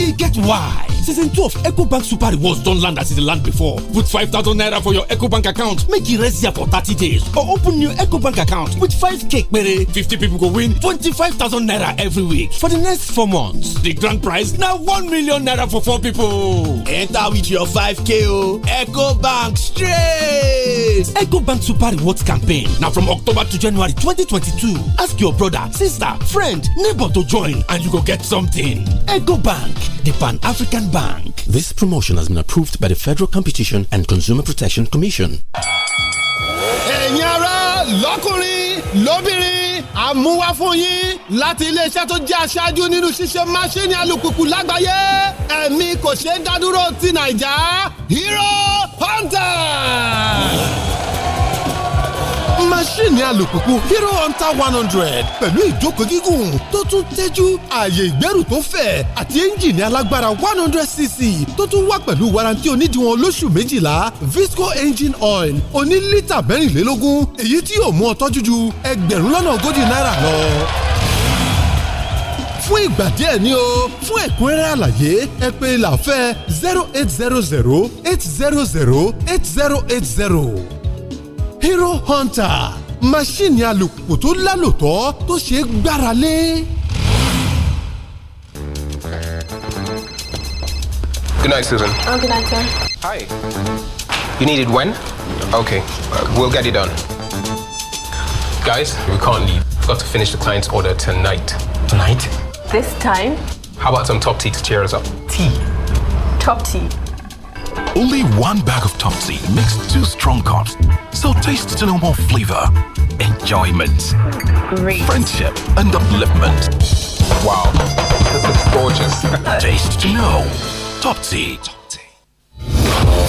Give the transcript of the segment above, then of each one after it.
e get why season twelve ecobank super rewards don't land as it e land before put five thousand naira for your ecobank account make it e rest there for thirty days or open new ecobank account with five k pere fifty people go win twenty-five thousand naira every week for the next four months the grand prize now one million naira for four people. enter with your five k Oh, ecobank straight. ecobank super rewards campaign now from october to january 2022. ask your brother sister friend neighbor to join and you go get something ecobank the pan-african bank. Bank. This promotion has been approved by the Federal Competition and Consumer Protection Commission. ẹ̀yin ará lọ́kùnrin lóbìnrin àmúwá láti iléeṣẹ́ tó jẹ́ aṣáájú nínú ṣíṣe máṣíìnì alùpùpù lágbàáyé ẹ̀mí kò ṣeé dádúró ti nàìjà Hero Hunter máṣíìnì alùpùpù hero hunter one hundred pẹ̀lú ìjókòó gígùn tó tún tẹ́jú ààyè ìgbẹ́rù tó fẹ̀ àti ẹ́ńjìnì alágbára one hundred cc tó tún wá pẹ̀lú warranty onídìíwọ̀n olóṣù méjìlá visco engine oil oní lítà mẹ́rìnlélógún èyí tí yóò mú ọtọ́ jújú ẹgbẹ̀rún lọ́nà ogójì náírà lọ fún ìgbà díẹ̀ ni o fún ẹ̀kúnrẹ́rẹ́ àlàyé ẹ pè làfẹ́ zero eight zero zero eight zero zero eight zero eight zero. Hero Hunter máṣíìnì alùpùpù tó lálòtọ́ tó ṣeé gbára Good night, Susan. Oh, good night, sir. Hi. You need it when? Okay, we'll get it done. Guys, we can't leave. We've got to finish the client's order tonight. Tonight? This time? How about some top tea to cheer us up? Tea. Top tea. Only one bag of Topsy makes two strong cups. So taste to know more flavor, enjoyment, Great. friendship, and upliftment. Wow, this is gorgeous. taste to know. Topsy.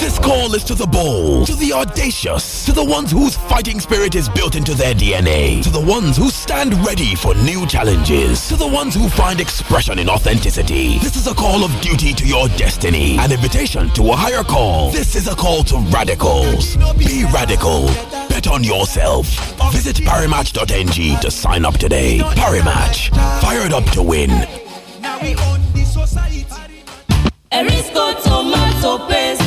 This call is to the bold, to the audacious, to the ones whose fighting spirit is built into their DNA, to the ones who stand ready for new challenges, to the ones who find expression in authenticity. This is a call of duty to your destiny, an invitation to a higher call. This is a call to radicals. Be radical. Bet on yourself. Visit parimatch.ng to sign up today. Parimatch, fired up to win. Erisco tomato paste.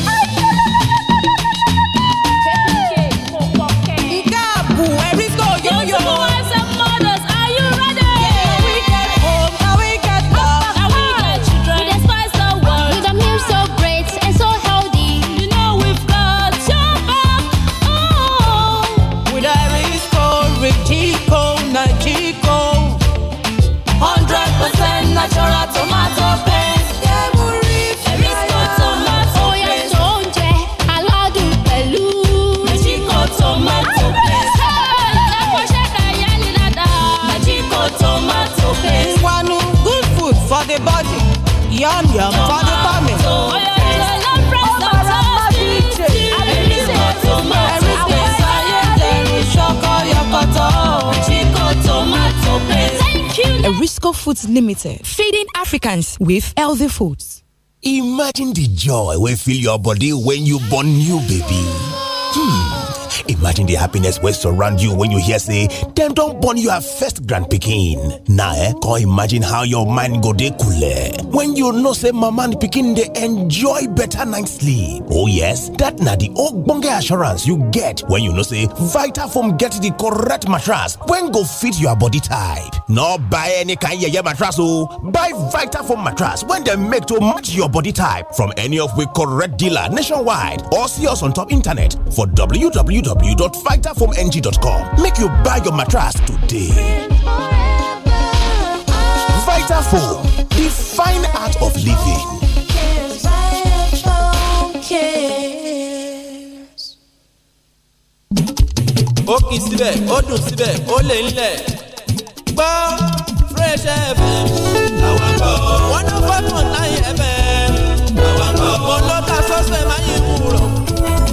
Foods Limited, feeding Africans with healthy foods. Imagine the joy will fill your body when you born new baby. Hmm. Imagine the happiness wey surround you when you hear say them don't born your first grand picking. Na eh, come imagine how your mind go dey coole when you know say mama and picking, they enjoy better night sleep. Oh yes, that na the ogbonge assurance you get when you know say Vitafoam get the correct mattress when go fit your body type. No buy any kind yeye mattress oh, buy Vitafoam mattress when they make to match your body type from any of we correct dealer nationwide or see us on top internet for www www.vitafoamng.com. Make you buy your mattress today. Vitafoam, the fine art of living. ó kì í síbẹ̀ ó dùn síbẹ̀ ó lè ń lẹ̀ gbọ́ Fresh FM àwọn kọ́ one oh five point nine FM àwọn kọ́ mo lọ́ka sọ́sẹ̀ máa yẹ kúrò.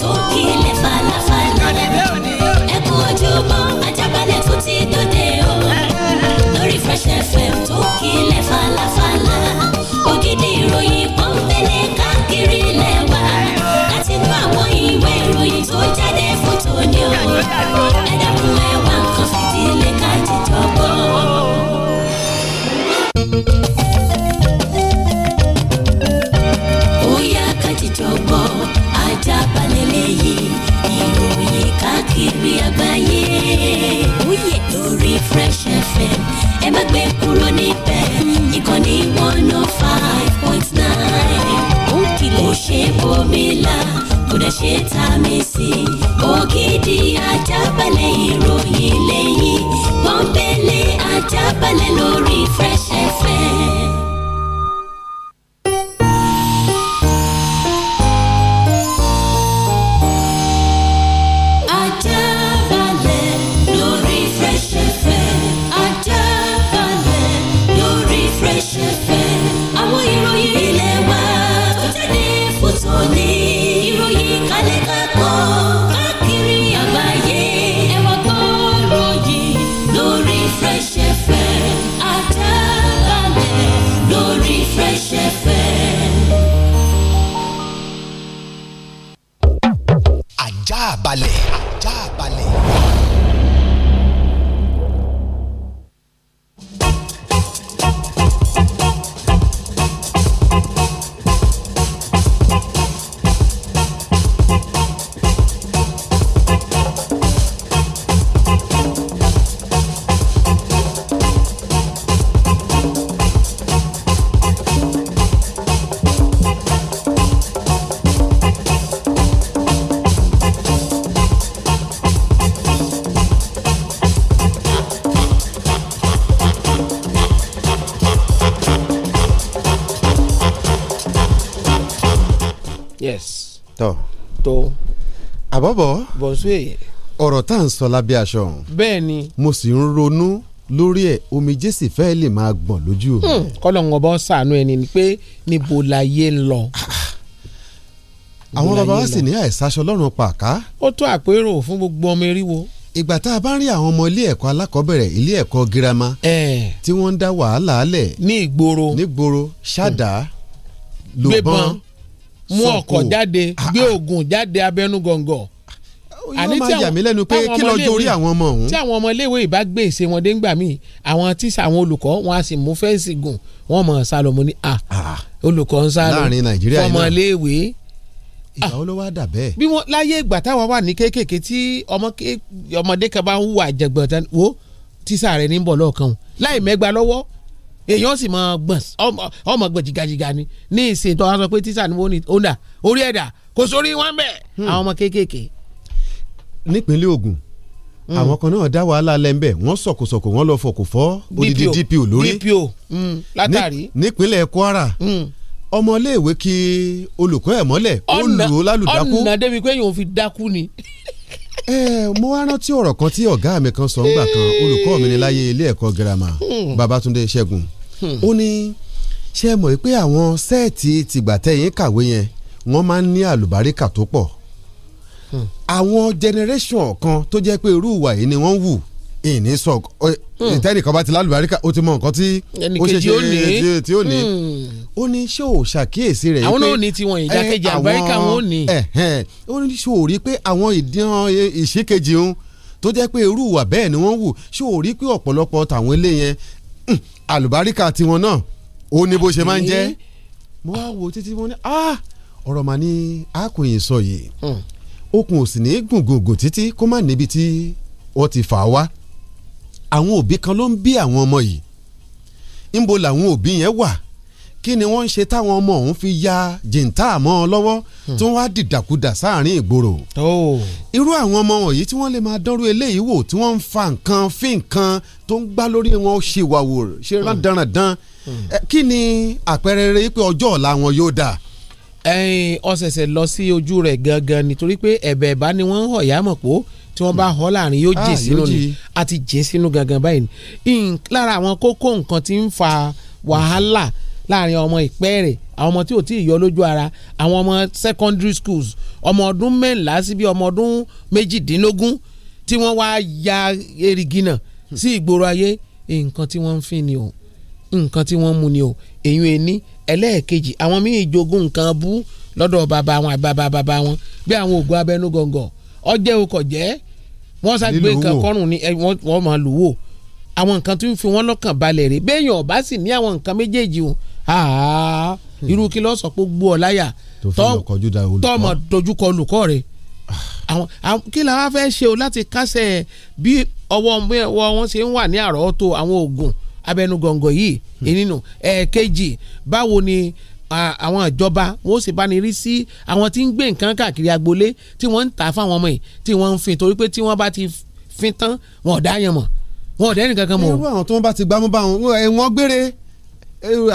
tó kílẹ̀ falafala. ẹ kú ojúmọ́ ajábalẹ̀ tó ti dòde falafala. ògidì ìròyìn pọ́npẹ́lẹ́ káàkiri lẹ́wà. láti inú àwọn ìwé ìròyìn tó jáde fún tòní o. ẹ dẹ́kun ẹwà káàkiri àgbáyé. Oyè lórí Fresh FM ẹ má gbé kúrò níbẹ̀ ìkànnì one oh five point nine. Ó kìlọ̀ ṣe bòmílà kódà ṣe tá a mi sí. Ògidì ajábalẹ̀ ìròyìn lẹ́yìn pọ́npẹ́lẹ́ ajábalẹ̀ lórí Fresh Josue. ọ̀rọ̀ tá à ń sọ lábẹ́ aṣọ ọ̀hún. bẹ́ẹ̀ ni. mo sì ń ronú lórí ẹ̀ omijé sì fẹ́ lè máa gbọ̀n lójú. kọ́lọ̀ ń bọ́ sànú ẹni ni pé níbo la yé ń lọ. àwọn bàbá wa sì ní àìsàṣọ lọ́rùn pàká. ó tó àpérò fún gbogbo ọmọ eríwo. ìgbà tá a bá ń rí àwọn ọmọ ilé ẹ̀kọ́ alákọ̀ọ́bẹ̀rẹ̀ ilé ẹ̀kọ́ girama tí wọ́n ń dá wàhálà alẹ̀. ní ìgboro ní ìgboro ṣáda hmm. lòbọn sọ̀kò ah, gbé ah. jáde gbé oògùn jáde abẹ́nú àní tí àwọn ọmọ pé kí lọ́jọ́ orí àwọn ọmọ ọ̀hún. tí àwọn ọmọ iléèwé ìbá gbé ìṣe wọn dé ńgbà míì àwọn tíṣà àwọn olùkọ́ wọn a sì mú fẹ́ǹsì gùn wọn mọ̀ sálọmọ ní a ah, ah, olùkọ́ ń sálọ fọmọ iléèwé ìgbà wo ló wá dà bẹ́ẹ̀. bí wọ́n láyé ìgbà táwa wà ní kéékèèké tí ọmọdé kan bá ń hùwà jẹ̀gbọ̀n tán wo tíṣà rẹ̀ ní bọ̀ lọ́ọ̀kan o láì mẹ́gba lọ́wọ́ èèyàn sì mọ gbọ̀n ọmọ gbọ̀n jìgàjìgà ni ní ìsìn tó wá sọ pé tíṣà ni wọ́n ní dà orí ẹ̀dà kò sórí wọn bẹ́ẹ̀ hmm. àwọn ọmọ kéékèèké nípínlẹ̀ Ògùn mm. àwọn kan náà dá wàhálà lẹ́ńbẹ̀ wọ́n sọ̀kòsọ̀kò wọ́n lọ fọ̀kò fọ́ odidi DPO lórí DPO mm. látàrí nípínlẹ̀ Kwara mm. ọmọléèwé kí olùkọ́ ẹ̀ mọ́lẹ̀ ó lù ú lálùdákú ọ̀nà débi pé yóò fi dákú ni. ẹ mo wá rántí ọ̀rọ̀ kan tí ọ̀gá mi kan sọ ńgbà kan hmm. olùkọ́ mi ní láyé ilé ẹ̀kọ́ girama hmm. Babátúndé Ṣẹ́gun hmm. ó ní ṣe mọ̀ pé àwọn sẹ́ẹ̀tì tìgbà kàwé yẹn wọ́n máa ń ní àlùbáríkà tó pọ̀ àwọn generation kan tó jẹ́ pé irú ìwà yìí ni wọ́n ń wù ìní sọ hmm. ìtẹ́nìkan bá ti lálùbáríkà ó ti mọ nǹkan tí ó ṣe ṣe tí ó ní hmm. ó ní ṣé ò ṣàkíyèsí rẹ̀ yìí pé àwọn náà ní tiwọn ìdákejì àgbáríkà wọn ò ní. ó ní ṣé ò rí pé àwọn ìdíhan ìṣíkejì òun tó jẹ́ pé irú ìwà bẹ́ẹ̀ ni wọ́n wù ṣé ò rí pé ọ̀pọ̀lọpọ̀ tàwọn ilé yẹn hmm, àlùbáríkà tiwọn náà ó ní bó ṣe máa ń jẹ́ mo wá wo títí mo ní ah, ọ̀rọ̀ màá ní àkòyìn sọ yìí okùn ò sì ní gùngùngùn títí kó má níbi tí wọ́n ti fà á wá àwọn òbí kan ló ń bí àwọn ọmọ yìí ńbo làwọn òbí yẹn wà kí ni wọ́n ń ṣe táwọn ọmọ ọ̀hún fi ya jìntà mọ́ ọ lọ́wọ́ tí wọ́n á dìdàkudà sáàrin ìgboro. Oh. irú àwọn ọmọ wọ̀nyí tí wọ́n lè máa dánrú eléyìí wò tí wọ́n ń fa nǹkan fi nǹkan tó ń gbá lórí wọn ṣèwàwò ṣe hmm. rán dandan hmm. kí ni àpẹẹrẹ rẹ pé ọjọ́ ọ̀la wọn yóò dáa ọ̀sẹ̀sẹ̀ lọ sí ojú rẹ̀ gangan nítorí pé ẹ̀bẹ̀ ẹ̀bá ni wọ́n ń họ̀ yá mọ̀ tí wọ́n bá họ́ láàrin yóò jìn ah, sínú ni àti jìn sínú gangan báyìí lára àwọn kókó nǹkan tí ń fa wàhálà láàrin ọmọ ìpẹ́ẹ̀rẹ̀ àwọn ọmọ tí ò tí ì yọ lójú ara àwọn ọmọ secondary schools ọmọ ọdún mẹ́ńlá sí bí ọmọ ọdún méjìdínlógún tí wọ́n wá ya erigi náà sí ìgboro ayé nǹkan tí wọ́n ń fín ni o nǹkan tí wọ́n mu ni o èyí ẹni ẹlẹ́ẹ̀kejì àwọn míì jogún nǹkan bú lọ́dọ̀ bàbá wọn àbàbà bàbá wọn bí àwọn oògùn abẹnú gọ̀ǹgọ̀ ọjẹ́ okọ̀ jẹ́ wọ́n ṣàgbé nǹkan kọ́rùn ni wọ́n máa lù wò àwọn nǹkan tó ń fi wọ́n lọ́kàn balẹ̀ rè béèyàn ọ̀bá sì ní àwọn nǹkan méjèèjì o hmm. irú kí lọ́sọ̀ pé gbó ọ láyà tọ́mọ dojúkọ olùkọ́ rẹ̀ ah. kí la wá fẹ́ ṣe o láti kásẹ̀ bí ọwọ́ wọn ṣe ń wà ní àrọ́ọ́tó àwọn oògùn abẹnugọ̀ngọ̀ yìí hmm. ìnínú ẹ̀ẹ̀kejì báwo ni àwọn ìjọba wọn ó sì bá ní rí sí àwọn tí ń gbé nǹkan káàkiri agboolé tí wọ́n ń tà fáwọn ọmọ yìí tí wọ́n ń fin torí pé tí wọ́n bá ti fin tán wọn ò dá yẹn mọ̀ wọn ò dẹ́rìn kankan mọ̀. irú àwọn tó ń bá ti gbámú bá wọn wọn gbére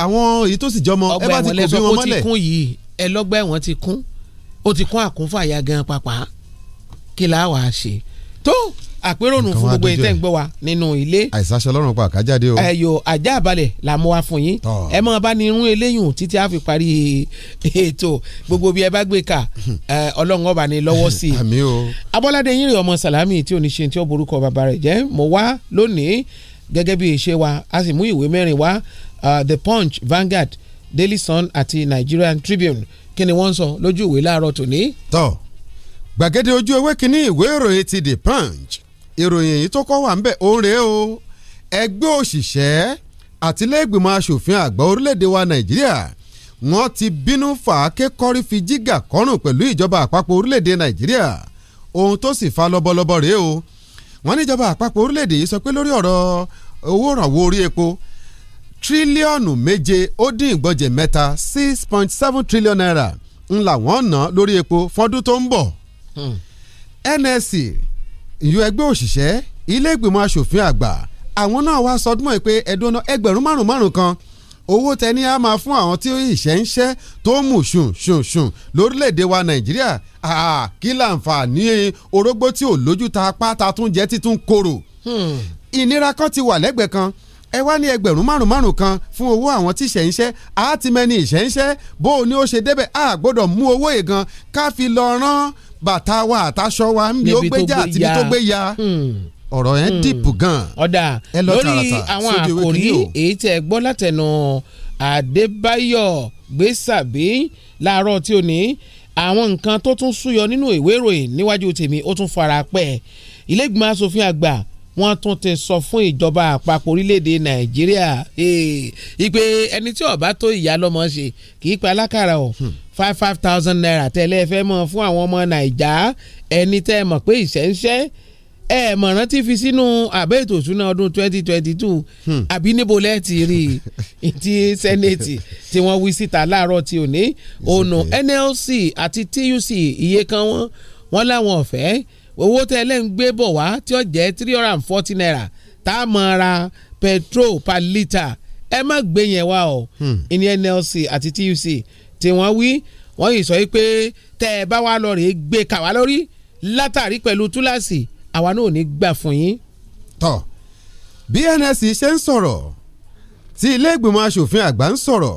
àwọn èyí tó sì jọmọ ẹ bá ti kò bí wọn mọ́lẹ̀. ọgbà ẹ̀wọ̀n lẹ́sọ̀ ti kún yìí ẹ lọ́gbà ẹ̀wọ̀n ti kún ó ti kún àkúnfàyà tó àpérò nù fún gbogbo ìtẹ́ ń gbọ́ wa nínú ilé. àìsàṣọ lọ́rùn pa àkájáde o. ẹyọ ajá àbálẹ̀ la mú wa fún yín. ẹ máa bá ní irun eléyùn títí a fi parí ètò gbogbo bí ẹ bá gbé ka ọlọ́run ọba ní lọ́wọ́ sí i. àmín o. abọ́ládé yín rè ọmọ sàlámì tí oníṣe tí ó borúkọ bàbá rẹ̀ jẹ́ mo wá lónìí gẹ́gẹ́ bí ìṣe wa a sì mú ìwé mẹ́rin wá uh, The Punch, Vanguard, Daily Sun àti Nigerian Tribune kí ni wọ́n sọ lójú ìwé láàárọ̀ tòní. tọ́ gbàgede ojú ewé kínní ìwé ìròyìn ti the punch ìròyìn yìí tó kọ́ wà ń bẹ̀ òun rèé o ẹgbẹ́ òṣìṣẹ́ àtìlẹ́gbìmọ̀ asòfin àgbà orílẹ̀-èdè wa nàìjíríà wọ́n ti bínú fà á ké kọ́rí fi jígà kọ́rùn pẹ̀lú ìjọba àpapọ̀ orílẹ̀-èdè nàìjíríà ohun tó sì fa lọ́bọ̀lọ́bọ̀ rèé o wọ́n níjọba àpapọ̀ orílẹ̀-èdè yìí sọ pé lórí ọ̀rọ̀ owó ìrànwọ́ orí epo tírílíọ̀nù méje ó dín ìgbọ́jẹ̀ mẹ́ta six point seven trillion naira ńlá wọ́n ná lórí epo fọ́dún tó ń bọ̀ NSC ìyọ ẹgbẹ́ òṣìṣẹ́ ilé ìgbìmọ̀ asòfin àgbà àwọn náà wá sọdúnmọ́ ẹ pé ẹ̀dùn ọ̀nà ẹgbẹ̀rún márùn márùn kan owó tẹni á máa fún àwọn tí ìṣẹ́ ń ṣẹ́ tó ń mú ṣùn ṣùn ṣùn lórílẹ̀‐èdè wa Nàìjíríà kí láǹfààní orógbó tí ò lójú ta pátá tún jẹ́ títún korò ìnira kan ti wà lẹ́gbẹ̀ẹ́ kan ẹ wá ní ẹgbẹ̀rún márùn márùn kan fún owó àwọn tí ìṣẹ́ ń ṣẹ́ á ti mẹ́ni ìṣẹ́ ń ṣẹ́ bó o ní ó ṣe débẹ̀ á gbọ́dọ̀ mú owó yìí gan ká fi lọ rán bàtà wa àtàṣọ wa ń bí ó gbé já àti bí tó gbé ya hmm. ọ̀rọ̀ yẹn hmm. dìpù gan. ọ̀dà lórí àwọn àkòrí èyí tẹ́ gbọ́ látẹnu Adébáyọ̀ Gbèsàbí láàárọ̀ tí ó ní àwọn nǹkan tó tún súyọ nínú ìwé ìròyìn níwájú tèmi ó tún fara pẹ́ ilé ìgbìmọ̀ asòfin àgbà wọ́n tún ti sọ fún ìjọba àpapọ̀ orílẹ̀-èdè nàìjíríà eh, ìpè ẹni tí ọba tó ìyá lọ́mọ ṣe kì í pa alákàrà ọ̀ hmm. five five thousand naira tẹ́lẹ̀ fẹ́ mọ̀ fún àwọn ọmọ nàìjà ẹni tẹ́ ẹ mọ̀ pé ìṣẹ́ńṣẹ́ ẹ mọ̀ rántí fi sínú àbẹ́ ètò ìṣúná ọdún twenty twenty two hmm. àbí níbo lẹ́ẹ̀ ti rí i ti sẹ́nẹ̀tì tí wọ́n wí síta láàárọ̀ tí ò ní ònà NLC àti TUC iye kan wọ́n wọ́n láwọn ọ̀fẹ́ owó tẹ́ lẹ́ ń gbé bọ̀ wá tí ó jẹ́ three hundred and forty naira tá a mọ̀ ra petrol per litre ẹ má gbé yẹn wá o hmm. ìyẹn NLC àti TUC tí wọ́n wí wọ́n yìí sọ pé tẹ́ ẹ bá wá lọ rèé gbé kàwá lórí látàrí pẹ̀lú túláàsì àwa náà ò ní gbà fún yín. tọ́ bí NLC ṣe ń sọ̀rọ̀ tí ilé ìgbìmọ̀ asòfin àgbà ń sọ̀rọ̀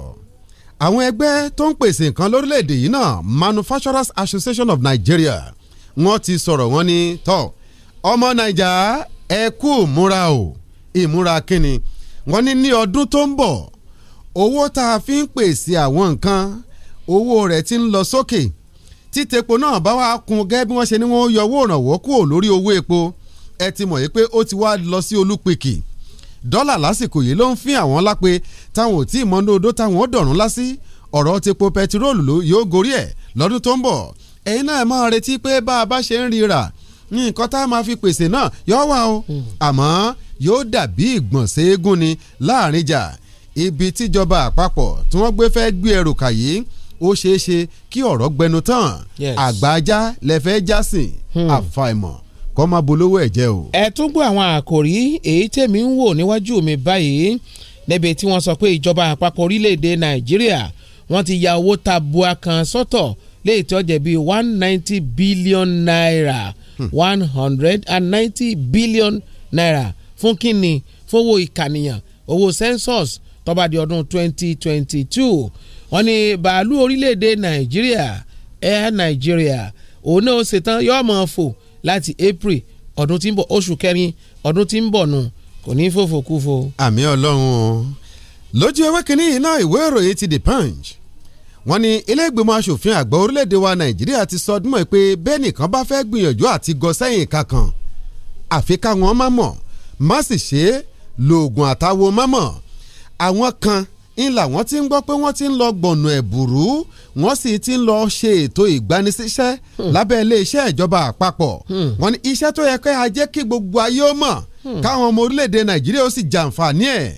àwọn ẹgbẹ́ tó ń pèsè nǹkan lórílẹ̀‐èdè yìí náà Manufacturers Association of Nigeria wọ́n ti sọ̀rọ̀ wọ́n ní tọ́ ọmọ naija ẹ kú ìmúra o ìmúra kínni wọ́n ní ní ọdún tó ń bọ̀ owó tá a fi ń pèsè àwọn nǹkan owó rẹ̀ ti ń lọ sókè títepo náà bá wàá kun gẹ́gẹ́ bí wọ́n ṣe ní wọ́n yọ owó ìrànwọ́ kúrò lórí owó epo ẹ ti mọ̀ yìí pé ó ti wá lọ sí olúpìkì dọ́là lásìkò yìí ló ń fín àwọn lápè táwọn ò tí ì mọ ní odó táwọn ó dọ̀rùn lásì ọ̀rọ̀ tepo pẹtiróòlù yóò gorí ẹ̀ lọ́dún tó ń bọ̀ ẹ̀yin náà mọ̀ retí pé bá a bá ṣe ń rira ní nǹkan tá a máa fi pèsè náà yóò wà o hmm. àmọ́ yóò dàbí ìgbọ̀nsẹ̀ eégún ni láàrin jà ibi tíjọba àpapọ̀ tí wọ́n gbé fẹ́ gbé ẹrù kàyé ó ṣeé ṣe kí ọ̀rọ̀ gbẹnu tán àgbájá lẹ́fẹ́ jásìn hmm. àfàìmọ̀ kọ́ máa bolówó ẹ̀ jẹ́ o. ẹ tún gbọ́ àwọn àkòrí èyí tèmi ń wò níwájú mi báyìí níbi tí wọ́n sọ pé ìjọba àpapọ̀ orílẹ̀-èdè nàìjíríà wọ́n ti ya owó tabua kan sọ́tọ̀ so léyìí tí ó bíi one ninety billion naira hmm. one hundred and ninety billion naira fún kínni fowó ìkànìyàn owó census tó di ọdún twenty twenty two wọ́n ní bàálù orílẹ̀-èdè nàìjíríà air nàìjíríà òun náà ó ṣetán yóò máa fò láti april ọdún tí ń bọ̀ oṣù kẹrin ọdún tí ń bọ̀ nù kò ní fòfò kú fo. àmì ọlọ́run o lójú ewé kínní iná ìwé ìròyìn ti the punch wọ́n ní ilé ìgbìmọ̀ asòfin àgbà orílẹ̀-èdè wa nàìjíríà ti sọ ọdún mọ́ pé bẹ́ẹ̀ nìkan bá fẹ́ gbìyànjú àti gọ sẹ́yìn kankan àfi káwọn má mọ̀ má sì ṣe é lóògùn àtàwo má mọ̀ àwọn kan ń làwọn ti ń gbọ́ pé wọ́n ti ń lọ gbọ̀nù ẹ̀bùrú wọ́n sì ti ń lọ ṣe ètò ìgbanisíṣẹ́ hmm. lábẹ́ iléeṣẹ́ ìjọba àpapọ̀ hmm. wọ́n ní iṣẹ́ tó yẹ kẹ́ ajẹ́ kí gbogbo ayé ó mọ̀ hmm. káwọn ọmọ orílẹ̀-èdè nàìjíríà ó sì jàǹfààní ẹ̀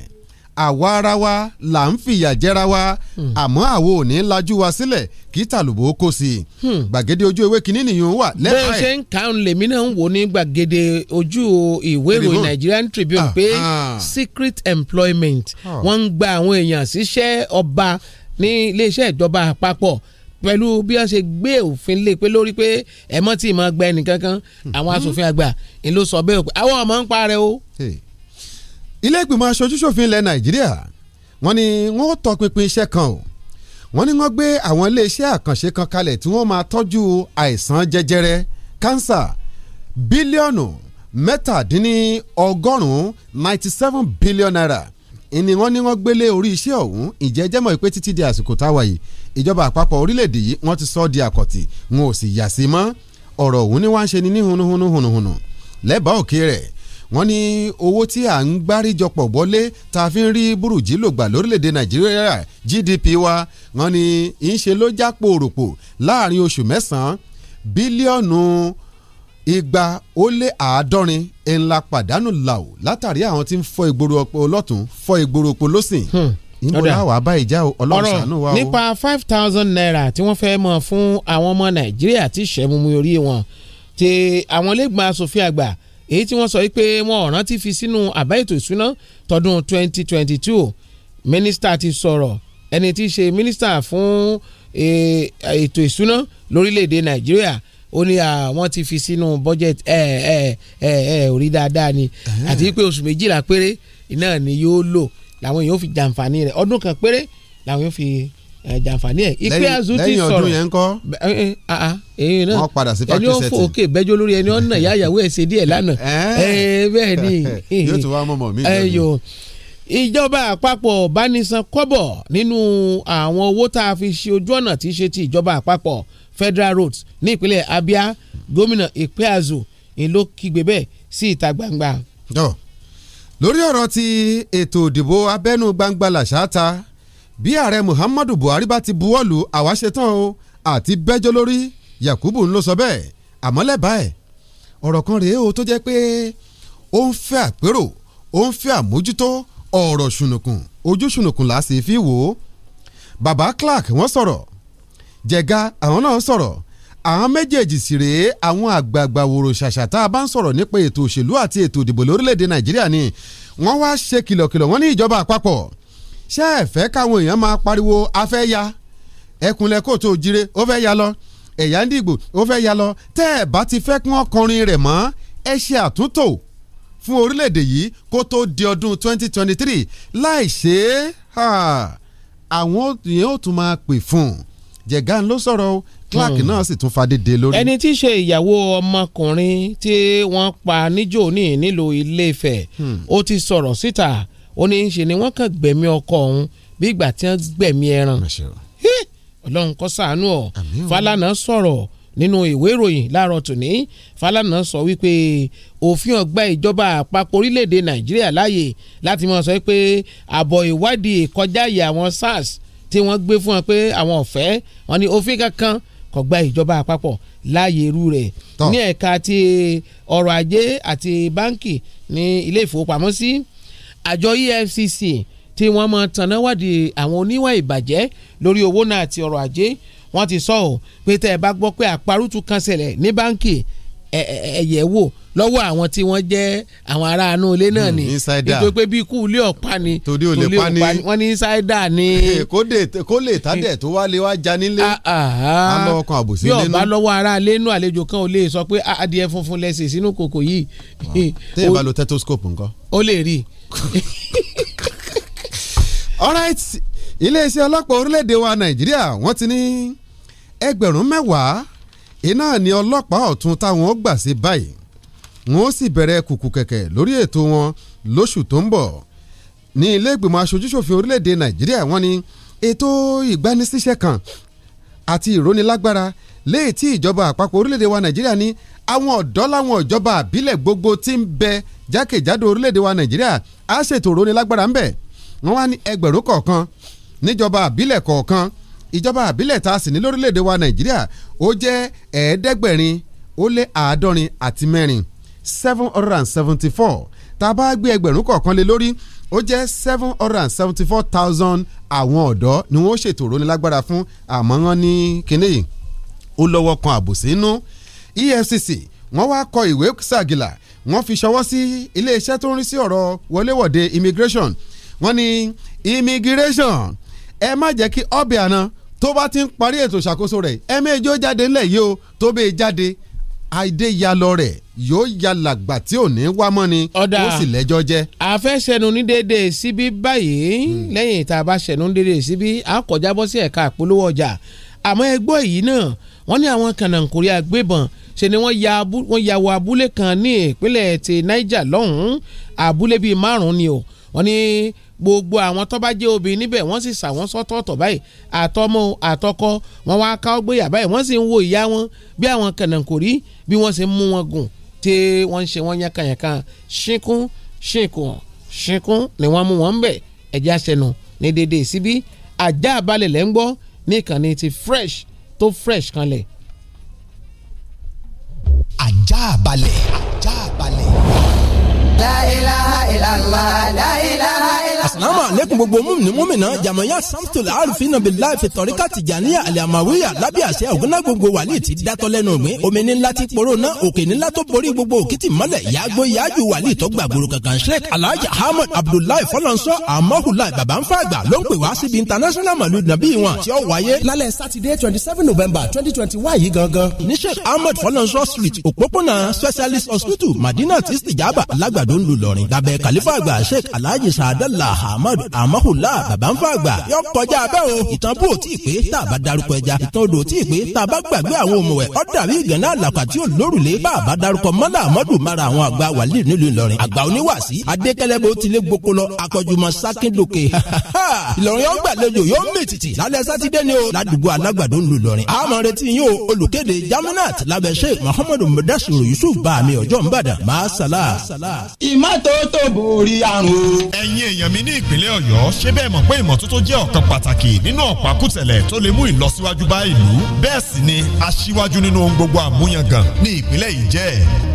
àwa ara wa là ń fìyà jẹra wa hmm. àmọ́ àwo ò ní lajú wa sílẹ̀ kí tàlùbọ̀ kò sí i. Hmm. gbàgede ojú ewé kínní nìyẹn wà lẹ́ka ẹ̀. bó ṣe ń kàn lèmi náà ń wò ní gbàgede ojú ìwé ìròyìn Nigerian Tribune pé ah, ah. secret employment ah. wọ́n ń gba àwọn èèyàn síṣẹ́ ọba ní iléeṣẹ́ ìjọba àpapọ̀ pẹ̀lú bí wọ́n ṣe gbé òfin lé pé lórí pé ẹ̀mọ́ tí ì máa gba ẹnìkankan hmm. àwọn asòfin àgbà ń sọ bẹ́ẹ̀ pé àwọn ọmọ ń parẹ́ o. Hey ilé ìgbìmọ̀ aṣojúṣòfin ilẹ̀ nàìjíríà wọ́n ní wọ́n tọpinpin iṣẹ́ kan o wọ́n ní wọ́n gbé àwọn iléeṣẹ́ àkànṣe kan kalẹ̀ tí wọ́n máa tọ́jú àìsàn jẹjẹrẹ kánsà bílíọ̀nù mẹ́tàdínlọ́gọ́rùn-ún ninety seven billion naira ìní wọ́n ní wọ́n gbélé orí iṣẹ́ ọ̀hún ìjẹ́ jẹ́mọ̀ pé títí di àsìkò táwa yìí ìjọba àpapọ̀ orílẹ̀-èdè yìí wọ́n ti sọ ọ́ di àkọ̀tì wọn ò sì yà sí mọ́ ọ̀rọ̀ ọ̀hún ni wọ́n ń ṣe ní ní hunuhunuhunuhunu lẹ́bàá òkè rẹ̀ wọ́n ní owó tí à ń gbáríjọpọ̀ wọlé tá a fi ń rí burújí lògbà lórílẹ̀‐èdè nàìjíríà gdp wa wọ́n ní ìṣe ló já pòròpò láàrin oṣù mẹ́sàn-án bílíọ̀nù igba ó lé àádọ́rin ńlá pàdánù làwò látàrí àwọn tí ń fọ ìgboro ọpọ lọ́tún fọ ìgboro ọpọ lọ́sìn hmm. ìmúra wà bá ìjà ọlọ́run ṣàánú wa o. nípa five thousand naira tí wọ́n fẹ́ mọ̀ fún àwọn ọmọ nàìjíríà tí ìṣẹ́mu orí wọn ti àwọn lẹ́gbọ̀n asòfin àgbà èyí tí wọ́n sọ pé wọn ò rántí fi sínú àbá ètò ìsúná tọdún 2022 mínísítà ti sọ̀rọ̀ ẹni tí í ṣe mínísítà fún e, ètò ìsúná lórílẹ̀‐èdè nàìjíríà ó ní àwọn ti fi sínú budget ẹ ẹ ẹ ẹ orí dáadáa ni àti pé oṣù méjìlá péré náà ni yóò lò làwọn èèyàn fi jàǹfààní rẹ̀ ọdún kan péré làwọn èèyàn fi jàǹfààní ẹ̀ ìpè azu ti sọ̀rọ̀ lẹ́yìn ọdún yẹn ń kọ́ ẹ̀yìn náà wọ́n padà sí practice setting ẹni ó fò òkè bẹ́jọ́ lórí ẹni ọ̀nà ìyá ìyàwó ẹ̀ ṣe díẹ̀ lánàá bẹ́ẹ̀ ni yóò tún wá mọ̀mọ́ mi lẹ́nu. ìjọba àpapọ̀ bá ní san kọ́bọ̀ nínú àwọn owó tá a fi ṣe ojú ọ̀nà tí í ṣe ti ìjọba àpapọ̀ federal roads ní ìpínlẹ̀ Abia gómìnà ìpè azu ìlú kígbe bẹ́ẹ̀ sí ìta gbangba. lórí ọ̀rọ̀ ti ètò ìdìbò abẹ́nú gbangba làṣáta bí ààrẹ Muhammadu Buhari bá ti buwọ́lù àwa ṣetán o àti bẹ́jọ́ lórí Yakubu ń lọ sọ bẹ́ẹ̀ àmọ́ lẹ́bàá ẹ̀ ọ̀rọ̀ kan rèé o tó jẹ́ pé ó ń fẹ́ àpérò ó ń fẹ́ àmójútó ọ̀rọ̀ ṣùnùkùn ojú ṣùnùkùn là á sì fi wò ó baba Clark wọ́n sọ̀rọ̀ jẹ̀ga àwọn náà sọ̀rọ̀ àwọn méjèèjì sì rèé àwọn àgbààgbà wòrò ṣàṣà tá a bá ń sọ̀rọ̀ nípa ètò òṣèlú àti ètò ìdìbò lórílẹ̀‐èdè Nàìjíríà ni wọ́n wá ṣe kìlọ̀kìlọ̀ wọ́n ní ìjọba àpapọ̀ ṣé ẹ fẹ́ káwọn èèyàn máa pariwo afẹ́ ya ẹkùnlẹ̀ kò tó jire ó fẹ́ ya lọ ẹ̀yà ń dìgbò ó fẹ́ ya lọ tẹ́ ẹ bá ti fẹ́ kí wọ́n rẹ̀ mọ́ ẹ ṣe àtúntò fún orílẹ̀-èdè yìí kó tó di ọdún 2023 láì ṣe é àwọn yẹn ó tún máa pè fún un jẹ̀gán ló sọ̀rọ̀ o Clark hmm. náà sì tún fadédé lórí. ẹni tí í ṣe ìyàwó ọmọkùnrin tí wọ́n pa níjó ní nílùú Ilé-Ifẹ̀ hmm. ó ti sọ̀rọ̀ síta ó ní í ṣe ni wọ́n kàn gbẹ̀mí ọkọ òun bí ìgbà tí wọ́n gbẹ̀mí ẹran ọlọ́run kó ṣàánú ọ Fálànà sọ̀rọ̀ nínú ìwé ìròyìn láàárọ̀ tòní Fálànà sọ wípé òfin ọgbà ìjọba àpapọ̀ orílẹ̀-èdè Nàìjíríà láàyè láti mọ̀ sọ pé àbọ̀ ìwádìí ìkọjá ìyà àwọn SARS tí wọ́n gbé fún wọn pé àwọn ọ̀fẹ́ wọn ni òfin kankan kò gba ìjọba àpapọ̀ láàyè irú rẹ̀ ní ẹ̀ka ti ọrọ̀ ajé àti báńkì ní ilé ìfowópamọ́sí si, àjọ EFCC tí wọ́n mọ tanná wádìí àwọn oníwà ìbàjẹ́ lórí owó náà àti ọrọ̀ ajé wọ́n ti sọ ọ́ pé tẹ́ bá gbọ́ pé àparùtù kan ṣẹlẹ̀ ní báńkì ẹ̀yẹ̀ wò lọ́wọ́ àwọn tí wọ́n jẹ́ àwọn ará inú ilé náà hmm, ni nítorí pé bí ikú ilé ọ̀pá ni torí ò lè pa ni wọ́n ní insider ni. Eh, kó lè tádẹ̀ tó wá lé wá já nílé ah, ah, ah. á lọ ọkàn àbòsí lẹ́nu. bí ọba lọ́wọ́ ará ilé inú àlejò kan ò lè sọ pé adìẹ funfun lẹ́sìn sínú kòkò yìí. tẹ́ ẹ bá lo stethoscope nǹkan. ó lè rí i. iléeṣẹ́ ọlọ́pàá orílẹ̀-èdè wa nàìjíríà wọ́n ti ní ẹgbẹ̀rún mẹ́wàá iná ni ọlọ́pàá ọ̀tún táwọn gbà sí báyìí wọn ó sì bẹ̀rẹ̀ kùkù kẹ̀kẹ́ lórí ètò wọn lóṣù tó ń bọ̀ ní ilé ìgbìmọ̀ aṣojúṣòfin orílẹ̀‐èdè nàìjíríà wọ́n ní ètò ìgbanisíṣẹ́ kan àti ìrónilágbára léyìí tí ìjọba àpapọ̀ orílẹ̀‐èdè wa nàìjíríà ní àwọn ọ̀dọ́ láwọn ìjọba àbílẹ̀ gbogbo tí ń bẹ jákèjádò orílẹ̀‐èdè wa nàìjíríà á ṣètò ìrónilágbára ńbẹ̀ wọ́n wá ní ẹgbẹ̀rún kọ̀ọ̀kan níjọba àbílẹ̀ kọ̀ọ̀kan ìjọba àbílẹ̀ tá a sì ní lórílẹ̀‐èdè wa nàìjíríà ó jẹ́ ẹ̀ẹ́dẹ́gbẹ̀rin ó lé àádọ́rin àti mẹ́rin seven hundred and seventy four tá a bá gbé ẹgbẹ̀rún kọ̀ọ̀kan lé lórí ó jẹ́ seven hundred and seventy four thousand àwọn ọ̀dọ́ ni wọ́n ṣètò ìrónilágbára fún àmọ́ wọn ní kinní yìí ó lọ́wọ́ kan àbòsí inú EFCC wọ́n wá kọ ìwé ságìlà wọ́n fi ṣọwọ́ sí iléeṣẹ́ tó ń rí sí ọ̀rọ̀ wọléwọ̀de immigration wọ́n ní immigration ẹ má jẹ́ kí ọbẹ̀ àná tó bá ti ń parí ètò ìṣàkóso rẹ̀ ẹ̀ẹ́mẹ́jì ó jáde ńlẹ̀ yìí o tó bẹ́ẹ̀ jáde àìdè yalọ rẹ̀ yóò yalàgbà tí ò ní wá mọ́ ni ó sì lẹ́jọ́ jẹ́. àfẹsẹ̀nu ní dédé síbí báyìí hmm. lẹ́yìn tá a bá ṣẹ̀nu ní dédé síbí a kọjá bọ́ sí ẹ̀ka ìpolówó ọjà àmọ́ ẹgbọ́ èyí náà wọ́n ní àwọn kànáńkórí agbébọn ṣe ni wọ́n ya wọ abúlé kan ní ìpínlẹ̀ ti Niger lọ́hùn-ún abúlé bíi márùn-ún ni o wọ́n ní gbogbo àwọn tó bá jẹ́ obìnrin níbẹ̀ wọ́n sì sà wọ́n sọ́tọ̀ọ̀tọ̀ báyìí àtọmọ àtọkọ wọn wá ká ọgbẹ́yà báyìí wọ́n sì ń wo ìyá wọn bí àwọn kànáńkòrí bí wọ́n sì ń mú wọn gùn tí wọ́n ń ṣe wọ́n yankanyankan ṣínkún ṣínkún ṣínkún ni wọ́n mú wọn bẹ̀ ẹ̀jẹ̀ àṣẹnu ní dédé síbí àjà àbálẹ̀ lẹ́ ń gbọ́ ní ti fresh tó fresh kanlẹ̀. àjà àbálẹ̀ àjà àbálẹ̀. la ilaha illallah la ilaha asalaamu aleykum gbogbo mùmìnì mùmìnà jamaya samson arufin bilaayi fitorika tijaniya aliamawiya labiase ogunna gbogbo wali ti datọ lẹ́nu mi omi ni ńlá ti poro náà òkè ni ńlá tó borí gbogbo òkìtì mọ́lẹ̀ yàgbó yájú wali tó gbàgbóró kankan sheik alhaji ahmed abdullahi fọlọ́nsọ amahulayi babanfàgbà ló ń pè wá síbi international malu nabi wọn tí ó wáyé. lálẹ́ sátidé twenty seven november twenty twenty one yìí gangan. ní sheik ahmed fọlọ́nsọ street òpópónà specialist hospital madina tistijaba alágbàdo ńlùlọrin lábẹ́ kàlífà àgbà sheik alhaji sàdálà ahmed amahula bàbá ń fàgbà yọ kọjá abẹ́ o ìtàn bó tí ì pé tá a bá darúkọ ẹja ìtàn odò tí ì pé tá a bá gbàgbé àwọn òmùwẹ̀ ó dàbí ìgànnà àlàkà tí ó lórùlé bá a bá darúkọ mọ́lá amadu mara àwọn àgbà wàlíì nílùú ìlọrin àgbà oníwàásí adékẹ́lẹ́bó tilé gboko lọ akọjúmọ́ sákíndòkè gbà. Ìlọrin yóò gbàlejò yóò mì tìtì lálẹ́ sátidé ni o ládùúgbò alágbàdo ń lu Ìlọrin. a máa retí yín o olùkéde Jamanat lábẹ́ Sheikh Muhammadu Mudashiru Yusuf Bami ọjọ́ Ìbàdàn masala. Ìmọ́tótó borí àrùn. Ẹ̀yin èèyàn mi ní ìpínlẹ̀ Ọ̀yọ́ ṣé bẹ́ẹ̀ mọ̀ pé ìmọ́tótó jẹ́ ọ̀kan pàtàkì nínú ọ̀pákùtẹ̀lẹ̀ tó lè mú ìlọsíwájú bá ìlú bẹ́ẹ̀ sì ni aṣíwájú nínú ohun gbogbo àmúyangàn ní ìpínlẹ̀ yìí jẹ́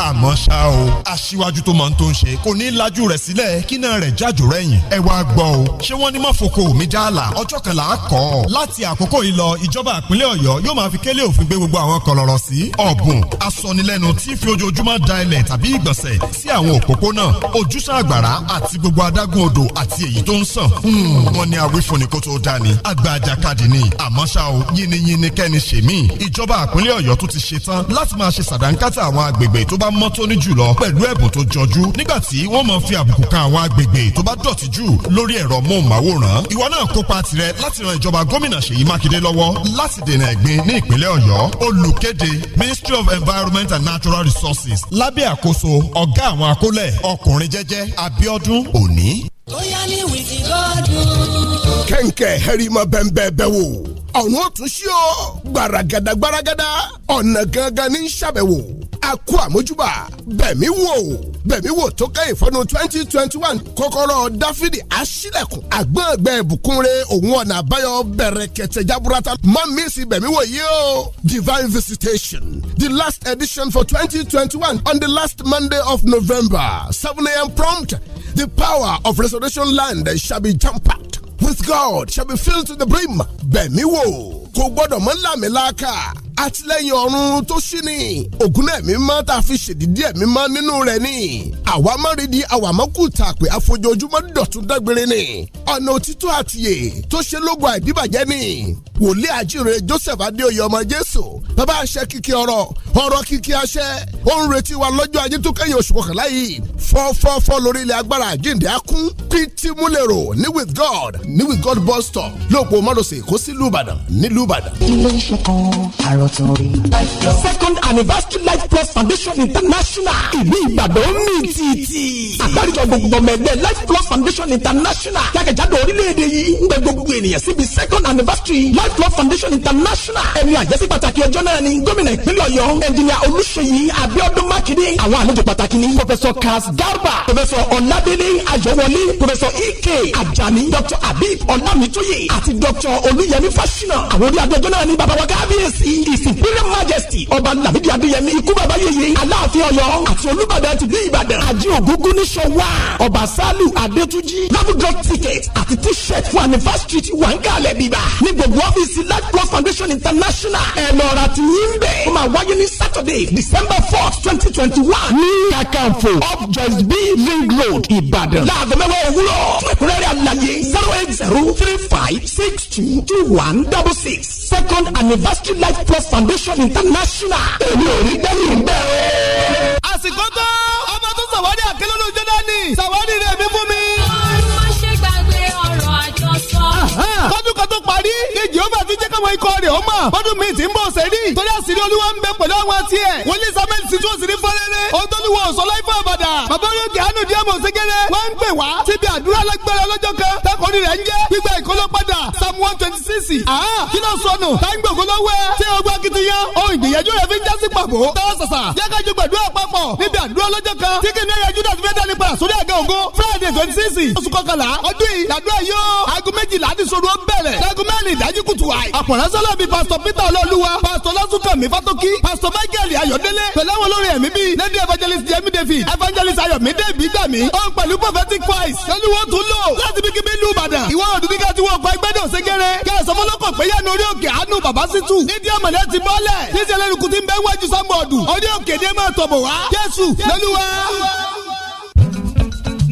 àmọ́ ṣá o aṣíwájú tó máa ń tó ń ṣe kò koko omijala ọjọ́ kẹlá kọ́ láti àkókò ìlọ ìjọba ìpínlẹ̀ ọ̀yọ́ yóò máa fi kélé òfin gbé gbogbo àwọn kọlọ̀rọ̀ sí ọ̀bùn asọnilẹ́nu tí fi ojoojúmọ́ da ilẹ̀ tàbí ìgbọ̀nsẹ̀ sí àwọn òpópónà ojúṣàn àgbàrá àti gbogbo adágún odò àti èyí tó ń sàn. Hmm, wọ́n ní awífúnni kó tó dání àgbà àjàkadì ni àmọ́ ṣá o yínníyínní kẹ́ni ṣèmí ìjọba ìpínlẹ̀ ọ̀yọ́ tó ti ṣe tán láti máa ṣe sàdánkátà àwọn agbègbè tó bá mọ́ tóní jùlọ pẹ̀lú ẹ̀bùn tó jọjú nígbà tí wọ́n máa fi àbùkù kan àmọ́ ìwọ náà kópa tirẹ̀ láti ran ìjọba gómìnà Ṣèyí Mákindé lọ́wọ́ láti dènà ẹ̀gbin ní ìpínlẹ̀ Ọ̀yọ́ olùkéde Ministry of Environment and Natural Resources lábẹ́ àkóso ọ̀gá àwọn akólẹ̀ ọkùnrin jẹ́jẹ́ Abíọ́dún Òní. ó yá ní wò ọ̀run ó tún ṣí ọ gbaragada gbaragada ọ̀nà gangan ní ṣàbẹ̀wò a kú àmójúbà bẹ̀mí wò bẹ̀mí wò tó kẹ́ ìfọ́nù twenty twenty one kọ́kọ́rọ́ dáfídì aṣílẹ̀kùn àgbọ̀ngbẹ̀ bukunre òun ọ̀nà àbáyọ bẹ̀rẹ̀ kẹtẹ jaburata má mi bẹ̀mí wò yìí o divine visitation the last edition for twenty twenty one on the last monday of november seven a.m. prompt the power of restoration land shall be jam packed with God shall be filled to the brim bẹ̀mí wò kò gbọ́dọ̀ mọ́ lámìláàkà àtìlẹ́yìn ọ̀run tó ṣí ni ògùn náà mi máa tá a fi ṣèdídí ẹ̀mí máa nínú rẹ̀ ni àwa máa rí di àwa máa kú tàpé àfojoojúmọ́ dọ̀tún dágbére ni ọ̀nà òtítọ́ àtìyè tó ṣe lógun àìdíbàjẹ́ ni wòlíì àjíire Joseph Adéoyè ọmọ Jésù bàbá àṣẹ kìkì ọ̀rọ̀ ọ̀rọ̀ kìkì àṣẹ ó ń retí wa lọ́jọ́ ajé tó kẹ́yìn oṣù kọkànlá yìí fọ́fọ́fọ́ lórí ilẹ̀ agbára àjíǹde akún pt múlẹ̀rò ní with God ní with God bus stop lóòpọ̀ mọ́dọ̀sẹ̀ kó sí lùbàdàn ní lùbàdàn. ilé iṣẹ́ kan àrò tuntun rí. second anniversary life plus foundation international ìlú ìbàdàn mi tìtì. àgbáríjọ gbogbo ọmọ ẹgbẹ́ life plus foundation international jákèjádò orílẹ̀-èdè yìí ń gbẹ gbogbo ènìyàn síbi second anniversary life plus foundation international ẹni àjẹsí pàtàkì ọjọ́ náà ni gómìnà ìpínlẹ̀ ọ̀yọ́ ẹnjìnìà olùṣeyí abíọ́dún mákindé àwọn àlejò pàtàkì ni professor kaz garba professor ọ̀nàdélé ayọ̀wọlé professor ike ajani dr habib ọ̀nàmítóyè àti dr olùyẹmí fásinà àwọn orí adé ọjọ́ náà ni bàbá wa kábíyèsí kábíyèsí william majesty ọba nàbídìí adéyẹmí ikú bàbá yèyé aláàfin ọ̀yọ́ àti olúbàdàn ti bí ìbàdàn àjẹ ògúngún ní sọwá ọba sálù adétúnjì labudọ ticket àti t-shirt fún anniversary ti wà ń kalẹ̀ bíbá ní gbogbo ọ́fíìsì light plus foundation international ẹ̀ lọ́ra ti yín bẹ́ẹ̀ ó máa wáyé ní saturday december fourth twenty twenty one ní kakanfo up just be ring road ìbàdàn láàbọ̀ mẹ́wàá òwúrọ̀ fún ẹ̀kúnrẹ́rẹ́ àlàyé zero eight zero three five six two two one double six second anniversary life plus foundation international. èmi ò rí dẹ́rù bẹ́ẹ̀. àsìkò tó ọmọ tó sàwárí àkẹ́lẹ́ ló jẹ́ dání sàwárí rẹ̀ mi fún mi. ọmọ ṣe gbàgbé ọ̀rọ̀ àjọsọ. kọ́dún tó parí ni jehova ti jẹ́ káwọn ikọ̀ rẹ̀ ọmọ bọ́dún mi ti ń bọ̀ sẹ́rí torí àṣírí olúwa ń bẹ pẹ̀lú àwọn tiẹ̀ wòlíì samuel sì tún òsìrí fọ́lẹ́rẹ́ olùtọ́lùwọ̀ ọ̀sọ́lá ifá àbàdà bàbá olóògì àánú díẹ̀ mọ̀ ségéré wọ́n ń pè wá síbi àdúrà lágbára lọ́jọ́ kan takọ̀rí rẹ̀ ń jẹ́ gbígbà ìkóló padà psalm one twenty six kí ló sọnù táǹgbòkó lọ́wọ́ tí ọgbà kìtìyàn ohun ìgbìyànjú rẹ̀ fi ń jásí pàbó tọ́wọ́ sàṣà yákájú gbàdúrà papọ̀ níbi àdúrà lọ́jọ́ darapọ̀ lásánlẹ̀ bíi pastor peter olóòlùwà pásítọ̀ lásùnkànmí fatoki pásítọ̀ michael ayọ̀délé pẹ̀lú àwọn olórin ẹ̀mí bíi lady evangelist yemi david evangelist ayọ̀mídé ìbígbàmí òun pẹ̀lú prophetic voice pẹ̀lú wọn tún lò láti bí kíbi ìlú ìbàdàn ìwọ ọ̀dùn kíkà tí wọ́n kọ́ ẹgbẹ́dẹ̀ òsèkèrè kẹsàmọ́lọ́kọ̀ pé yẹnu orí òkè àánú bàbá sítú nídìí ọ̀mọ̀lẹ́ ti bọ́lẹ̀ níṣẹ́ lẹ́nu kùtì ń bẹ́ wájú sọ́mọ̀ọ̀dù orí òkè ní ẹ̀ máa tọ̀bọ̀ wá jésù lọ́lúwa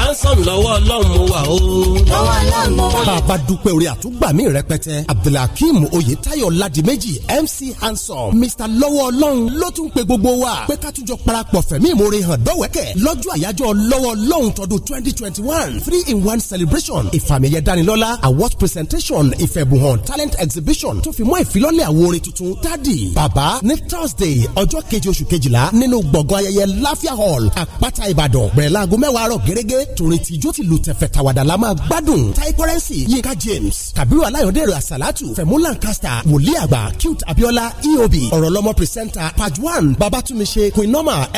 handsome lọ́wọ́ ọlọ́run mo wà o. lọ́wọ́ ọlọ́run mo wà. bàbá dúpẹ́ orí àtúgbàmí rẹpẹtẹ abdulhakeem oyetayo ladimeji mc handsome mr lọ́wọ́ ọlọ́run ló tún pe gbogbo wa pé ká tún jọ parapọ̀ fẹ̀mí ìmoore hàn dọ́wẹ́kẹ̀ lọ́jọ́ àyájọ́ lọ́wọ́ ọlọ́run tọdún twenty twenty one three in one celebration ìfàmìyẹ dánilọ́lá awards presentation ìfẹ̀bùhàn talent exhibition tó fi mọ́ ìfilọ́lẹ̀ àwo orin tuntun dádì bàbá ní thursday ọjọ́ keje oṣù kejìlá nínú gbọ̀ngàn ayẹyẹ láfíà hall àpáta ìbàdàn bẹ̀rẹ̀ láago mẹ́wàá àárọ̀ gẹ́gẹ́ tòrin tìjó tìlù tẹ̀fẹ̀ tàwàdà la máa gbádùn tai currency yinka james kabiru alayọ̀dẹ̀rẹ̀ asalatu fẹ̀mú lancaster wòlíì àgbà cute abiola eob ọ̀rọ̀lọ́mọ pírísẹ́ńtà pajwan babatunmise queen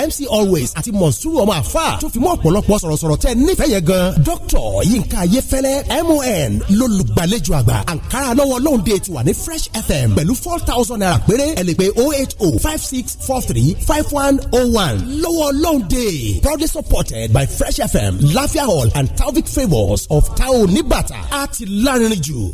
mc always àti monsuru ọmọ àfà tó fi mọ́ ọ̀pọ̀lọpọ̀ sọ̀rọ̀sọ̀rọ̀ tẹ́ nífẹ̀ẹ́ yẹn gan dr yinka ayefẹ́lẹ́ mon lólùgbàlejò àgbà ankara lọ́wọ́ lóhùndé ti wà ní fresh fm pẹ̀lú four thousand naira péré ẹ lè pè oh eight oh five six four three five one oh one lọ́wọ́ lóhùndé proudly supported by fresh fm Lafia Hall and Talvik Favours of Tao Nibata. Àti lárinrin jù.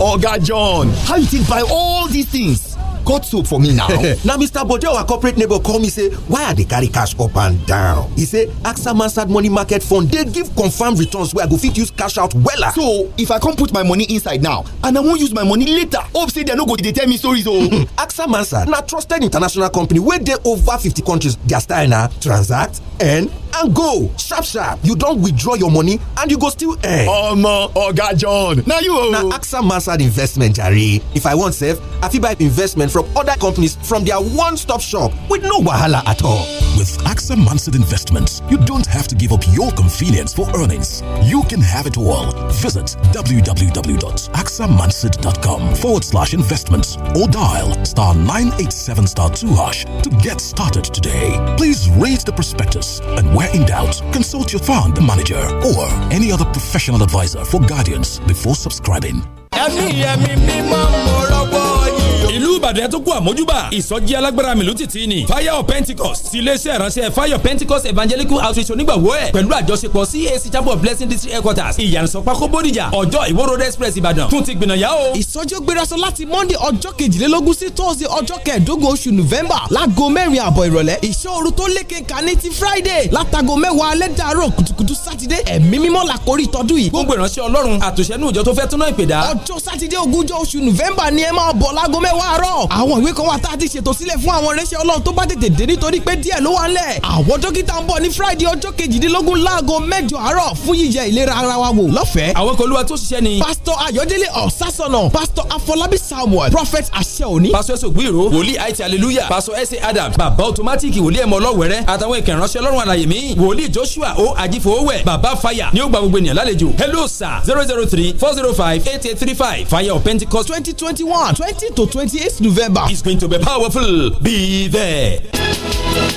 Oga John, how you take buy all these things? cut soap for me now Now, mr bode our corporate neighbor call me say why are they carry cash up and down He say axa mansard money market fund They give confirmed returns where i go fit use cash out wella so if i come put my money inside now and i won't use my money later hope say dem no go dey tell me stories Oh, axa mansard now trusted international company where they over 50 countries their style na transact and and go sharp sharp you don withdraw your money and you go still earn. omo oga john na you o. Oh. na axa mansard investment jare if i wan save i fit buy investment and from other companies from their one-stop shop with no wahala at all. With AXA Mansard Investments, you don't have to give up your convenience for earnings. You can have it all. Visit www.axamansard.com forward slash investments or dial star 987 star 2 hash to get started today. Please read the prospectus and where in doubt, consult your fund manager or any other professional advisor for guidance before subscribing. ẹ̀mí ẹ̀mí mímọ́ mo rọ́gbọ́ yìí. ìlú ìbàdàn tó kú àmójúbà ìsọjí alágbára mi ló ti ti ni fire of pentecost ti iléeṣẹ́ ìránṣẹ́ fire of pentecost evangelical outreach onígbàwọ́ ẹ̀ pẹ̀lú àjọṣepọ̀ cac chapel of blessing district headquarters ìyànsọ́pàkó bódìjà ọjọ́ ìwó road express ìbàdàn tún ti gbìnàyà o. ìsọjí ó gbéraṣọ láti monday ọjọ́ kejìlélógún sí tuesday ọjọ́ kẹẹ̀dógún oṣù november láago mẹ́rin àbọ̀ ìrọ̀lẹ́ ìṣòro tó lékè ká ní ti friday látago mẹ́wàá alẹ́ dàárọ̀ kùtùkùtù sátidé ẹ̀mí mímọ́ làkórí tọdún yìí. gbogbo ìránṣẹ́ ọlọ́run àtòṣẹ́nu ìjọ tó fẹ́ túná ìpèdà ọjọ́ sátidé ogúnjọ́ oṣù nùfẹ́mbà ni ẹ máa bọ̀ láago mẹ́wàá àárọ̀ àwọn ìwé kan wà tá a ti ṣètò sílẹ̀ fún àwọn irinṣẹ́ ọlọ́run tó bá tètè dé nítorí pé díẹ̀ ló wà ńlẹ̀ àwọn dókítà ń bọ̀ ní friday ọjọ́ kejìdínlógún láago mẹ́jọ àárọ̀ fún yíyẹ ìlera ara wa wò lọ́fẹ̀ẹ́ àwọn kan olúwa tó ṣiṣẹ́ ni pásítọ̀ ayọ̀délé ọ̀sásọ̀nà pásítọ̀ afọlábí samuel prophet àṣẹòní pásítọ̀ ẹ̀sọ̀ gbìrò wòlíì àìtí hallelujah pásítọ̀ ẹ̀sẹ̀ adam bàbá ọ̀tọmátìkì wòlíì ẹ̀mọ ọlọ́wẹ̀rẹ́ àtàwọn ìkẹrànṣẹ́ ọlọ́run àlàyé mi wòlíì joshua o àjífowówẹ̀ bàbá fire ni ó gba gbogbo ènìyàn hello sir zero zero three four zero five eight eight three 25 Fire of Pentecost 2021 20 to 28 November is going to be powerful. Be there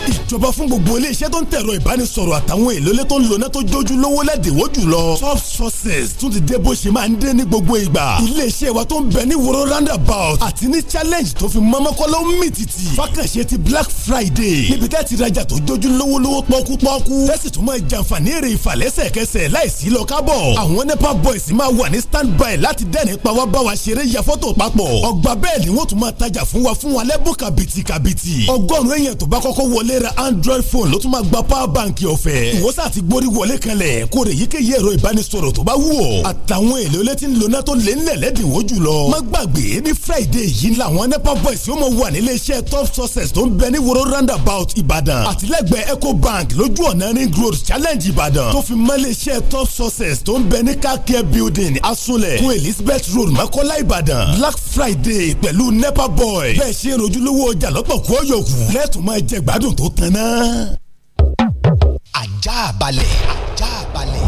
ìjọba fún gbogbo iléeṣẹ́ tó ń tẹ̀rọ ìbánisọ̀rọ̀ àtàwọn èlòlé tó ń lona tó jójú lówó lẹ́dínwó jùlọ. top sources tún ti dé bó ṣe máa ń dé ní gbogbo ìgbà. iléeṣẹ́ wa tó ń bẹ ní woro roundabout àti ní challenge tó fi mọ́mọ́kọ́lọ́ mì tìtì. fákànṣe ti black friday níbi tẹ́ ti rajà tó jójú lówólówó pọ́kúpọ́kú. tẹ́sí tún máa jàǹfààní èrè ìfàlẹ́sẹ̀kẹsẹ̀ láìsí lọ kábọ̀. àwọn nepa boys máa wà ní standby láti dẹ́ni pa wá bá wa ṣeré ya fọ́tò papọ̀. ọgbà bẹ́ẹ̀ ni wọ́n tún máa tajà fún wa fún wọlé ra android phone ló tún máa gba power bank ọ̀fẹ́ ìwọ́sà ti gbórí wọlé kanlẹ̀ kó rè yíkéyìí ẹ̀rọ ìbánisọ̀rọ̀ tó bá wù ọ́ àtàwọn èlò ilé tí ń lona tó lé nílẹ̀ lẹ́dínwó jùlọ má gbàgbé ní friday yìí làwọn nepa boys yóò mọ̀ wà nílé iṣẹ́ top success tó ń bẹ ní woro roundabout ìbàdàn àtìlẹ́gbẹ̀ẹ́ eco bank lójú ọ̀nà ring growth challenge ìbàdàn tó fi mọ́ ilé iṣẹ́ top success tó ń bẹ ní kakẹ́ building asunlẹ̀ fún elizabeth road mọ́kọ́lá ìbàdàn black friday pẹ̀lú nepa boy bẹ́ẹ̀ ṣe rojúlówó ọjà lọ́pọ̀ kú ọ̀yọ̀kù lẹ́tùn máa gbádùn ìgbádùn tó tan náà. ajá balẹ̀ ajá balẹ̀.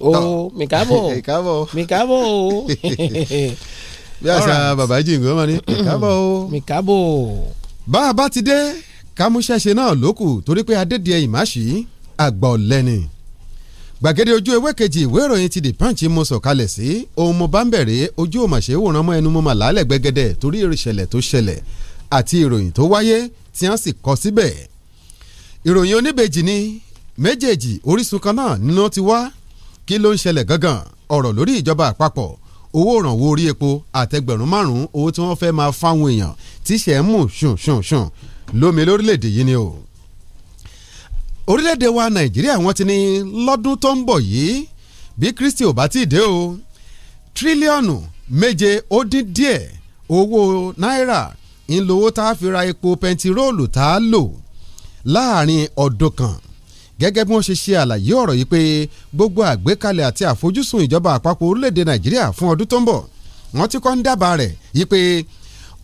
o mi káàbọ̀ mi káàbọ̀ o. bí àṣà bàbá jìngọ́ máa ní mi káàbọ̀ o. mi káàbọ̀ bá a bá ti dé kámúṣẹ́ṣe náà lókù torí pé adédìẹ ìmáṣí àgbà ọ̀lẹ́ni gbàgede ojú ewé kejì ìwé ìròyìn ti The Punch mo sọ̀kalẹ̀ sí ohun mo bá ń bẹ̀rẹ̀ ojú òmàṣẹ́ wòran mọ́ ẹnu mo mà lálẹ́ gbẹgẹdẹ torí ìṣẹ̀lẹ̀ tó ṣẹlẹ̀ àti ìròyìn tó wáyé tí wọ́n sì kọ síbẹ̀ ìròyìn oníbejì ni méjèèjì orísun kan náà nínú ti wá kí ló ń ṣẹlẹ̀ gangan ọ̀rọ̀ lórí ìjọba àpapọ̀ owó òrànwó orí epo àtẹgbẹ̀rún márùn-ún owó tí wọ́n fẹ́ máa orílẹ̀-èdè wa nàìjíríà wọ́n ti ní lọ́dún tó ń bọ̀ yìí bí kristi ò bá ti dé o tírílíọ̀nù méje ó dín díẹ̀ owó náírà ń lówó tá a fi ra epo pẹntiróòlù tá a lò láàrin ọdún kan gẹ́gẹ́ bí wọ́n ṣe ṣe àlàyé ọ̀rọ̀ yìí pé gbogbo àgbékalẹ̀ àti àfojúsùn ìjọba àpapọ̀ orílẹ̀-èdè nàìjíríà fún ọdún tó ń bọ̀ wọ́n ti kọ́ ń dábàá rẹ̀ yìí pé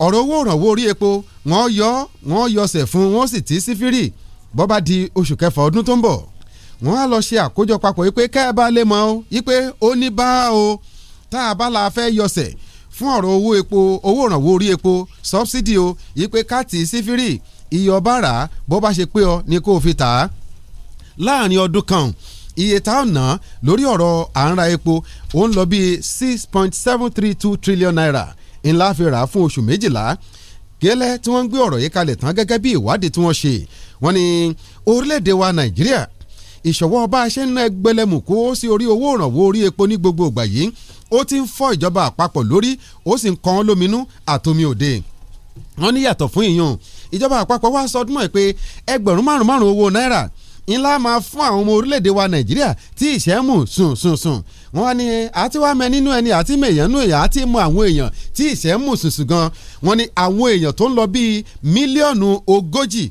ọ̀rọ̀ owó ìrànwọ́ orí epo wọ́n yọ wọ́n yọsẹ̀ fún wọ́n sì tì í sí fírì bó di oṣù kẹfà ọdún tó ń bọ̀ wọ́n á lọ ṣe àkójọ papọ̀ yìí pé kẹ́ẹ̀bá lè mọ̀ ọ́ yìí pé ó ní bá o tá a bá la fẹ́ yọsẹ̀ fún ọ̀rọ̀ owó epo owó ìrànwọ́ orí epo sọ́bsidì o yìí pé káàtì sífírì iye ọba rà á bó bá ṣe pé ọ ni kó o fi tà á láàrin ọdún kan iye tá a lórí ọ̀rọ̀ à ń ra epo ó ń lọ bíi six point seven three two trillion naira ńlá fi rà á fún oṣù méjìlá gẹ́lẹ́ tí wọ́n ń gbé ọ̀rọ̀ yìí kalẹ̀ tán gẹ́gẹ́ bí ìwádìí tí wọ́n ṣe wọ́n ní orílẹ̀-èdè wa nàìjíríà ìṣọ̀wọ́ bá a ṣe ń ná ẹgbẹ̀lẹ́mùkú ó sí orí owó òrànwó orí epo ní gbogbo ìgbà yìí ó ti ń fọ́ ìjọba àpapọ̀ lórí ó sì ń kan án lóminú àtomi òde wọ́n ní yàtọ̀ fún ìyún ìjọba àpapọ̀ wá sọdún mọ́ ẹ pé ẹgbẹ̀rún márùn márùn owó náírà ńlá máa fún àwọn ọmọ orílẹ̀-èdè wa nàìjíríà tí ìṣẹ́ mú sùn sùn sùn wọ́n ní àti wá mẹ nínú ẹni àti mẹ̀yàn nínú èèyàn àti mọ àwọn èèyàn tí ìṣẹ́ mú sùn sùn gan wọ́n ní àwọn èèyàn tó ń lọ bíi mílíọ̀nù ogójì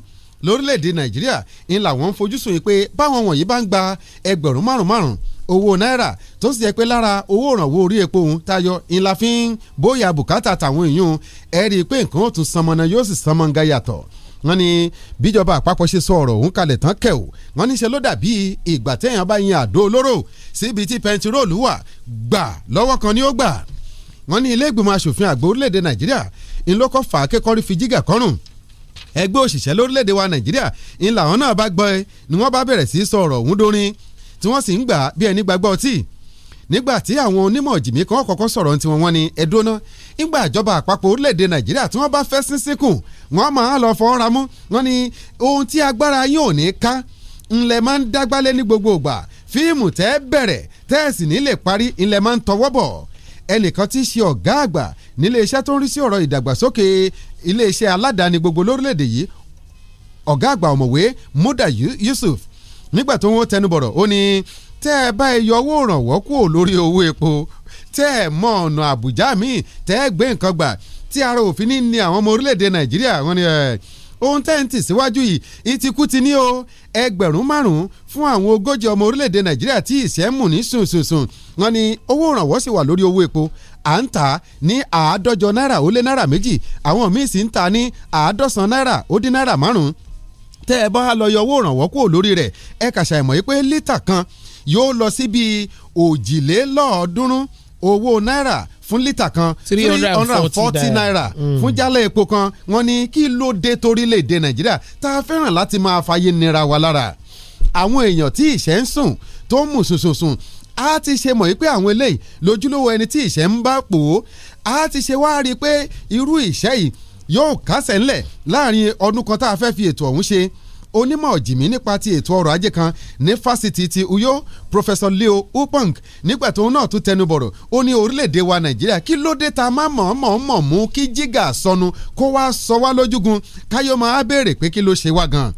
lórílẹ̀‐èdè nàìjíríà ń làwọn ń fojúsùn yìí pé báwọn wọ̀nyí bá ń gba ẹgbẹ̀rún márùn márùn owó náírà tó sì jẹ́ pé lára owó òrànwọ́ orí epo òun tayọ ńlá fi ń bóyá bùkátà tàwọn èèyàn ẹ rí i pé nǹkan ó tún sanmọ́nà yóò sì sanmọ́ngá yàtọ̀ wọ́n ní bíjọba àpapọ̀ ṣe sọ ọ̀rọ̀ òun kalẹ̀ tán kẹ̀ o wọ́n ní ṣe ló dàbí ìgbà téèyàn bá yin àdó olóró síbi tí pẹntiróòlù wà gbà lọ́wọ́ kan ni ó gbà wọ́n ní ilé ìgbìmọ̀ asòfin àgbà orílẹ̀-èdè nàìjíríà ńlọ́kọ̀ fà á kékọ́rí fi jígà kọ́rùn-ún ẹgbẹ́ òṣìṣẹ́ lórílẹ̀‐èdè wa nàìjíríà ń làwọn náà bá gbọ́ ẹ ni wọ́n bá bẹ̀rẹ̀ sí sọ ọ̀rọ̀ ọ̀hún dórin tí wọ́n sì ń gbà bí ẹni gbàgbọ́ ọtí nígbà tí àwọn onímọ̀ jìmí kan kọ́kọ́ sọ̀rọ̀ ní tiwọn wọn ni ẹ̀dọ́nà nígbà ìjọba àpapọ̀ orílẹ̀‐èdè nàìjíríà tí wọ́n bá fẹ́ sín síkùn wọ́n máa lọ fọ́ ra mú wọ́n ní ohun tí agbára yín ò ní ká ńlẹ̀ máa ń dágbálẹ̀ ní gbogbo ìgbà fíìmù tẹ́ bẹ̀rẹ̀ tẹ́ẹ̀sì nílẹ̀ parí ńlẹ̀ máa ń tọwọ́ bọ̀ ẹnìkan tí í ṣe ọ̀gá àgbà nílé iṣẹ́ tó ń rí sí ọ̀rọ̀ ìdàgbàsókè ilé iṣẹ́ aládàáni gbogbo lórílẹ̀‐èdè yìí ọ̀gá àgbà ọ̀mọ̀wé Muda Yusuf nígbà tó ń wọ́n tẹnubọ̀rọ̀ ó ní tẹ́ ẹ bá ẹ yọ owó ìrànwọ́ kúrò lórí owó epo tẹ́ ẹ mọ ọ̀nà Àbújá míì tẹ́ ẹ gbé nǹkan gbà tí ara òfin ní ni àwọn ọmọ orílẹ̀-èdè Nàìjíríà wọ́n ní ẹ̀ ohun tẹ́ ń tì síwájú yìí ìtìkú ti ní o ẹgbẹ̀rún márùn-ún fún àwọn ogójì ọmọ orílẹ̀-èdè nàìjíríà tí ìṣẹ́ mù ní sùnsùnsùn wọn ni owó ìrànwọ́ sì wà lórí owó epo à ń tà á ní àádọ́jọ náírà ó lé náírà méjì àwọn míì sì ń tà ní àádọ́sán náírà ó dín náírà márùn-ún tẹ́ ẹ bá lọ yọ owó ìrànwọ́ kúrò lórí rẹ̀ ẹ kàṣà ìmọ̀ yìí pé lítà kan yóò lọ sí bíi òjìlélọ́ọ̀ọ́dúnrún owó náírà fún lítà kan three hundred forty naira mm. fún jálẹ̀ epo kan wọ́n ní kí ló dé torílẹ̀-èdè nàìjíríà tá a fẹ́ràn láti máa fàyè nira wa lára àwọn èèyàn tí ìṣẹ́ ń sùn tó ń mú sùnsùnsùn a ti ṣe mọ̀ wípé àwọn eléyìí lójúlówó ẹni tí ìṣẹ́ ń bá pò ó a ti ṣe wá rí i pé irú ìṣẹ́ yìí yóò kásẹ̀ ńlẹ̀ láàrin ọdún kan tá a fẹ́ fi ètò ọ̀hún ṣe onímọ̀ jìmí nípa ti ètò ọrọ̀ ajé kan ní fásitì ti Uyo Professor Leo Upong nígbà tóun náà tún tẹnu bọ̀rọ̀ ó ní orílẹ̀-èdè wa Nàìjíríà kí ló dé ta má mọ̀ mọ̀ mọ̀ mú kí jígà sọnù kó wá sọ wá lójúgun káyọ̀ máa béèrè pé kí ló ṣe wá gan.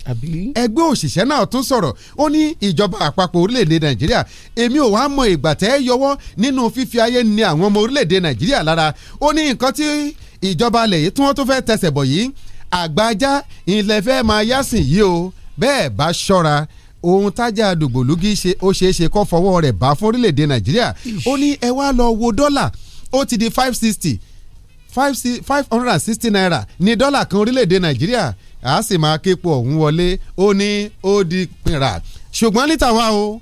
ẹgbẹ́ òṣìṣẹ́ náà tún sọ̀rọ̀ ó ní ìjọba àpapọ̀ orílẹ̀-èdè Nàìjíríà èmi ò wá mọ ìgbà tẹ́ yọwọ́ nínú fífi ayé ni àwọn ọmọ orílẹ̀-èdè Nàìjíríà lára ó ní nǹkan tí ìjọba alẹ̀ yìí tí wọ́n tún fẹ́ tẹsẹ̀ bọ̀ yìí àgbájá ilẹ̀ fẹ́ máa yásìn yìí o bẹ́ẹ̀ bá ṣọ́ra ohun tájà dògbòlúgi ṣe ó ṣeé ṣe kó fọwọ́ rẹ̀ bá fún orílẹ̀-èdè nàìjíríà ó ní ẹ wá lọ wo dọ́là ó ti di five sixty five hundred and sixty naira ní dọ́là kan orílẹ̀-èdè nàìjíríà a sì máa képo ọ̀hún wọlé ó ní ó di pinra ṣùgbọ́n níta wá o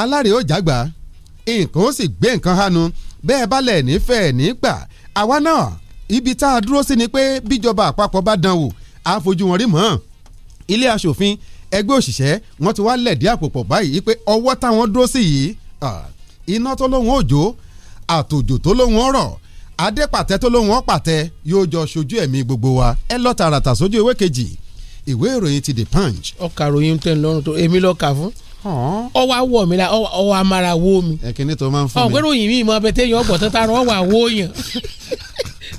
alárè ó jágbá nǹkan ó sì gbé nǹkan hánu bẹ́ẹ̀ bá lẹ̀ nífẹ̀ẹ́ nígbà àwa náà ibi tá a dúró sí ni pé bíjọba àpapọ̀ bá dán wò á fojú wọn rí mọ́ ilé aṣòfin ẹgbẹ́ òṣìṣẹ́ wọn ti wá lẹ̀dí àpòpọ̀ báyìí pé ọwọ́ táwọn dúró sí yìí iná tó lóhun òjò àtòjò tó lóhun ọ̀rọ̀ adépàtẹ tó lóhun ọ̀pàtẹ yóò jọ ṣojú ẹ̀mí gbogbo wa ẹ lọ tààràtà sójú ìwé kejì ìwé ìròyìn ti the punch. ọkà ròyìn tẹ̀ lọ́rùn tó èmi lọ́ọ́ kà fún ọwọ́ awọ mi la ọwọ́ amara wo mi. ẹ kìíní tó máa ń fún mi. ọ̀gbẹ́rò yìí mi ìmọ̀ abẹ́tẹ́yìn ọgbọ̀n tó ta rọ ọwọ́ àwo yàn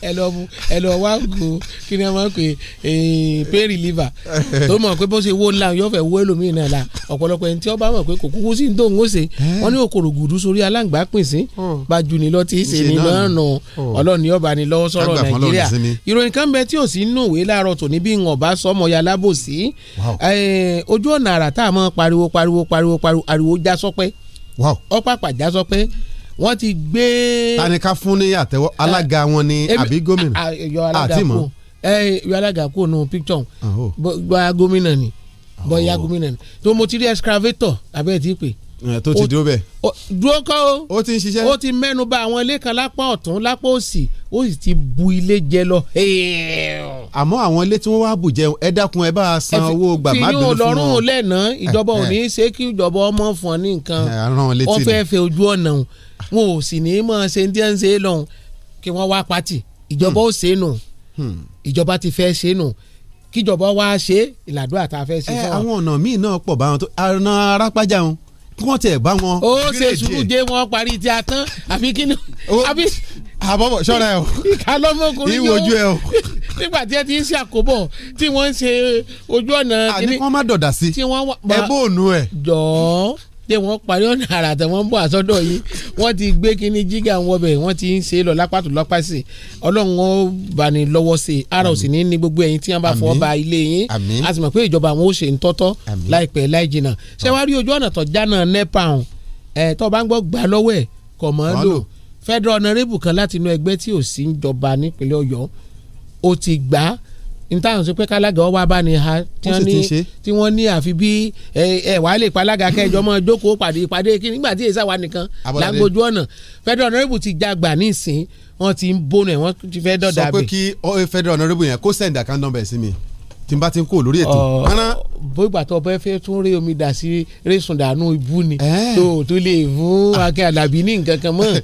ẹ lọ mu ẹ lọ wá go kí ni ẹ máa ń pè eh, pain reliever tó mọ̀ pé bó ṣe wó ńlá yóò fẹ́ wó ẹlòmíì náà la ọ̀pọ̀lọpọ̀ ẹni tí ó bá mọ̀ pé kò kúkú sí ní tòun ó ṣe wọ́n ní òkòrò gùdú sórí aláǹgbá pín sí gbajú ni lọ tí í ṣe ni náà nù ọlọ́ọ̀ni ọba ni lọ́wọ́ sọ̀rọ̀ nàìjíríà ìròyìn kan bẹ tí ò sí nù wé láàárọ̀ tòní bí wọn bá sọmọ ya lábòsí eh, ojú ọ̀nà àrà tá a mọ̀ pariwo pariwo pariwo pariwo já sọpẹ́ ọ̀pá pàjá sọpẹ́ wọ́n ti gbé. tani ká fún ní àtẹ́wọ́ eh, alága wọn ni àbí gómìnà àti mọ́. ẹ yọ alága kú nù píkítọ̀ bóyá gómìnà ni bóyá gómìnà ni tó mo ti rí excavator abẹ́ẹ̀ ti pè tó ti dúró bẹ́ẹ̀. dúró kọ́ o ó ti ń ṣiṣẹ́. ó ti mẹ́nu bà àwọn ilé kan lápá ọ̀tún lápá òsì ó sì ti bu ilé jẹ lọ. àmọ́ àwọn ilé tí wọ́n wá bù jẹun ẹ dákun ẹ bá a san owó gbà má bínú fún wọn. tí yóò lọ́rùn lẹ́nà ìjọba ò ní í ṣe kí ìjọba ọmọ fún ọ ní nǹkan ó fẹ́ fẹ́ ojú ọ̀nà wọn ò sì ní í mọ̀ ṣe ń díẹ̀ ń ṣe é lọ́hùn kí wọ́n wá pati ìjọba ó hmm. ṣe é nù hmm. ìjọba ti fẹ́ ṣe é nù kíjọba wá ṣe ìlàdó àtàfẹ́ ṣe fún wa. àwọn ọ̀nà míì náà pọ̀ báwọn tó àrùn kí wọ́n tẹ̀ bá wọn. ó ṣe sùúrù dé wọn parí tí a tán àbí kí ni. àbọ̀bọ̀ ṣọ́ra ẹ̀ o. ìka lọ́mọkùnrin yóò ìwojú ẹ̀ o. nígbà tí ẹ ti ń ṣe àkóbọ̀ tí wọ́n ń ṣe ojú ọ̀nà. àní kí wọ́n má dọ̀dà sí. tí wọ́n wà. ẹ bóònù ẹ̀. jọ̀ọ́ dé wọ́n parí ọ̀nà àrà àtẹ̀wọ́n ń bọ̀ àsọ́dọ̀ yìí wọ́n ti gbé kínní jígà wọn ti ń ṣe lọ lápàtó lọ́pàá ọlọ́run ó bá ní lọ́wọ́ sí ara ò sì ní ní gbogbo ẹ̀yin tí wọ́n bá fọ́ ba ilé yín a sì mọ̀ pé ìjọba àwọn ó ṣe ń tọ́tọ́ láìpẹ́ láì jìnnà ṣé wàá rí ojú ọ̀nà tó jánà nepa ọ̀hún ẹ̀ tó bá ń gbọ́ gbà lọ́wọ́ ẹ̀ kọ̀ níta àwọn sọ pé kálága ọwọ́ abánihà tí wọ́n ní àfi bí ẹ wà á lè palága kẹjọ mọ́ jókòó pàdé ìpàdé kí nígbà tí èsà wà nìkan lágbójú ọ̀nà federal honorable ti jagbà nísìn wọ́n ti ń bónú ẹ̀ wọ́n ti fẹ́ dọ̀dà bẹ̀. sọ pé kí federal honorable yẹn kó send account number sí mi tí n bá ti ń kó lórí ètò. bóyá tó bá fẹ́ tún rí omi dà sí rẹ́sùn dànù ibú ni tó tó lè fún akẹ́ àdàbí ní nǹkan kan mọ́.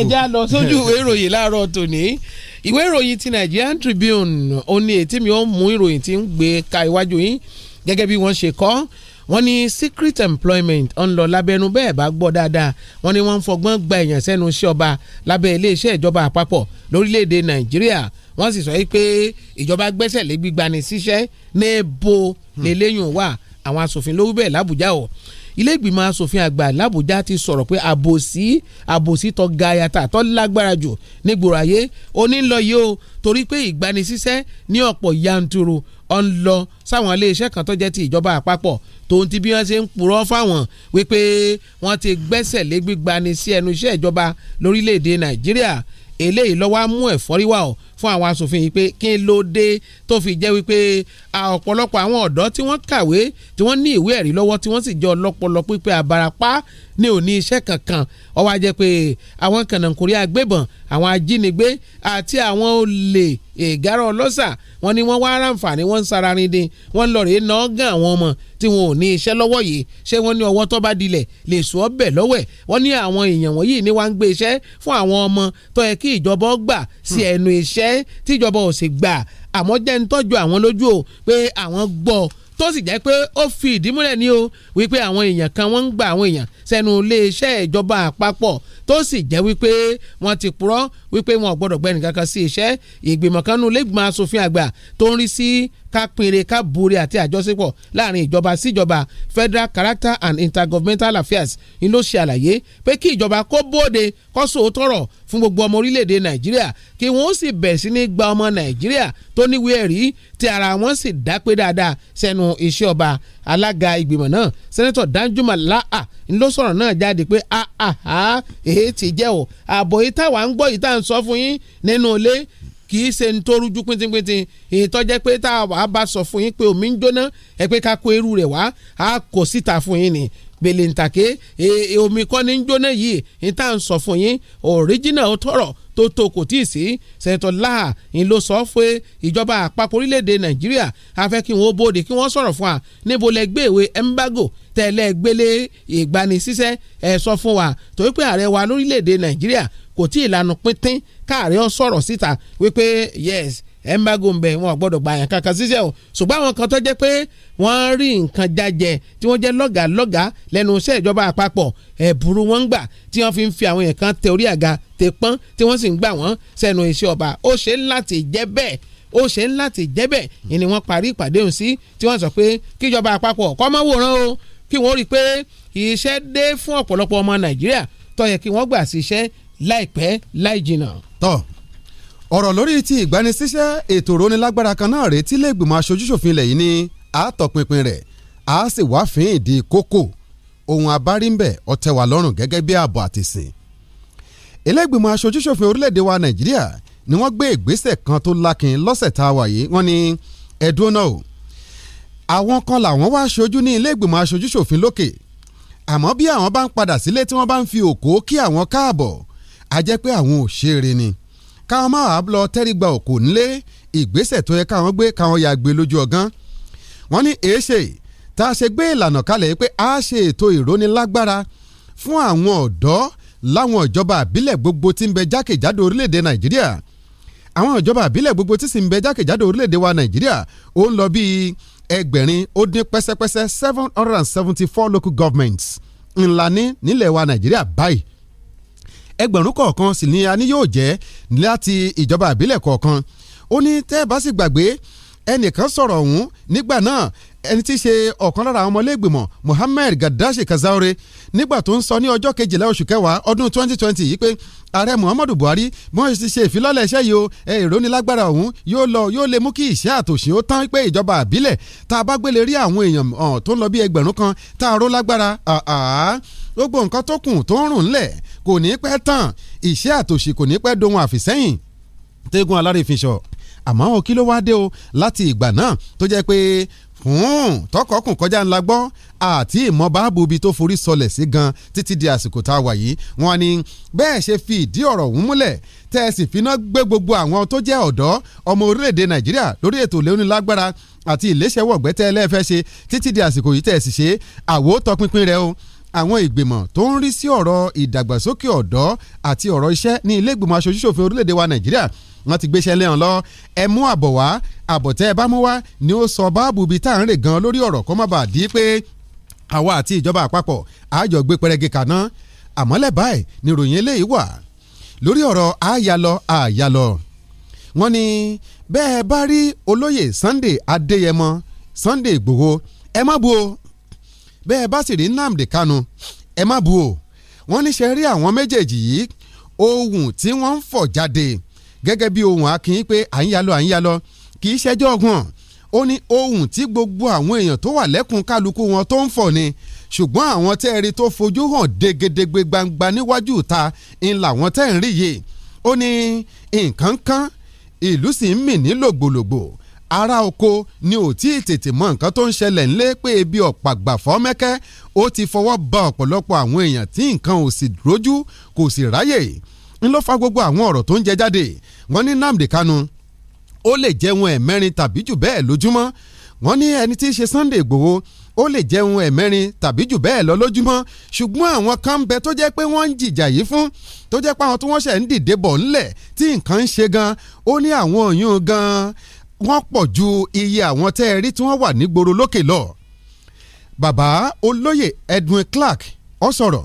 ẹ já lọ sójú ìròyìn láàárọ̀ tòní ìwé ìròyìn ti Nigerian Tribune ó ní ètí mi ó mú ìròyìn tí ń gbé ka iwájú yín gẹ́gẹ́ bí wọ́n ṣe kọ wọ́n ní secret employment ń lọ lábẹ́nu bẹ́ẹ̀ bá gbọ́ dáadáa wọ́n ní wọ́n ń fọgbọ́n gba èèyàn sẹ́nu iṣẹ́ ọba lábẹ́ iléeṣẹ́ ìjọba àpapọ̀ lórílẹ̀‐èdè Nàìjíríà wọ́n sì sọ pé ìjọba gbẹ́sẹ̀ lé gbígbani síṣẹ́ ní bo hmm. lélẹ́yìn wà àwọn asòfin lówú bẹ́ẹ̀ l'Àbújá o ilé ìgbìmọ̀ asòfin àgbà làbújá ti sọ̀rọ̀ pé àbòsí àbòsí tó ga yàtà tó lágbára jù nígboro ayé onílọ yìí o torí pé ìgbanisíṣẹ́ ní ọ̀pọ̀ yanturu ọ̀n lọ sáwọn iléeṣẹ́ kan tó jẹ́ ti ìjọba àpapọ̀ tòun ti bí wọ́n ṣe ń purọ́ fáwọn wípé wọ́n ti gbẹ́sẹ̀ lé gbígbani sí ẹnu iṣẹ́ ìjọba lórílẹ̀‐èdè nàìjíríà eléyìí ló wá mú ẹ̀fọ́rí wá o fún àwọn asòfin yìí pé kí ló dé tó fi jẹ́ wípé ọ̀pọ̀lọpọ̀ àwọn ọ̀dọ́ tí wọ́n kàwé tí wọ́n ní ìwé ẹ̀rí lọ́wọ́ tí wọ́n sì jọ lọ́pọlọ pípẹ́ àbárapá ní òní iṣẹ́ kankan ó wá jẹ́ pé àwọn kànáńkùnrí agbébọn àwọn ajínigbé àti àwọn olè ìgárá ọlọ́ṣà wọn ni wọ́n wá ráǹfààní wọ́n ń sararin dín wọ́n lọ rèé náà gàn àwọn ọmọ tí wọn ò ní iṣẹ́ lọ́wọ́ yìí ṣé wọ́n ní ọwọ́ tó bá dilẹ̀ lè sọ ọ́ bẹ̀ lọ́wẹ̀ wọ́n ní àwọn èèyàn wọ̀nyí ni wọ́n ń gbé iṣẹ́ fún àwọn ọmọ tó yẹ kí ìjọba gbà sí ẹnu iṣẹ́ jẹ́ tíjọba ò sì gbà àmọ́ jẹ́ ń tọ́jú àwọn lójú o pé àwọn gbọ́ tó sì jẹ́ pé ó fi ìdí múlẹ̀ ní o wípé àwọn èèyàn kan wọ́n ń gba àwọn èèyàn sẹ́nu iléeṣẹ́ ìjọba àpapọ̀ tó sì jẹ́ wípé wọ́n ti purọ́ wípé wọn ò gbọ́dọ̀ gbẹ́ni kankan sí iṣẹ́ ìgbìmọ̀ kan nù lẹ́gbìmọ̀ asòfin àgbà tó ń rí sí ká pinre ká borí àti àjọṣepọ̀ láàrin ìjọba síjọba Federal Character and Intergovernmental Affairs ni ló ṣe àlàyé pé kí ìjọba kó bóde kó sòótọ́ rọ̀ fún gbogbo ọmọ orílẹ̀-èdè Nàìjíríà kí wọ́n sì bẹ̀rẹ̀ sí ní gba ọmọ Nàìjíríà tó níwé ẹ̀rí tí ara wọn sì dápé dáadáa sẹ́nu iṣẹ́ ọba alága ìgbìmọ̀ náà Sẹ́nẹ́tọ̀ Danjuma Laa ló sọ̀rọ̀ náà jáde pé a ah, a ah, a ah, èyí ti jẹ́ o àbọ̀ yìí táwa ń gbọ́ yìí tá à ń sọ fún yín nínú ilé kì í ṣe ní tó rújú pínpínpín ètò jẹ́ pé tá a wà á bá sọ fún yín pé omi ń jóná ẹ pé ká kó irú rẹ̀ wá á kò síta fún yín ni gbèlè ntàké e, e, omi kọ́ ni ń jóná yìí ní tá à ń sọ fún yín original tọrọ tó tó kò tí ì sí sẹ́ńtọ̀ láà ń ló sọ pé ìjọba àpapọ̀ orílẹ̀-èdè nàìjíríà afẹ́ kí wọ́n bóde kí wọ́n sọ̀rọ̀ fún wa níbo lẹ gbé ìwé embargo tẹ́lẹ̀ gbélé ìgbanisíṣẹ́ ẹ̀ sọ fún wa torí pé ààrẹ wa lórílẹ̀-èdè nàìjíríà kò tí ì lanu pínpín káàrẹ́ ọ sọ̀rọ̀ síta wípé yes embargo ń bẹ wọn ò gbọ́dọ̀ gba àyàn kankan ṣiṣẹ́ o ṣùgbọ́n àwọn kan tó jẹ́ pé wọ́n rí nǹkan jájẹ tí wọ́n jẹ́ lọ́gàlọ́gà lẹ́nu iṣẹ́ ìjọba àpapọ̀ ẹ̀bùrú wọn ń gbà tí wọ́n fi ń fi àwọn èèyàn kan tẹ orí àga tẹ pọ́n tí wọ́n sì ń gbà wọ́n sẹ́nu iṣẹ́ ọba ó ṣe ń láti jẹ́ bẹ́ẹ̀ ó ṣe ń láti jẹ́ bẹ́ẹ̀ ni wọ́n parí ìpàdé òun sí tí wọ́n sọ pé kíjọba àpapọ̀ kó má wòran o kí wọ́n rí i pé iṣẹ́ dé fún ọ̀pọ̀lọpọ̀ ọmọ Nàìjíríà tó kí wọ́n gbà sí láìpẹ́ láì jìnnà. tọ́ ọ̀rọ̀ lórí ti ìgbanisíṣẹ́ ètò ìrónilágbára kan náà rèé tí iléègbìmọ̀ aṣojúṣòfin ilẹ̀ yìí ní àtọ̀pinpin rẹ̀ á sì wáfin ìdí kókó ohun abárínbẹ̀ ọ̀tẹ̀ wà lọ́rùn gẹ́gẹ́ bí ààbò àtìsìn. iléègbìmọ̀ aṣojúṣòfin orílẹ̀-èdè wa nàìjíríà ni wọ́n gbé ìgbésẹ̀ kan tó lákin lọ́sẹ̀ tá a wà yìí wọ́n ní ẹ̀dùn náà o àwọn kan làwọn wá aṣojú ní iléègbìmọ̀ aṣojúṣòfin lókè àmọ́ bí àwọn bá ń padà sílé tí wọ́n bá ń fi òkó kí àwọn káàbọ̀ á jẹ́ pé àwọn ò ṣeré ni káwọn máa lọ tẹ́rígba òkú nílé ìgbésẹ̀ tó yẹ káwọn gbé káwọn ya gbé lójú ọ̀gán wọ́n ní èéṣe tá a ṣe gbé ìlànà kalẹ̀ pé a ṣe ètò ìrónilágbára fún àwọn ọ̀dọ́ láwọn ìjọba àbílẹ̀ gbogbo tí ń bẹ jákèjádò orílẹ̀-èdè nàìjíríà àwọn ìjọba àbílẹ̀ gbogbo tí sì ń bẹ jákèjádò orílẹ̀-èdè wa nàìjíríà ó ń lọ bíi ẹgbẹ̀rin ó dín pẹ́sẹ́pẹ́sẹ́ seven hundred and seventy four local governments ńlá ní nílẹ̀ wa nàìjíríà báyìí ẹgbẹ̀rún kọ̀ọ̀kan sì ni a ní yóò jẹ́ láti ìjọba àbílẹ̀ kọ̀ọ̀kan ó ní tẹ́ ẹ bá sì gbàgbé ẹnìkan sọ̀rọ̀ ọ̀hún nígbà náà ẹni tí í ṣe ọ̀kan lára àwọn ọmọlẹ́gbìmọ̀ Mohammed Gaddafi Kazaure nígbà tó ń sọ ní ọjọ́ kejìlá oṣù kẹwàá ọdún 2020 yìí pé ààrẹ Muhammadu Buhari bí wọ́n ti ṣe ìfilọ́lẹ̀ iṣẹ́ yìí o ìrónilágbára ọ̀hún yóò lọ yóò lè mú kí ìṣẹ́ àtòṣì ó tán pé ìjọba àbílẹ̀ tá a bá gbélé rí àwọn èèyàn tó ń lọ bí ẹgbẹ̀rún kan tá a ró lágbára gbogbo nǹkan tó kù tó ń rùn ńlẹ̀ kò ní pẹ́ tán ìṣẹ́ àtòṣì kò ní pẹ́ dohun àfìsẹ́yìn tẹ́gun alárèéfínṣọ́ àmọ́ o kí ló wá dé o láti ìgbà náà tó jẹ́ pé tọkọkùn kọjá ńlá gbọ́ àti ìmọ̀ báàbù ibi tó forí sọlẹ̀ sí gan títí di àsìkò tá a wà yìí wọn ni bẹ́ẹ̀ ṣe fi ìdí ọ̀rọ̀ ọ̀hún múlẹ̀ tẹ́ ẹ sì finá gbé gbogbo àwọn tó jẹ́ ọ̀dọ́ ọmọ orílẹ̀-èdè nàìjíríà lórí ètò lẹ́unilágbára àti ìléṣẹ́wọ̀gbẹ́tẹ́ ẹlẹ́fẹ́ ṣe títí di àsìkò yìí tẹ́ ẹ sì ṣe àwo tọpinpin rẹ o àwọn ìgbìmọ̀ tó ń rí sí ọ̀rọ̀ ìdàgbàsókè ọ̀dọ́ àti ọ̀rọ̀ iṣẹ́ ní ilé ìgbìmọ̀ aṣojúṣòfin orílẹ̀-èdè wa nàìjíríà wọ́n ti gbéṣẹ́ lẹ́hàn lọ ẹ mú àbọ̀ wá àbọ̀ ẹ bá mú wá ni ó sọ báàbù bíi tá à ń rè gan lórí ọ̀rọ̀ kó má bàa di pé àwa àti ìjọba àpapọ̀ àjọ gbé pẹrẹgì kaná àmọ́lẹ̀ báyìí ni ròyìn eléyìí wà lórí ọ̀rọ̀ àyálọ àyálọ wọ́n ní bẹ́ẹ̀ bá rí Sunday Adéyẹmọ Sunday bẹ́ẹ̀ bá sì rí Nnamdi Kanu ẹ má bu o wọ́n ní ṣe rí àwọn méjèèjì yìí ohun tí wọ́n ń fọ̀ jáde gẹ́gẹ́ bí ohun akin pé à ń yálọ à ń yálọ kì í ṣẹjọ́ ọgbọ̀n ó ní ohun tí gbogbo àwọn èèyàn tó wà lẹ́kùn kálukú wọn tó ń fọ̀ ni ṣùgbọ́n àwọn tẹ́ ẹ rí tó fojú hàn degedegbe gbangba níwájú ìta ń làwọn tẹ́ ẹ ń rí yìí ó ní nǹkan kan ìlú sì ń mì ní lògbòlògbò ará oko ni ò tí ì tètè mọ nǹkan tó ń ṣẹlẹ̀ ńlé pé ebi ọ̀pàgbà fọ́mẹ́kẹ́ ó ti fọwọ́ ba ọ̀pọ̀lọpọ̀ àwọn èèyàn tí nǹkan ò sì rójú kò sì ráyè ń ló fa gbogbo àwọn ọ̀rọ̀ tó ń jẹ jáde wọ́n ní Nnamdi Kanu ó lè jẹun ẹ̀mẹ́rin tàbí jù bẹ́ẹ̀ lójúmọ́ wọ́n ní ẹni tí í ṣe Sunday Igboho ó lè jẹun ẹ̀mẹ́rin tàbí jù bẹ́ẹ̀ lọ lójúmọ́ ṣùgbọ́n àwọn kan ń bẹ tó jẹ́ pé wọ́n ń jìjà yìí fún tó jẹ́ pé àwọn tí wọ́n ṣẹ̀ ń dìde bọ̀ ńlẹ̀ tí nǹkan ń ṣe gan ó ní àwọn òyìn gan wọ́n pọ̀ ju iye àwọn tẹ́ ẹ rí tí wọ́n wà nígboro lókè lọ. bàbá olóyè Edwin Clark ọ sọ̀rọ̀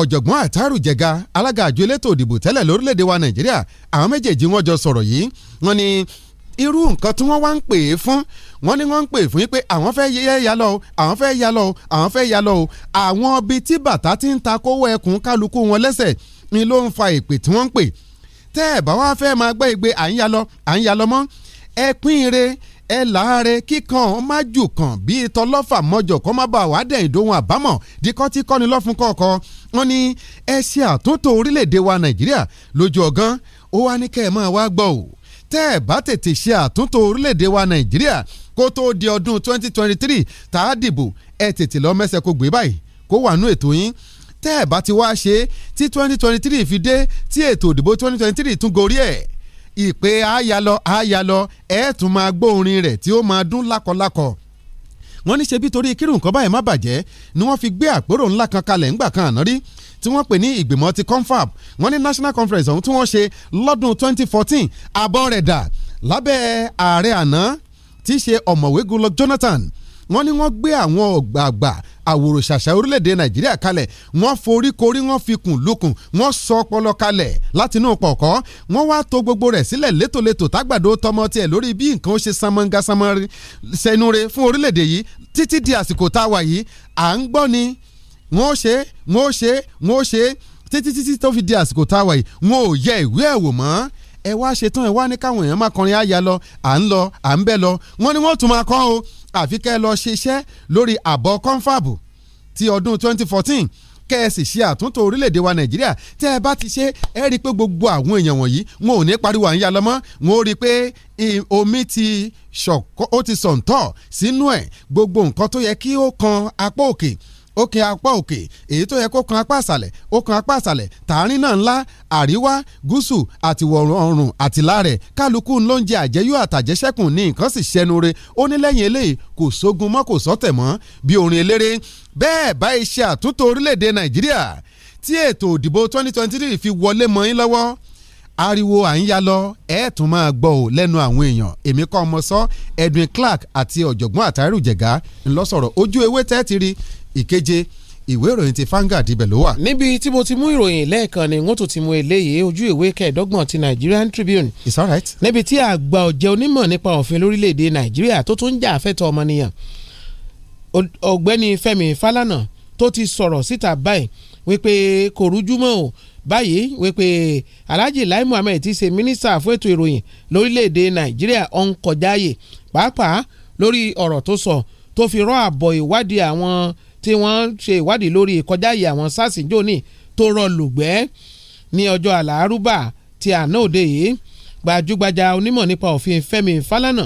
ọ̀jọ̀gbọ́n àtàrù jẹ̀ga alága àjọ elétò òdìbò tẹ́lẹ̀ lórílẹ̀‐èdè wa Nàìjíríà àwọn méjèèjì wọ́n jọ sọ̀rọ̀ yìí wọ́n ní irú nǹkan tí wọ́n wá ń pè é fún wọ́n ní wọ́n ń pè é fún yín pé àwọn fẹ́ ya lọ o àwọn fẹ́ ya lọ o àwọn fẹ́ ya lọ o àwọn ibi tí bàtà ti ń ta kówó ẹkùn kálukú wọn lẹ́sẹ̀ ni ló ń fa èpè tí wọ́n ń pè tẹ́ ẹ̀ bá wá fẹ́ máa gbẹ́ ìgbé à ń ya lọ à ń ya lọ mọ́ ẹ pín ire ẹ láàárẹ̀ kíkan ọ má jù kan bí itọ́ lọ́fà mọ́jọ kọ́ má bà wá dẹ̀yìn dóhun àbámọ̀ díkọ́ tí kọ́ni lọ́fun kọ̀ọ̀kọ́ wọn ni ẹ ṣe àtúntò orílẹ̀-èdè wa nàìjíríà lójú ọ̀gán ó wá ní kẹ́ ẹ máa wá gbọ́ ò tẹ́ ẹ bá tètè ṣe àtúntò orílẹ̀-èdè wa nàìjíríà kó tó di ọdún 2023 tá a dìbò ẹ tètè lọ mẹ́sẹ̀ kó gbé báyìí kó wà nú ètò yín tẹ́ ẹ bá ti wá ṣe tí 2023 fi dé tí ètò ìdìbò 2023 tún gorí ẹ̀ ìpè àyálọ àyálọ ẹ̀ tún máa gbóòrin rẹ̀ tí ó máa dún lákọlákọ wọ́n ní ṣe bí torí kírun nǹkan báyìí má bàjẹ́ ni wọ́n fi gbé àpérò ńlá kan kalẹ̀ ńgbà kan àná rí tí wọ́n pè ní ìgbìmọ̀ ti confab wọ́n ní national conference ọ̀hún tí wọ́n ṣe lọ́dún 2014 àbọ̀ rẹ̀ dà lábẹ́ ààrẹ àná tí í ṣe ọ̀mọ̀wé Goodluck Jonathan wọ́n ní wọ́n gbé àwọn ọ̀gbààgbà àwòrò ṣàṣà orílẹ̀-èdè nàìjíríà kalẹ̀ wọ́n forí korí wọ́n fi kùn lukùn wọ́n sọ ọpọlọ kalẹ̀ látinú pọ̀kọ́ wọ́n wá to gbogbo rẹ̀ sílẹ̀ létòlétò tágbàdo tọmọ tiẹ̀ lórí bí nǹkan ó ṣe sanmọ́ngá sanmọ́rin sẹnure fún orílẹ̀-èdè yìí títí di àsìkò tá a wà yìí à ń gbọ́ ni wọ́n ṣe wọ́n ṣe wọ́n ṣe títí títí tó fi di àsìkò tá a wà yìí wọn ò ẹ wá ṣetán ẹ wá ní káwọn èèyàn má kọrin àyà lọ à ń lọ à ń bẹ́ lọ wọ́n ní wọ́n tún máa kọ́ o àfi kẹ́ ẹ lọ ṣiṣẹ́ lórí àbọ̀ kọ́ńfàbù ti ọdún 2014 kẹ́ ẹ sì ṣe àtúntò orílẹ̀-èdè wa nàìjíríà tẹ́ ẹ bá ti ṣe ẹ rí i pé gbogbo àwọn èèyàn wọ̀nyí wọn ò ní pariwo àyíyá lọ́mọ́ wọn ò rí i pé omi ti ṣọ̀kọ́ ó ti sọ̀ǹtọ̀ sínú ẹ̀ gbogbo nǹkan tó yẹ kí ó kan apá òkè ó kan apá òkè èyí tó yẹ kó kan apá àṣàlẹ̀ ó kan apá àṣàlẹ̀ tààrin náà ńlá àríwá gúúsù àti wọ̀ọ̀rùn àti láàrẹ̀ kálukú ló ń jẹ àjẹyó àtàjẹsẹ́kùn ní nǹkan sì ṣẹnu re ó ní lẹ́yìn eléyìí kò sógun mọ́ kò sọ́tẹ̀ mọ́ bí orin eléré bẹ́ẹ̀ bá iṣẹ́ àtúntò orílẹ̀-èdè nàìjíríà tí ètò òdìbò 2023 fi wọlé mọ́ yín lọ́wọ́ ariwo à ń ya lọ ẹ tún máa gbọ́ ò lẹ́nu àwọn èèyàn èmi kọ́ ọmọ sọ Edwin Clark àti ọ̀jọ̀gbọ́n Àtàírù Jẹ̀gá ńlọ́sọ̀rọ̀ ojú ewé tẹ́tìrì ìkeje ìwé ìròyìn ti Vanguard ibẹ̀ ló wà. níbi tí mo ti mú ìròyìn lẹ́ẹ̀kan ni wọ́n tún ti mú eléyìí ojú ìwé kẹẹ̀ẹ́dọ́gbọ̀n ti Nigerian Tribune. it's alright. níbi tí àgbà ọ̀jẹ̀ onímọ̀ nípa òfin lórílẹ̀‐èdè Nàìjíríà tó tún ń jà àfẹ́tọ̀ ọmọnìyàn ọ̀gbẹ́ni Fẹ́mi Fálànà tó ti sọ̀rọ̀ síta báyìí wípé kò rújú mọ́ o báyìí wípé Alhaji Lai Muhammed ti ṣe mínísítà fún ètò ìròyìn lórílẹ̀‐èdè Nàìjíríà ọ̀n kọjáàyè pàápàá lórí ọ̀rọ̀ tó sọ tí wọ́n ṣe ìwádìí lórí ìkọjá ìyá àwọn sars jóni tó rọ lùgbẹ́ ní ọjọ́ àlárúbà ti àná òde yìí gbajúgbajà onímọ̀ nípa òfin Fẹ́mi Fálànà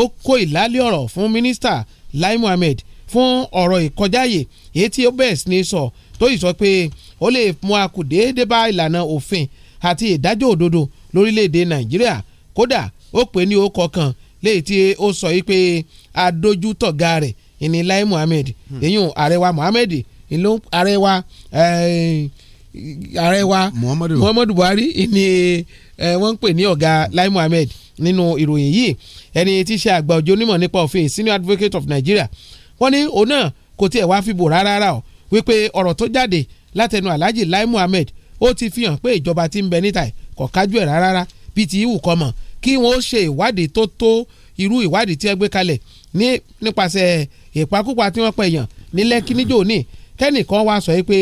ó kó ìlàlẹ́ ọ̀rọ̀ fún mínísítà Lai Mohammed fún ọ̀rọ̀ ìkọjáyè èyí tí ó bẹ̀rẹ̀ sí ní sọ tó yìí sọ pé ó lè mú akùdé dé bá ìlànà òfin àti ìdájọ́ òdodo lórílẹ̀‐èdè Nàìjíríà kódà ó pè ní ó kọkàn léyìí tí ó sọ yìí pé adójútọ̀gá rẹ̀ ìní Lai Muhammed èyí ò ààrẹ wa Muhammed ìlú ààrẹ wa eh, ààrẹ wa Muhammadu Buhari ìní eh, wọ́n ń pè ní ọ̀gá Lai Muhammed nínú ìròyìn yìí ẹni tí ṣe àgbà òjò onímọ̀ nípa òfin senior advocate of Nigeria wọ́n ní òun náà kò tiẹ̀ wá fi bò rárá rà ọ́ wípé ọ̀rọ̀ tó jáde látẹnu Alhaji Lai Muhammed ó ti fi hàn pé ìjọba ti ń bẹ níta kò kájú ẹ̀ rárá bí ti ìwù kọ́ kí wọ́n ṣe ìwádìí tó tó irú ìwádìí tí ẹ gbé kalẹ̀ ní nípasẹ̀ ìpakúpa tí wọ́n pẹ̀ yàn ní lẹ́kí níjò ní kẹ́nìkan wá sọ pé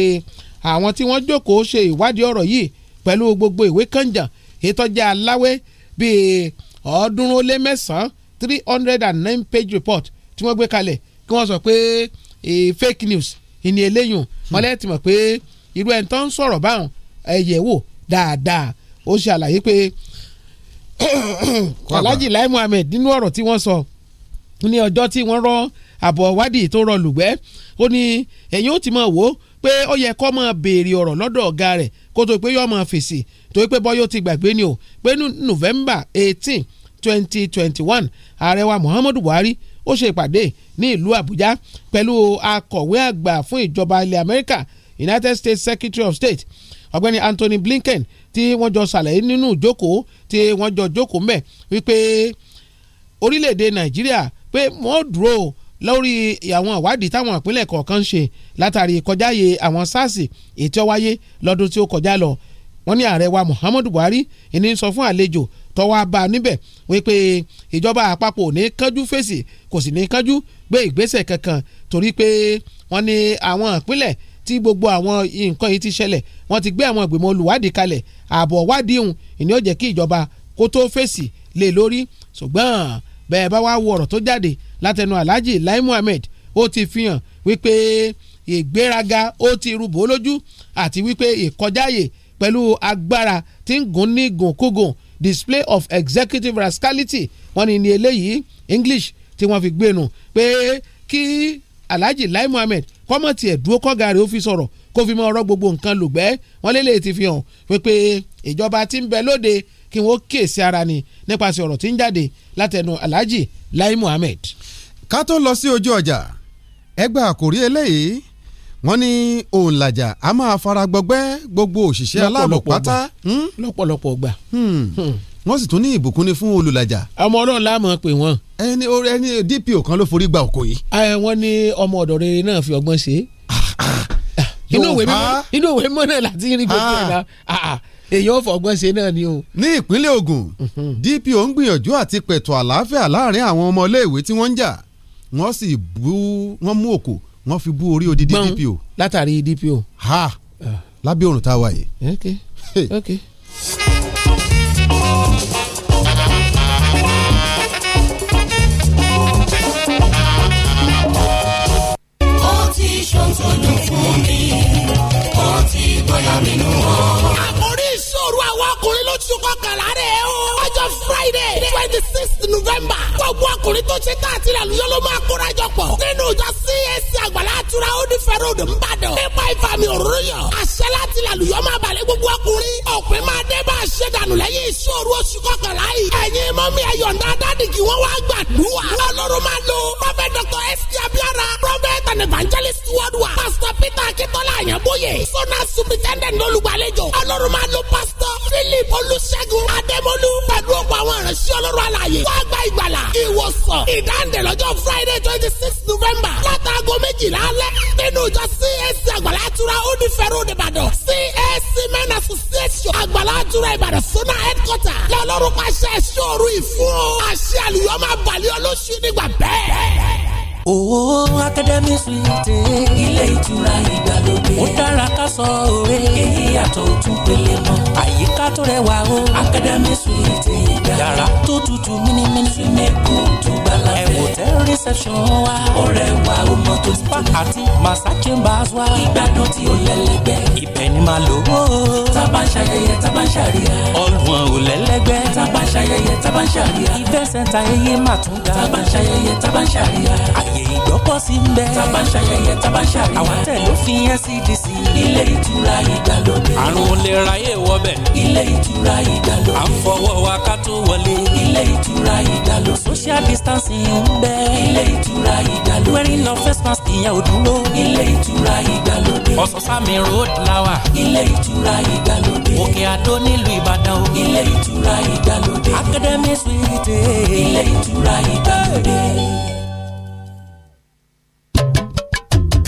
àwọn tí wọ́n jókòó ṣe ìwádìí ọ̀rọ̀ yìí pẹ̀lú gbogbo ìwé kànjàn ìtọ́jà aláwẹ́ bíi ọ̀ọ́dúnrún lé mẹ́sàn-án three hundred and nine page report tí wọ́n gbé kalẹ̀ kí wọ́n sọ pé fake news ìní eléyùn mọ́lẹ́ ti mọ̀ pé irú ẹni tó ń sọ̀rọ̀ báwọn ẹ̀yẹ̀ wò dáadáa ó ṣe pé alhaji lai muhammed nínú ọ̀rọ̀ tí wọ́n sọ ní ọjọ́ tí wọ́n rọ àbọ̀ wádìí tó rọ lùgbẹ́ ó ní ẹ̀yin ó ti mọ̀ wò ó pé ó yẹ kó máa béèrè ọ̀rọ̀ lọ́dọ̀ ọ̀gá rẹ̀ kó tó pé yóò máa fèsì tó pé bọ́yọ̀ ti gbàgbé ni o pé ní november eighteen twenty twenty one ààrẹ wa muhammadu buhari ó ṣe ìpàdé ní ìlú àbújá pẹ̀lú akọ̀wé àgbà fún ìjọba ilẹ̀ amẹ́ríkà united states secretary of state ọ̀gbẹ́ni anthony blinken tí wọ́n jọ ṣàlàyé nínú ìjókòó tí wọ́n jọ jókòó mbẹ̀ wípé orílẹ̀-èdè nàìjíríà pé wọ́n dúró lórí àwọn ìwádìí táwọn ìpínlẹ̀ kọ̀ọ̀kan ṣe látàrí kọjáyé àwọn sars ètò wáyé lọ́dún tí ó kọjá lọ wọ́n ní ààrẹ wa muhammadu buhari ìní sọ fún àlejò tọ́wọ́ bá a níbẹ̀ wípé ìjọba àpapọ̀ ò ní kánjú fèsì kò sì ní kánjú gbé ìgbésẹ̀ kankan torí pé wọ́n ní àwọn ìpínlẹ̀ tí gbogbo àwọn nǹkan yìí ti ṣẹlẹ̀ wọ́n ti gbé àwọn ìgbìmọ̀ olùwádìí kalẹ̀ ààbọ̀ wádìí òun ìní ó jẹ́ kí ìjọba kó tó fèsì lé lórí ṣùgbọ́n bẹ́ẹ̀ bá wá wo ọ̀rọ̀ tó jáde látẹnu Alhaji Lai Muhammed ó ti fi hàn wípé ìgbéraga ó ti rúbò lójú àti wípé ìkọjáyè pẹ̀lú agbára tí ń gùn ní gùnkúgùn display of executive rascality wọ́n ní ní eléyìí English tí wọ́n fi gbénu pé kí Alhaji Lai Muhammed kọ́mọ̀ tiẹ̀ dúró kọ́gà rẹ̀ ó fi sọ̀rọ̀ kó fi mọ ọ̀rọ̀ gbogbo nǹkan lògbẹ́ wọn lé lè ti fi hàn pé ìjọba tí ń bẹ lóde kí wọ́n kíyèsí ara ni nípasẹ̀ ọ̀rọ̀ tí ń jáde látẹnu Alhaji Lai Muhammed. ká tó lọ sí ojú ọjà ẹgbẹ́ àkòrí eléyìí wọ́n ní òǹlàjà a máa fara gbọgbẹ́ gbogbo òṣìṣẹ́ aláàbò pátá. Hmm? lọ́pọ̀lọpọ̀ gbà. Hmm. Hmm. wọ́n sì tún ní ìbùkún ni fún olùlàjà. ọmọ ọlọ́run láàmú ẹni ẹni DPO kan ló forí gba òkò yìí. wọ́n ní ọmọ ọ̀dọ̀ rere náà fi ọgbọ́n ṣe inú òwe mọ́ náà láti rí gbogbo ah. ẹ̀ náà èèyàn ah, ah, fọgbọ́n ṣe náà ni o. ní ìpínlẹ̀ Ògùn mhm. DPO ń gbìyànjú àti pẹ̀tọ̀ àlàáfíà láàrin àwọn ọmọléèwé tí wọ́n ń jà wọ́n sì bú wọ́n mú òkò wọ́n fi bú orí odidi DPO. látàrí DPO. ha lábẹ́ òrùn tá a wà yìí. ok ok. friday twenty sixth november gbogbo ọkùnrin tó ṣe tá àti àlùyọ ló máa kóra jọ pọ̀ nínú ìjọ csc àgbàlá àtúrà onífẹ̀rẹ̀ òde ńbàdàn nípa ìfàmì òróró yọ àṣẹ láti àlùyọ máa bàlẹ̀ gbogbo ọkùnrin ọ̀pẹ máa dé bá a ṣe dànù lẹ́yìn ìṣòro oṣù kọkànlá yìí ẹ̀yin mọ́mí ayọ̀ǹda dádìgì wọ́n wá gbàdúrà ọlọ́run máa lo prọfẹ̀t dr st abiara prọf and evangelist Wadwa, pastor peter akitola àyànbóyè sona superintendent olùgbàlejò ọlọ́run máa lo pastor philip olùṣègùn adémọlú pẹ̀lú ọ̀pọ̀ àwọn ìránṣẹ́ ọlọ́run alààyè wọ́n àgbà ìgbàlà ìwòsàn ìdáǹdè lọ́jọ́ friday twenty six november látàgọ́ méjìlá alẹ́ nínú ìjọ csc àgbàlá àtúrà onífẹ̀rẹ̀ òdìbàdàn CAC men association àgbàlá àtúrà ìbàdàn sona headquarter lọ́lọ́run pàṣẹ ìṣòro ìfún àṣẹ àlùyọ́ máa bàlẹ́ olóṣù nígbà bẹ́ẹ̀. Oo Akademi Suite. Ilé ìtura ìgbàlódé. Ó dára ká sọ òwe. Èyí yàtọ̀ òtún pélé mọ́. Àyíká tó rẹwà o. Akademi Suite ìgbà. Yàrá tó tutù mímímí. Súnmẹ́kù tó gbàlá fẹ́. Ẹ̀wò tẹ́ reception wa. Ó rẹwà ó mọ tó ti tó. Àti Massa Chambers wa. Ìgbádùn tí ó lẹ́lẹ́gbẹ́. Ibẹ̀ ni màá lò ó. Tábà ń ṣayẹyẹ, tábà ń ṣàríyá. Ọlùwọ̀n ò lẹ́lẹ́gbẹ́. Tábà ń ṣayẹyẹ, ẹyẹ mà ga. Tábà ń ààyè ìgbọ́kọ̀sí ń bẹ. tá bá ń ṣayẹyẹ tá bá ń ṣàríyá. àwọn tẹ̀ ló fi NCDC. E ilé ìtura ìgbàlódé. àrùn olè ráyè wọbẹ̀. ilé ìtura ìgbàlódé. à ń fọwọ́ wa ká tó wọlé. ilé ìtura ìgbàlódé. social distancing ń bẹ. ilé ìtura ìgbàlódé. wearing no face mask ìyẹn ò dúró. ilé ìtura ìgbàlódé. ọ̀sán-sámi road lawa. ilé ìtura ìgbàlódé. òkè àdó nílùú ìbàdàn o. ilé ìtura ìgbàlódé. academy suite. ilé ìtura ìgbàlódé.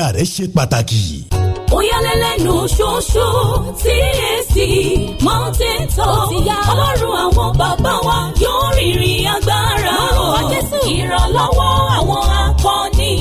ìlera rẹ ṣe pàtàkì. Oyalelenu ṣoṣo TSC Mountain Top Ọlọ́run àwọn bàbá wa yóò rìnrìn agbára o. Ìrànlọ́wọ́ àwọn akọni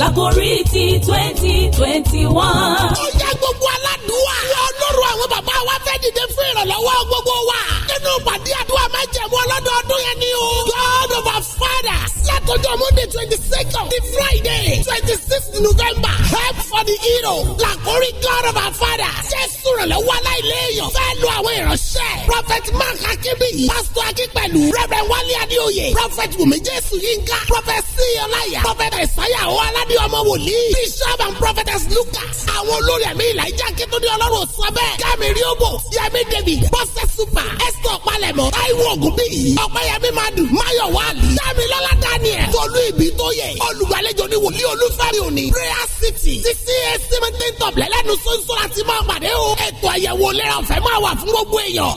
lágorí ti twenty twenty one. Ó yá gbogbo aládùúwà. Ọlọ́run àwọn bàbá wa fẹ́ dìde fún ìrànlọ́wọ́ gbogbo wa nínú pàdé àdúrà máa ọlọ́dọọdún yẹn ni o. God of our fathers látọjọ́ Monday twenty second di Friday twenty sixth November help for the hero làkórí God of our fathers. Jésù rẹ̀ lọ́wọ́ aláìléèyàn fẹ́ lo àwọn ìránṣẹ́. Prophet Mark Akínbíyì, Pastor Akínpẹ̀lú, Reverend Wálé Adéoyè, Prophet Bùnmi Jésù Yínká, Prophet C. Ọláyà, Prophet Ẹ̀sáyà Ọ̀ládé ọmọ wòlíì, Bishop and Prophetess Lucas. Àwọn olórí ẹ̀mí ìlà ìjà kí tó ní ọlọ́run sọ bẹ́ẹ̀. Kẹ́mi Ríobo, Yemi David, Bọ́sẹ̀ Super, Esther pásítọ̀ palẹ̀mọ́ táíwò ògùn bíyì ọ̀pẹ́yẹmí madu máyọ̀ wálì dámilọ́lá daniel tolú ibi tó yẹ olùgbàlejò ni wòlíì olúfẹ́mi òní prayer city ti cac maintain tọ̀blẹ̀ lẹ́nu sọ́nsọ́ láti máa pàdé o ètò àyẹ̀wò ìlera ọ̀fẹ́ máa wà fún gbogbo èèyàn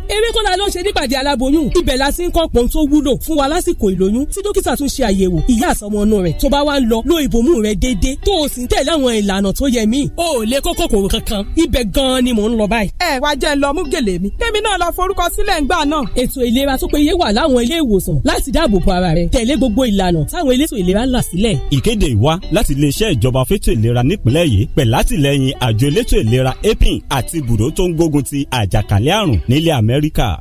eré kọ́lá ló ń ṣe nípàdé aláboyún ibẹ̀ la sì ń kọ́ pọ́n tó wúlò fún wa lásìkò ìlóyún tí dókítà tún ṣe àyẹ̀wò ìyá àsọmọnú rẹ̀ tó bá wá ń lọ lo ìbomú rẹ̀ déédéé tó o sì ń tẹ̀lé àwọn ìlànà tó yẹ mí o ò lè kó kòkòrò kankan ibẹ̀ gan-an ni mò ń lọ báyìí. ẹ wá jẹ́ lọ mú gèlè mi kémi náà lọ forúkọ sílẹ̀ ńgbà náà. ètò ìlera tó péye wà láwọn ilé ìwòsàn láti dáàbò bo ara rẹ tẹ̀lé gbogbo ìlànà táwọn elétò ìlera là sílẹ̀. ìkéde ìwá láti iléeṣẹ́ ìjọba fétò ìlera nípìnlẹ̀ yìí pẹ̀ látìlẹ́yìn àjọ elétò ìlera apin àti ibùdó tó ń gbógun ti àjàkálẹ̀ àrùn nílẹ̀ àmẹ́ amẹ́ríkà.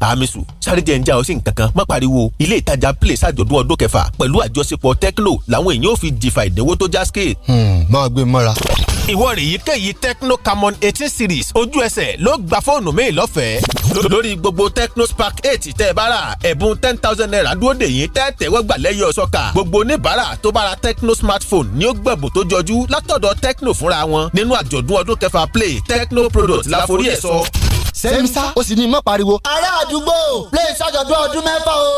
Amisu sáréjẹ ń já ọ sí nǹkan kan má pariwo ilé ìtajà Place àjọ̀dún ọdún kẹfà pẹ̀lú àjọṣepọ̀ Tecno làwọn èèyàn ò fi jìfà ìdínwó tó já scale. Hmm, máa gbé e mọ́ra. ìwọ rè yí kéyìí Tecno Camon eighteen series ojú ẹsẹ̀ ló gba fóònù míì lọ́fẹ̀ẹ́. lórí gbogbo Tecno Spark eight tẹ́ ẹ bá rà ẹ̀bùn ten thousand naira dúró dè yín tẹ́tẹ́ wọ́n gbà lẹ́yìn ọ̀ṣọ́ka gbogbo oníbàárà tó bá ra Tecno smartphone ni ó gbẹ̀bùn tó jọjú látọ̀dọ̀ Tecno fúnra wọn nínú Play Tecno product láforí ẹ̀ sọ sẹ́mísà ó sì ní mọ́ pariwo. ará àdúgbò lè ṣàjọ̀dún ọdún mẹ́fà o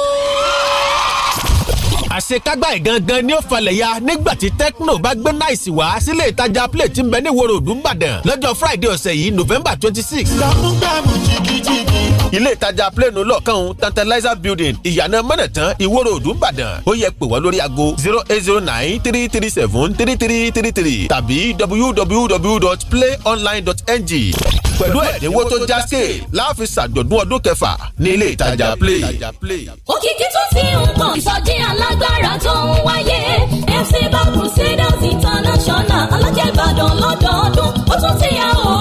àṣekágbá ìgangan ni ó falẹ̀ ya nígbà tí Tecno bá gbé náìsì wá sílé ìtajà play tí ń bẹ ní ìwòrò òdùnbàdàn lọ́jọ́ Friday ọ̀sẹ̀ yìí November twenty six. ìdààmú jìgìjìgì ilé ìtajà plẹ́ẹ̀nù lọ́ọ̀kan òun tantalizer building ìyànà mọ́nàtán ìwòrò òdùn ìbàdàn ó yẹ pè wá lórí aago zero eight zero nine three three seven three three three three tàbí www.playonline.ng pẹ̀lú ẹ̀dínwó tó já sí láàfin ṣàjọ̀dún ọdún kẹfà ní ilé ìtajà play. òkìkí tún ti ń pọ̀ ìsọjí alágbára tó ń wáyé fc bank crusaders international alájẹ̀bàdàn lọ́dọọdún ó tún ti yà ó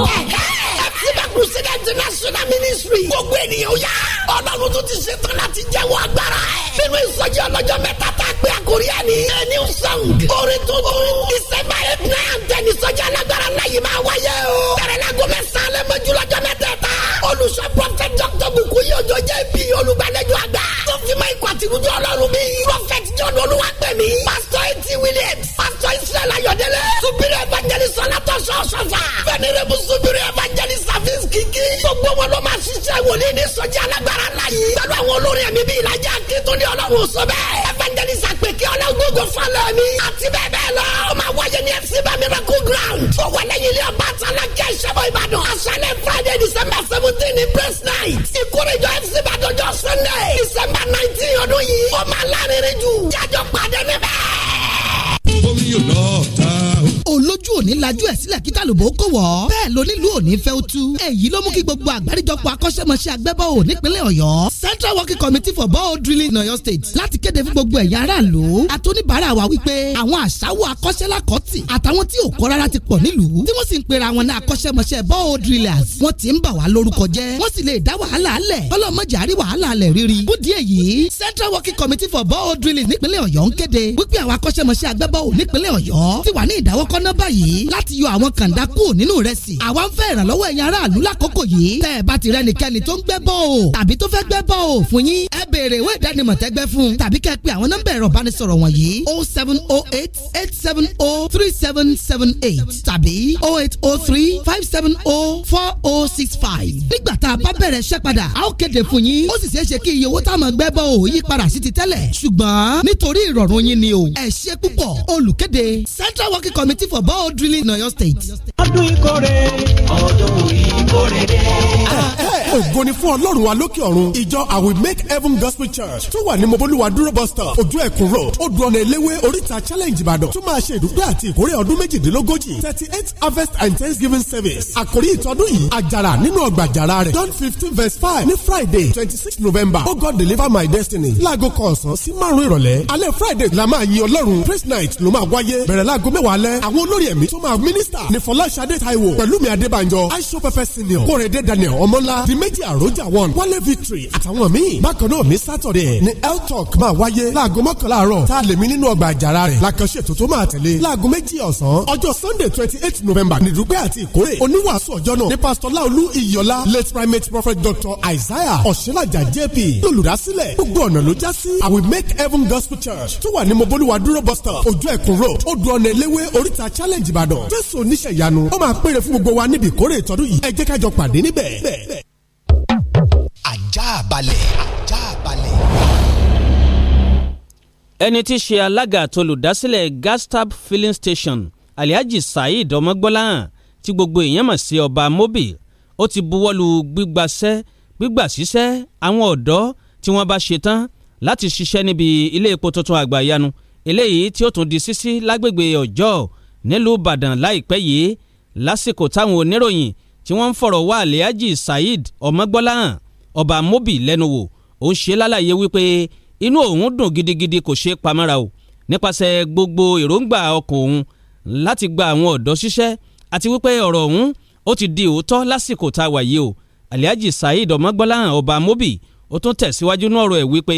ministry gbogbo ènìyàn yá ọlọ́run tún ti ṣetán láti jẹ́wọ́ agbára ẹ̀ nínú ìsọjí ọlọ́jọ́ mẹ́ta tá a pé àkórí ẹ̀ ní a new song orin tuntun ìsẹ́mbà eight nine ten ìsọjí alágbára ńlá yìí máa wáyé o bẹ̀rẹ̀ láago mẹ́sàn-án lẹ́mọ jùlọ́jọ́ mẹ́tẹ̀ẹ̀ta olùṣọ́ prophet doctor bukuyi ojo jp olùgbàlejò àgbà tó fi mọ́ ikọ̀ àtirújọ́ ọlọ́run mi prophet john olúwàpẹ̀mí pastor etí williams pastor israel ayọ̀dẹ́lẹ̀ superior evangelist ọlátọ́sọ̀ ọ̀ṣọ́fà venerable superior evangelist service kìkì gbogbo wọn lọ tó máa ṣiṣẹ́ wòlíì ní sọ́jà alágbára la yìí. pẹ̀lú àwọn olórin ẹ̀mí bíi ìlàjà akitunde ọlọ́run sọ bẹ́ẹ̀. evangelist àpèké ọlọ́gbọ́gbọ́ falẹ̀ mi. àti bẹ́ẹ̀ bẹ́ẹ̀ lọ ó máa wáyé ní fc bá miracle ground. tó wà lẹ́yìn ilé ọba àtàlà kí ẹ̀ṣẹ̀bọ̀ ìbàdàn. aṣálẹ̀ friday december seventeen ní praise night. ìkórèjọ fc bá dọjọ́ sunday december nineteen ọdún yìí. ó máa lárinrin jù. jájọ pàdé níbẹ̀. omi yóò lọ ta olójú òní lajú ẹ̀ sílẹ̀ kí tàlùbọ̀ ó kò wọ́ bẹ́ẹ̀ lónílùú òní fẹ́ ó tú èyí ló mú kí gbogbo àgbáríjọpọ̀ akọ́ṣẹ́mọṣẹ́ agbẹ́bọ̀ọ́ nípínlẹ̀ ọ̀yọ́ central working committee for ball drilling in ọ̀yọ́ state láti kéde fún gbogbo ẹ̀yà aráàlú àtúníbàárà wa wípé àwọn àṣàwọ̀ akọ́ṣẹ́lákọ́tì àtàwọn tí ò kọ́ rárá ti pọ̀ nílùú tí wọ́n sì ń pera wọn ní akọ́ṣẹ́mọṣẹ́ ball drillers wọ́n ti ń bà wá lórúkọ jẹ́ wọ́n sì lè dá wàhálà alẹ̀ ọlọ́mọdé àrí wàhálà alẹ̀ rírí búdí èyí central working committee for ball drilling nípínlẹ̀ ọ̀yọ́ ń kéde wípé àwọn akọ́ṣẹ́mọṣẹ́ agbẹ́bọ̀ọ́ nípínlẹ̀ ọ̀yọ́ ti wà ní ìdáwọ́kọ́ kọ́ná báyìí láti yọ àwọn kàńdá kúrò nínú ìrẹsì. àwa ń fẹ́ ìrànlọ́wọ́ ẹ̀yin aráàlú lákòókò yìí. tẹ́ ẹ bá ti rẹ nìkẹ́ni tó ń gbẹ́ bọ́ o tàbí tó fẹ́ gbẹ́ bọ́ o fún yín. ẹ béèrè ìwé ìdánimọ̀ tẹ́gbẹ́ fún. tàbí kẹ́ pe àwọn nọ́mbà ẹ̀rọ ìbánisọ̀rọ̀ wọ̀nyí. o oh seven o oh eight eight seven o oh three seven seven eight tàbí o eight o three five seven o four o six five. nígbà tá a bá bẹ̀rẹ̀ iṣẹ́ padà a ó kéde fún yín. ó sì ṣeé ṣe kí iye owó tá a máa gbẹ́ bọ́ o yí padà sí ti tẹ́lẹ̀. ṣùgbọ́n nítorí ìrọ̀rùn o. ẹ ṣe púpọ̀ Central Working Committee for borehole drilling in Oyo State. ọdún ìkórè ọdún kórèrè. Ògo ni fún Ọlọ́run wa lókè ọ̀run. Ìjọ I will make heaven gospel church tó wà ní Moboluwa Dúró bus stop ojú ẹ̀kún road odò ọ̀nà eléwé oríta challenge Ìbàdàn tó máa ṣe ìdúpẹ́ àti ìkórè ọdún méjìdínlógójì thirty eight harvest and thanksgiving service. Àkòrí ìtọ́dún yìí àjàrà nínú ọgbà àjàrà rẹ̀ John fifteen verse five ní Friday twenty six November Oh God deliver my destiny. Láago kan ọ̀sán sí márùn-ún ìrọ̀lẹ́ alẹ́ Friday la máa yin Ọlọ́run praise night ló máa wáyé bẹ̀rẹ̀ láago mẹ́wàá alẹ́ àwọn olórí ẹ̀mí tó máa mínísítà ní Fọláṣadé Táíwò Pẹ̀lúmi Adébánjọ aishopfs senior kórèdé daniel ọmọlá di méjì àròjà one wálé victory àtàwọn míì bákan náà ní sátọ̀dẹ̀ ní health talk máa wáyé láago mọ́kànlá àárọ̀ tá a lè mí nínú ọgbà àjàrà rẹ̀ làkànṣe tó tó máa tẹ̀lé láago méjì ọ̀sán ọjọ́ sunday twenty eight november nìdúpẹ́ àti ìkórè oníwàásù ọjọ́ náà ní pastor láolú iyọlá late primate prophet Doctor isaiah ọ̀ṣẹ́làjà jp lọ́lùdásílẹ̀ gbogbo ọ̀nà ló já sí i will make heaven gospel church tó wà ní moboluwa dúró bus stop ojú ẹ̀kún road odò ọ̀nà eléwé oríta challenge ìbàdàn jésù oníṣẹ́ ìyanu ó máa péré fún gbogbo wa níbi ìkórè ìtọ́dún yìí ẹ jẹ́ ká jọ pàdé níbẹ̀. ajá balẹ̀ ajá balẹ̀. ẹni tí í ṣe alága àtolùdásílẹ̀ Gastap filling station Alhaji Saheed Ọmọgbọ́láhàn tí gbogbo èèyàn mọ̀ sí ọba Mobil ó ti buwọ́lu gbígbàṣẹ́ gbígbàṣiṣẹ́ àwọn ọ̀dọ́ tí wọ́n bá ṣe tán láti ṣiṣẹ́ níbi ilé epo tuntun àgbàyanu eléyìí tí ó tún di sísí lágbègbè Ọjọ́ nílùú Ìbàdàn láìpẹ́ yìí lásìkò táwọn oníròyìn tí wọ́n ń fọ̀rọ̀ wá alihaji saheed ọmọgbọ́lá hàn ọba mobi lẹ́nu wò ó ń ṣe lálàyé wípé inú òun dùn gidigidi kò ṣe pamọ́ra o nípasẹ̀ gbogbo èròǹgbà ọkàn òun láti gba àwọn ọ̀dọ́ ṣiṣẹ́ àti wípé ọ̀rọ̀ òun ó ti di òótọ́ lásìkò tá a wà yìí o alihaji saheed ọmọgbọ́lá ọba mobi ó tún tẹ̀síwájú náà ọ̀rọ̀ ẹ̀ wípé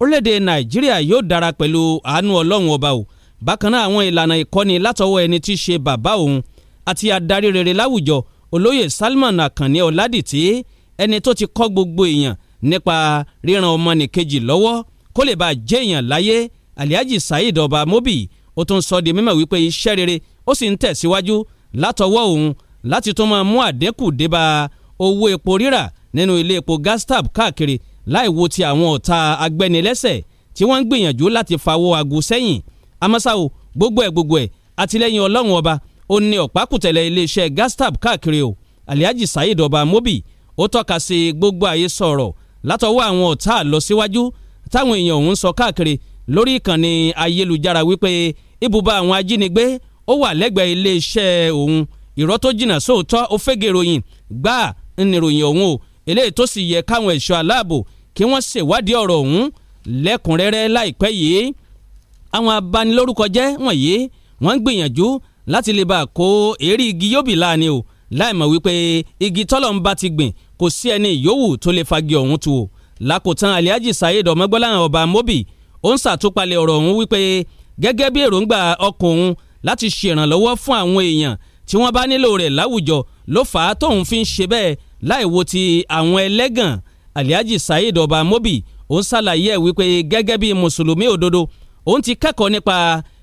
orílẹ̀-èdè nàìjíríà yóò dára pẹ̀lú àánú ọlọ́run ọba o bákan náà àwọn ìlànà ìkọ́ni látọwọ́ ẹni tí í ṣe bàbá òun àti adarí rere láwùjọ olóyè Salman Àkànní Ọ̀làdìtì ẹni tó ti kọ́ gbogbo èèyàn nípa ríran ọmọnìkejì lọ́wọ́ kó lè bá jẹ́ èèyàn láyé Alhaji Saheed Ọba Mobi ó tún sọ di mímọ̀ wípé iṣẹ́ rere ó sì ń tẹ̀síwájú látọwọ́ òun láti tún máa mú àdínkù débá owó epo rírà nínú ilé epo Gastap káàkiri láì wo ti àwọn ọ̀tá agbẹ́nilẹ́sẹ̀ tí wọ́n ń gbìyànjú láti fawọ́ agu sẹ́yìn amásáwo gbogbo ẹ̀ gbogbo ẹ̀ àtìlẹ́yìn Ọlọ́run ọba ó ní ọ̀pákùtẹ̀lẹ̀ iléeṣẹ́ Gastap káàkiri o Alhaji Saheed Ọba Mobi ó tọ́ka sí gbogbo ayé sọ̀rọ̀ látọwọ́ àwọn ọ̀tá àlọsíwájú táwọn èèyàn ọ̀hún sọ káàkiri lórí ìkànnì ayélujára wípé ibùba àwọn ajínigbé ó wà lẹ́gbẹ̀ẹ́ iléeṣẹ́ òun irọ́ tó jìnnà sóòótọ́ ó fẹ́gẹ̀ ròyìn gbá nìròyìn ọ̀hún o eléyìí tó sì yẹ káwọn ẹ̀ṣọ́ aláàbò kí wọ́n ṣèwádìí ọ̀rọ̀ ọ̀hún lẹ́kùnrẹ́rẹ́ láìpẹ́ yìí àwọn abanilórúkọjẹ́ wọ̀nyí wọ́n ń gbìyànjú láti lè bá a kó èrí igi yóò bì láàánú o láìmọ̀ wípé igi tọ́lọ̀ ń bá ti gbìn kò sí ẹni yòówù tó lè fagi ọ̀hún tu o lákòótán alihaji sayed ọmọgbọ́láhàn ọba mobi ó ń ṣàtúpalẹ̀ ọ̀rọ̀ ọ̀hún wípé gẹ́gẹ́ bí èròǹgbà ọkọ̀ òun láti ṣèrànlọ́wọ́ fún àwọn èèyàn tí wọ́n bá nílò rẹ̀ láwùjọ ló fà á tóun fi ń ṣe bẹ́ẹ̀ láì wo ti àwọn ẹlẹ́gàn alihaji sayed ọba mobi ó ń ṣàlàyé ẹ̀ wípé gẹ́gẹ́ bí mùsùlùmí òdodo òun ti kẹ́kọ̀ọ́ nípa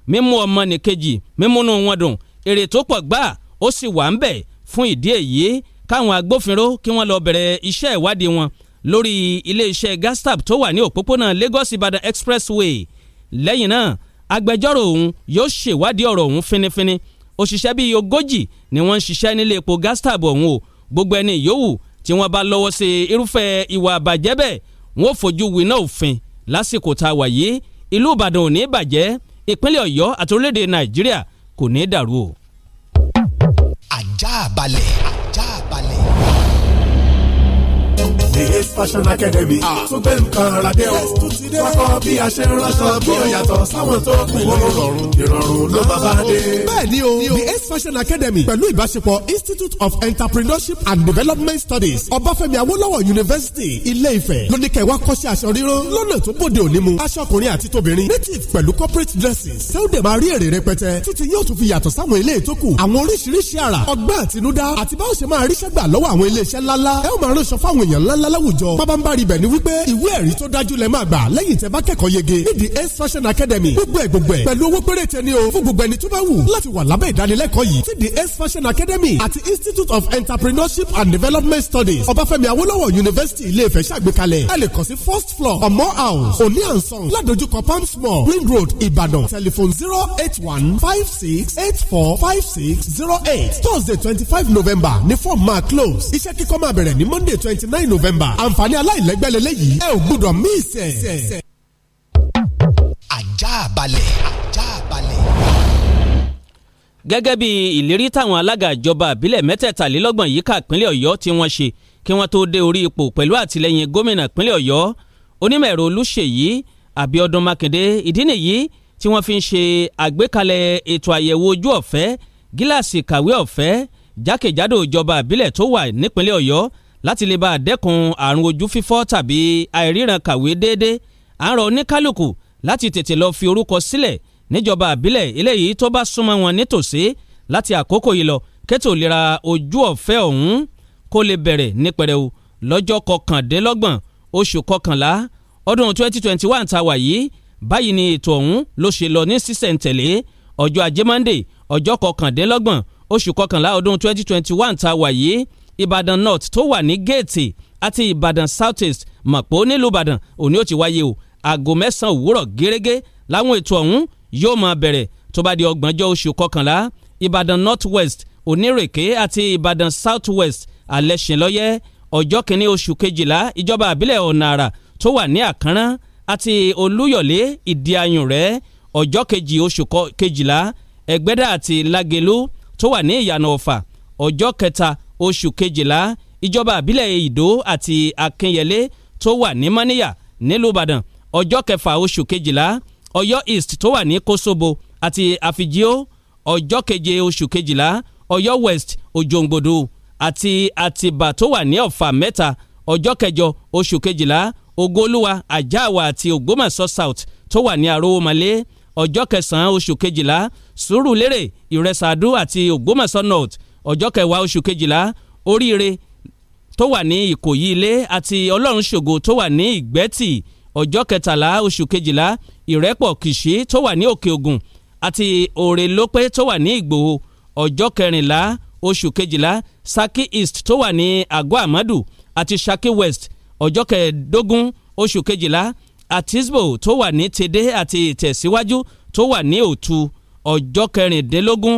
mímú ọmọnìkejì mímúnú wọn dùn èrè tó pọ̀ gbáà ó sì wà ń bẹ̀ fún ìdí èyí káwọn agbófinró kí wọ́n lọ bẹ̀rẹ̀ iṣẹ́ ìwádìí wọn lórí iléeṣẹ́ Gastap tó wà ní òpópónà Lagos Ibadan Expressway lẹ́yìn náà agbẹjọ́rò òun yóò ṣèwádìí ọ̀rọ̀ òun finifini òṣìṣẹ́ bíi ogójì ni wọ́n ń ṣiṣẹ́ nílé epo Gastap ọ̀hún o gbogbo ẹni yòówù tí wọ́n bá lọ́wọ́ sí irúfẹ́ ìwà àbàjẹ́ bẹ́ẹ̀ wọ́n fojú winá òfin lásìkò tá a wà yìí ìlú Ìbàdàn ò ní bàjẹ́ ìpínlẹ̀ ọ̀yọ́ àti orílẹ̀-èdè nàìjíríà kò ní í dàrú o. ajá balẹ̀. the eight fashion academy tún gbé nǹkan ra dé o wákọ bí a ṣe ń ránṣọ bí ó yàtọ̀ sáwọn tó kù ó rọrùn ìrọ̀rùn ló máa bá dé. bẹ́ẹ̀ni o the eight fashion academy pẹ̀lú ìbáṣepọ̀ institute of entrepreneurship and development studies ọbáfẹ́mi Awolowo university ilé-ifẹ̀ lóníkẹ́ wa kọ́ṣẹ́ aṣọ ríro lọ́nà tó bòde òní mu aṣọ ọkùnrin àti tóbìnrin native pẹ̀lú corporate dresses sẹ́wọ́dẹ̀ máa rí èrè rẹpẹtẹ títí yóò tún fi yàtọ̀ sáwọn ilé ìtókù àwọn oríṣiríṣi àrà ọgbẹ́ àtinúdá àti báwo ṣe máa ríṣẹ́ gbà lọ́wọ́ àwọn ilé iṣẹ́ ńláńlá ẹ ó máa ránṣọ fáwọn èèyàn ńláńlá láwùjọ pábánbárì bẹ̀ ni wípé ìwé ẹ̀rí tó dájú lẹ máa gbà lẹ́yìn tẹ́ bá kẹ́kọ̀ọ́ yege ní the ace fashion academy gbogbo ẹ̀ gbogbo ẹ̀ pẹ̀lú owó péréte ni o fún gbogbo ẹni tó bá wù láti wà lábẹ́ ìdánilẹ́kọ̀ọ́ yìí ti the ace fashion academy àti institute of entrepreneurship and development studies ọbáfẹ́mi Awolowo university ilé-ifẹ̀ ṣàgbékalẹ̀ ẹ lè kàn sí first floor ọmọ house òní ànsán ládojúkọ palms Small. Green road ìbàdàn telephone zero eight one five six eight four five six zero eight thursday twenty five november ní form ma close iṣẹ́ kíkọ́ máa bẹ̀rẹ̀ ní monday twenty nine november december àǹfààní aláìlẹ́gbẹ́lẹ́ lẹ́yìn ẹ ò gbúdọ̀ mí ìsẹ̀. ajá balẹ̀ ajá balẹ̀. gẹ́gẹ́ bí ìlérí táwọn alága ìjọba àbílẹ̀ mẹ́tẹ̀ẹ̀talélọ́gbọ̀n yìí ká ìpínlẹ̀ ọ̀yọ́ tí wọ́n ṣe kí wọ́n tó dé orí ipò pẹ̀lú àtìlẹ́yìn gómìnà ìpínlẹ̀ ọ̀yọ́ onímọ̀ ẹ̀rọ olúṣèyí àbíọ́dún mákindé ìdí nìyí tí gíláàsì kàwé ọ̀fẹ́ jákèjádò ìjọba àbílẹ̀ tó wà nípínlẹ̀ ọ̀yọ́ láti lè bá a dẹ́kun àrùn ojú fífọ́ tàbí àìríran kàwé déédéé à ń rọ oníkálukú láti tètè lọ fi orúkọ sílẹ̀ níjọba àbílẹ̀ eléyìí tó bá súnmọ́ wọn nítòsí láti àkókò yìí lọ kẹ́tò lera ojú ọ̀fẹ́ ọ̀hún kó lè bẹ̀rẹ̀ ní pẹrẹu lọ́jọ́ kọkàndínlọ́gbọ̀n oṣù kọkànlá ọdún 2021 tá wà yìí báyìí ni ètò ọ̀hún ló ṣe lọ ní sísẹ̀ǹtẹ̀lé ọjọ́ ajé monde ọjọ́ kọkàndínlọ́gbọ̀n oṣù kọkànlá ọdún 2021 tá wà yìí Ìbàdàn North tó wà ní géètì àti Ìbàdàn South East mọ̀pọ̀ nílùú Ìbàdàn òní ó ti wáyé o aago mẹ́sàn-án òwúrọ̀ gẹ́gẹ́ láwọn ètò ọ̀hún yóò máa bẹ̀rẹ̀ tó bá di ọgbọ̀njọ́ oṣù kọkànlá Ìbàdàn North West Onírèké àti Ìbàdàn South West Alẹ́sìnlọ́yẹ́ ọjọ́ kìíní oṣù kejìlá ìjọba àbílẹ̀ ọ̀nà tó wà ní Àkànrán àti Olúyọ̀lé Ìdíayùnrẹ́ ọjọ́ kejì oṣù kejìlá Ẹgbẹ́dà àti Lágelú tó wà ní Ìyànà Ọ̀fà ọjọ́ kẹta oṣù kejìlá ìjọba àbílẹ̀ ìdó àti akínyẹlé tó wà ní mọ́níyà nílùú ìbàdàn ọjọ́ kẹfà oṣù kejìlá ọ̀yọ́ east tó wà ní kóṣobo àti àfijio ọjọ́ keje oṣù kejìlá ọ̀yọ́ west òjòǹgbòdo àti àtìbà tó wà ní ọ̀fà mẹ́ta ọjọ́ kẹjọ oṣù kejìlá ògoolúwa àjáàwá àti ògbómọ̀ṣọ́ south tó wà ní arówómalé ọjọ́ kẹsàn-án oṣù kejìlá sùúrùlérè ìrẹsàdú àti ògbómọ̀ṣọ́ north ọjọ́ kẹwàá oṣù kejìlá oríire tó wà ní ìkòyí ilé àti ọlọ́run ṣògo tó wà ní ìgbẹ́tì ọjọ́ kẹtàlá oṣù kejìlá ìrẹ́pọ̀ kìṣí tó wà ní òkè ògùn àti òrè lópé tó wà ní ìgbòho ọjọ́ kẹrìnlá oṣù kejìlá saki east tó wà ní àgọ́ àmàdù àti saki west ọjọ́ kẹẹ̀ẹ́dógún oṣù kejìlá àtisbo tó wà ní tèdè àti ìtẹ̀síwájú tó wà ní òtu ọjọ́ kẹrìndínlógún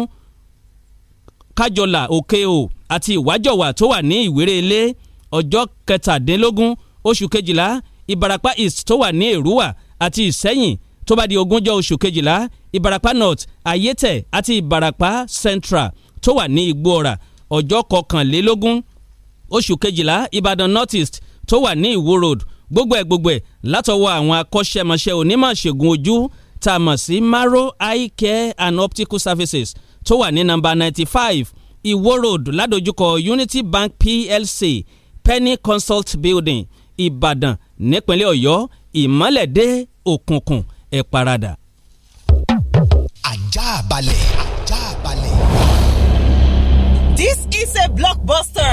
kájọlà òkè o àti ìwájọwà tó wà ní ìwéré ilé ọjọ́ kẹtàdínlógún oṣù kejìlá ìbarapá east tó wà ní èrúwà àti ìsẹ́yìn tó bá di ogúnjọ́ oṣù kejìlá ìbarapá north ayétẹ̀ àti ìbarapá central tó wà ní igbó ọ̀rà ọjọ́ kọkànlélógún oṣù kejìlá ìbàdàn north east tó wà ní ìwó road gbogbo ẹ̀ gbogbo ẹ̀ látọwọ́ àwọn akọ́ṣẹ́mọṣẹ́ onímọ̀ ṣègùn ojú tá a mọ̀ sí maro eye care and optical services tó wà ní nọ́mbà ninety five Iwo Road ládojúkọ Unity Bank PLC Penny Consult Building Ìbàdàn nípínlẹ̀ Ọ̀yọ́ ìmọ́lẹ̀dé òkùnkùn ẹ̀ paradà. ajá balẹ̀ ajá balẹ̀. This is a blockbuster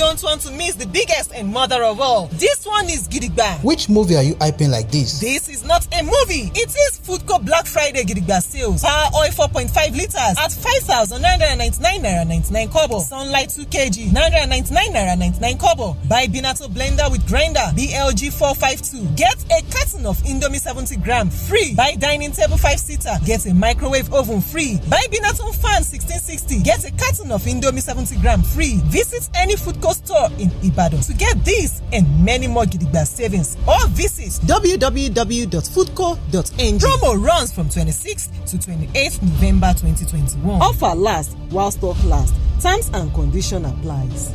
don't want to miss the biggest and mother of all. This one is Gidigba. Which movie are you hyping like this? This is not a movie. It is Foodco Black Friday Gidigba sales. Power oil 4.5 liters at 5,999 naira 99 kobo. Sunlight 2 kg 999 naira 99 kobo. Buy Binato blender with grinder BLG 452. Get a carton of Indomie 70 gram free. Buy dining table five seater, get a microwave oven free. Buy Binaton fan 1660, get a carton of Indomie 70 gram free. Visit any food court store in Ibadan to get this and many more Gidigba savings. Or visit www.foodco.ng. Promo runs from 26th to 28th November 2021. Offer last while stock lasts. Terms and condition applies.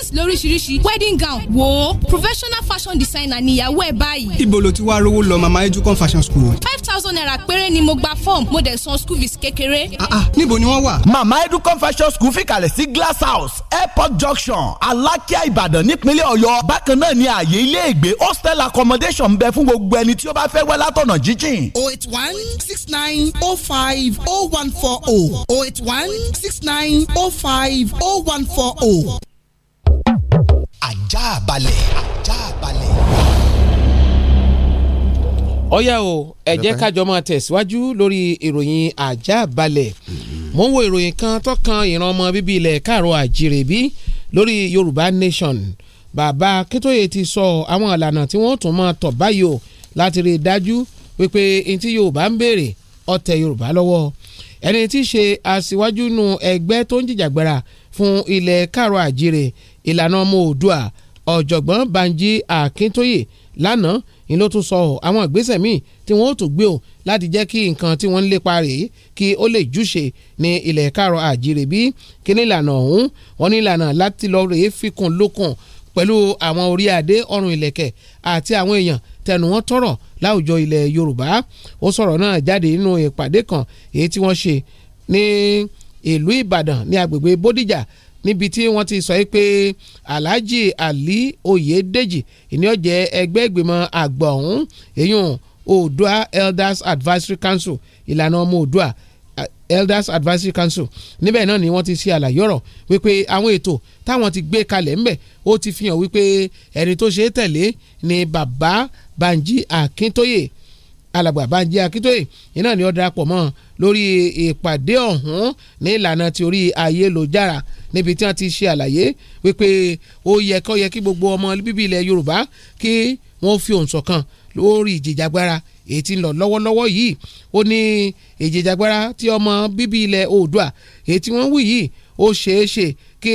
dresses lóríṣiríṣi wedding gown wò professional fashion designer níyàwó ẹ̀ báyìí. ibo ló ti wá rówó lọ mama Educon fashion school. five thousand naira péré ni mo gba fọ́ọ̀mù mo dẹ̀ san school fees kékeré. ah ah níbo ni wọ́n wà. mama Educon fashion school fìkàlẹ̀ sí glass house airport junction alákíá ìbàdàn nípínlẹ̀ ọ̀yọ́ bákan náà ni ààyè ilé ìgbé hostel accommodation ń bẹ fún gbogbo ẹni tí ó bá fẹ́ wẹ́ látọ̀nà jíjìn. oh eight one six nine oh five oh one four oh oh eight one six nine oh five oh one four oh. Ajabale, Ajabale. ajá ọ̀yá o ẹ jẹ́ kájọ máa tẹ̀síwájú lórí ìròyìn ajá balẹ̀ mo ń wo ìròyìn kan tó kan ìran ọmọ bíbí ilẹ̀ káàró àjèrè lórí Yorùbá Nation bàbá Akíntóyè ti sọ àwọn ìlànà tí wọ́n tún máa tọ̀ báyìí o láti rí i dájú wípé ní tí Yorùbá ń béèrè ó tẹ́ Yorùbá lọ́wọ́ ẹni tí í ṣe aṣíwájú nu ẹgbẹ́ tó ń jìjàgbara fún ilẹ̀ káàró àjèrè ìlànà ọmọ oòdùà ọ̀jọ̀gbọ́n Banji Akíntóyè lánàá ni ló tún sọ àwọn ìgbésẹ̀ míì tí wọ́n ó tún gbé o láti jẹ́ kí nǹkan tí wọ́n ń lépa rèé kí ó lè júṣe ní ilẹ̀ káàrọ̀ àjíire bí kíní ìlànà ọ̀hún wọn ní ìlànà láti lọ rèé fikùn lókun pẹ̀lú àwọn orí adé ọrùn ìlẹ̀kẹ̀ àti àwọn èèyàn tẹnu wọn tọrọ láwùjọ ilẹ̀ Yorùbá ó sọ̀rọ̀ náà jáde nínú ìpàdé kan èyí tí wọ́n ṣe ní ìlú Ìbàdàn ní agbègbè Bódìjà níbi tí wọ́n ti sọ pé Alhaji Ali Oyedeji ìní ọ̀jẹ̀ ẹgbẹ́ ìgbìmọ̀ àgbà ọ̀hún èyàn Oòduà Elders Advisory Council ìlànà ọmọ Oòduà Elders Advisory Council níbẹ̀ náà ni wọ́n ti ṣe àlàyé ọ̀rọ̀ wípé àwọn ètò táwọn ti gbé kalẹ̀ ńbẹ̀ ó ti fi hàn wípé ẹni tó ṣe é tẹ̀lé ni bàbá Banji Akintoye alàgbà Banji Akintoye iná ni ó darapọ̀ mọ́ lórí ìpàdé ọ̀hún ní ìlànà ti orí ayélujára níbi tí wọ́n ti ṣe àlàyé wípé ó yẹ kó yẹ kí gbogbo ọmọ bíbí ilẹ̀ Yorùbá kí wọ́n fi ohùn ṣọ̀kan lórí ìjìjàgbara èyí tí ń lọ lọ́wọ́lọ́wọ́ yìí ó ní ìjìjàgbara tí ọmọ bíbí ilẹ̀ Oòduà èyí tí wọ́n wí yìí ó ṣeéṣe kí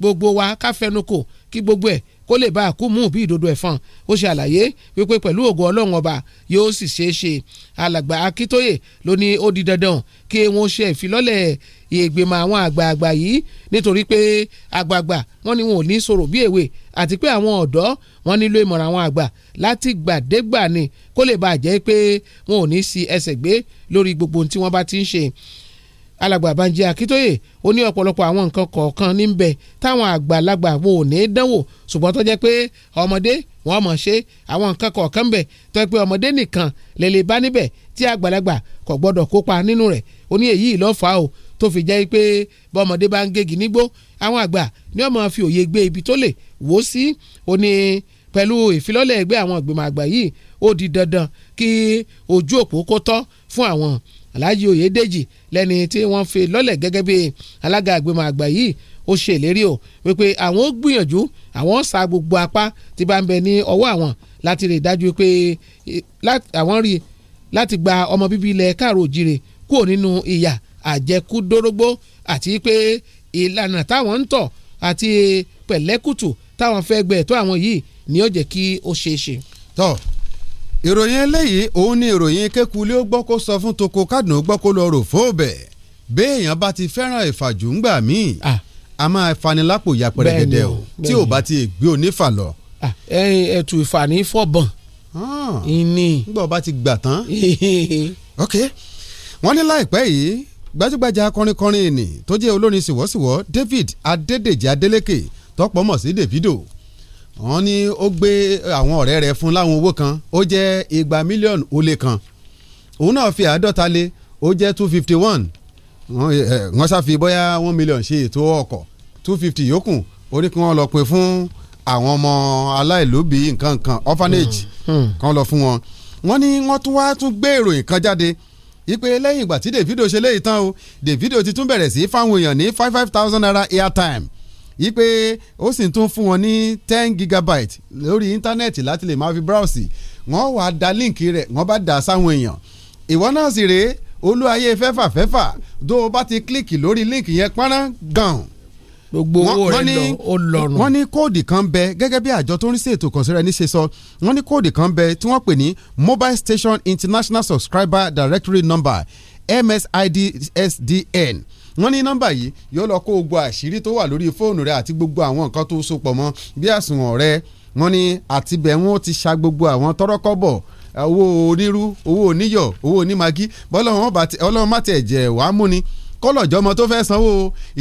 gbogbo wa ká fẹnukò kí gbogbo ẹ̀ kó lè bá àkú mú bí ìdodo ẹ̀fọn ó ṣe àlàyé wípé pẹ̀lú ògo ọlọ́run ọba yóò sì ṣeé ṣe alàgbà akíntóyè ló ní ó di dandan kí wọ́n ṣe ìfilọ́lẹ̀ ìgbìmọ̀ àwọn àgbààgbà yìí nítorí pé àgbààgbà wọ́n ní wọn ò ní sọ̀rọ̀ bí èwe àti pé àwọn ọ̀dọ́ wọ́n nílò ìmọ̀ràn àwọn àgbà láti gbàdégbà ni kó lè bàa jẹ́ pé wọn ò ní sí ẹsẹ̀ gbé lórí gbogbo ohun tí wọ́n bá ti ń ṣe alàgbà Banji Akíntóyè ó ní ọ̀pọ̀lọpọ̀ àwọn nǹkan kọ̀ọ̀kan níbẹ̀ táwọn àgbàlagbà wọn ò ní í dánwò ṣùgbọ́n tó jẹ́ pé ọmọdé wọn mọ̀ ṣe àwọn nǹkan kọ̀ọ̀kan bẹ̀ tó jẹ́ pé ọmọdé nìkan lè lè bá níbẹ̀ tí àgbàlagbà kò gbọ́dọ̀ kópa nínú rẹ̀ ó ní èyí ló fà á o tó fi jẹ́ pé bọ́mọdé bá ń gégi nígbó àwọn àgbà ni wọ́n máa fi òye gbé ibi tó lè wò ó sí ó ní pẹ̀lú ìfilọ́lẹ̀ ẹgbẹ́ àwọn ìgbìmọ̀ àgbà yìí ó di dandan kí ojú òpó kó tọ́ fún àwọn Alhaji Oyèdèjì lẹ́ni tí wọ́n fi lọ́lẹ̀ gẹ́gẹ́ bí alága ìgbìmọ̀ àgbà yìí ó ṣe ìlérí o wípé àwọn ó gbìyànjú àwọn ó sa gbogbo apá tí bá ń bẹ ní ọwọ́ àwọn láti rí dájú pé àwọn rí láti gba ọmọ bíbí ilẹ̀ káàró òjìrè kúrò nínú ìyà àjẹkúdórógbó àti pé ìlànà táwọn ń tọ̀ àti pẹ̀lẹ́kùtù táwọn fẹ́ gbẹ̀ tó àwọn yìí ni ó jẹ́ kí ó ṣeé ṣe. tọ ìròyìn eléyìí òun ni ìròyìn kékulé ó gbọ́ kó sọ fún toko kádùn ó gbọ́ kó lọ rò fóòbẹ̀ béèyàn bá ti fẹ́ràn ìfàjù míì a máa fanilápò ya pẹ̀rẹ̀gẹ̀dẹ̀ o tí ò bá ti gbé onífà lọ. ẹtù ìfàní fọ̀bọ̀n. ìní. nígbà wo bá ti gbà tán. ok wọ́n ní láìpẹ́ yìí gbajúgbajà akọrinkọrin ènì tó jẹ́ olórin sìwọ́sìwọ́ David Adédèjì Adélékè tọ́pọ̀ mọ̀ sí Davido wọ́n ní ó gbé àwọn ọ̀rẹ́ rẹ̀ fún láwọn owó kan ó jẹ́ igba mílíọ̀nù ó lé kan òun náà fi àádọ́ta lé ó jẹ́ two fifty one wọ́n ṣàfi bóyá one million ṣe ètò ọkọ̀ two fifty yòókù ó ní kí wọ́n lọ pín fún àwọn ọmọ aláìlóbi nǹkan kan orphanage hmm, hmm. kan lọ fún wọn wọ́n ní wọ́n tún wá tún gbé ìròyìn kan jáde ipe lẹ́yìn ìgbà tí Davido ṣe léyìí tán o Davido ti tún bẹ̀rẹ̀ sí fáwọn èèyàn ní five five thousand naira airtime ipe ó sì tún fún wọn ní ten gigabyte lórí íńtánẹ́ẹ̀tì láti lè máa fi browse wọ́n wàá da líǹkì rẹ̀ wọ́n bá dà sáwọn èèyàn ìwọ náà sì rèé olú ayé fẹ́fà fẹ́fà tó o bá ti kílíkì lórí líǹkì yẹn pọ́nrán gan-an gbogbo owó rẹ lọ ó lọrùn. wọ́n ní kóòdì kan bẹ gẹ́gẹ́ bí àjọ tó ń rí sí ètò ìkànsíra ẹni ṣe sọ wọ́n ní kóòdì kan bẹ tí wọ́n pè ní mobile station international subscriber directory number msidsdn wọ́n ní nọ́mbà yìí yóò lọ kó gbogbo àṣírí tó wà lórí fóònù rẹ àti gbogbo àwọn nǹkan tó so pọ̀ mọ́ bí àsùnwọ̀n rẹ wọ́n ní àtibẹ̀ wọn ti sa gbogbo àwọn tọ́rọ́kọ́bọ̀ owó onírú owó oníyọ̀ owó onímagí bọ́lá wọn bá tẹ ọlọ́run má tẹ̀ jẹ̀ wàá múni kọ́lọ̀jọ́mọ tó fẹ́ sanwó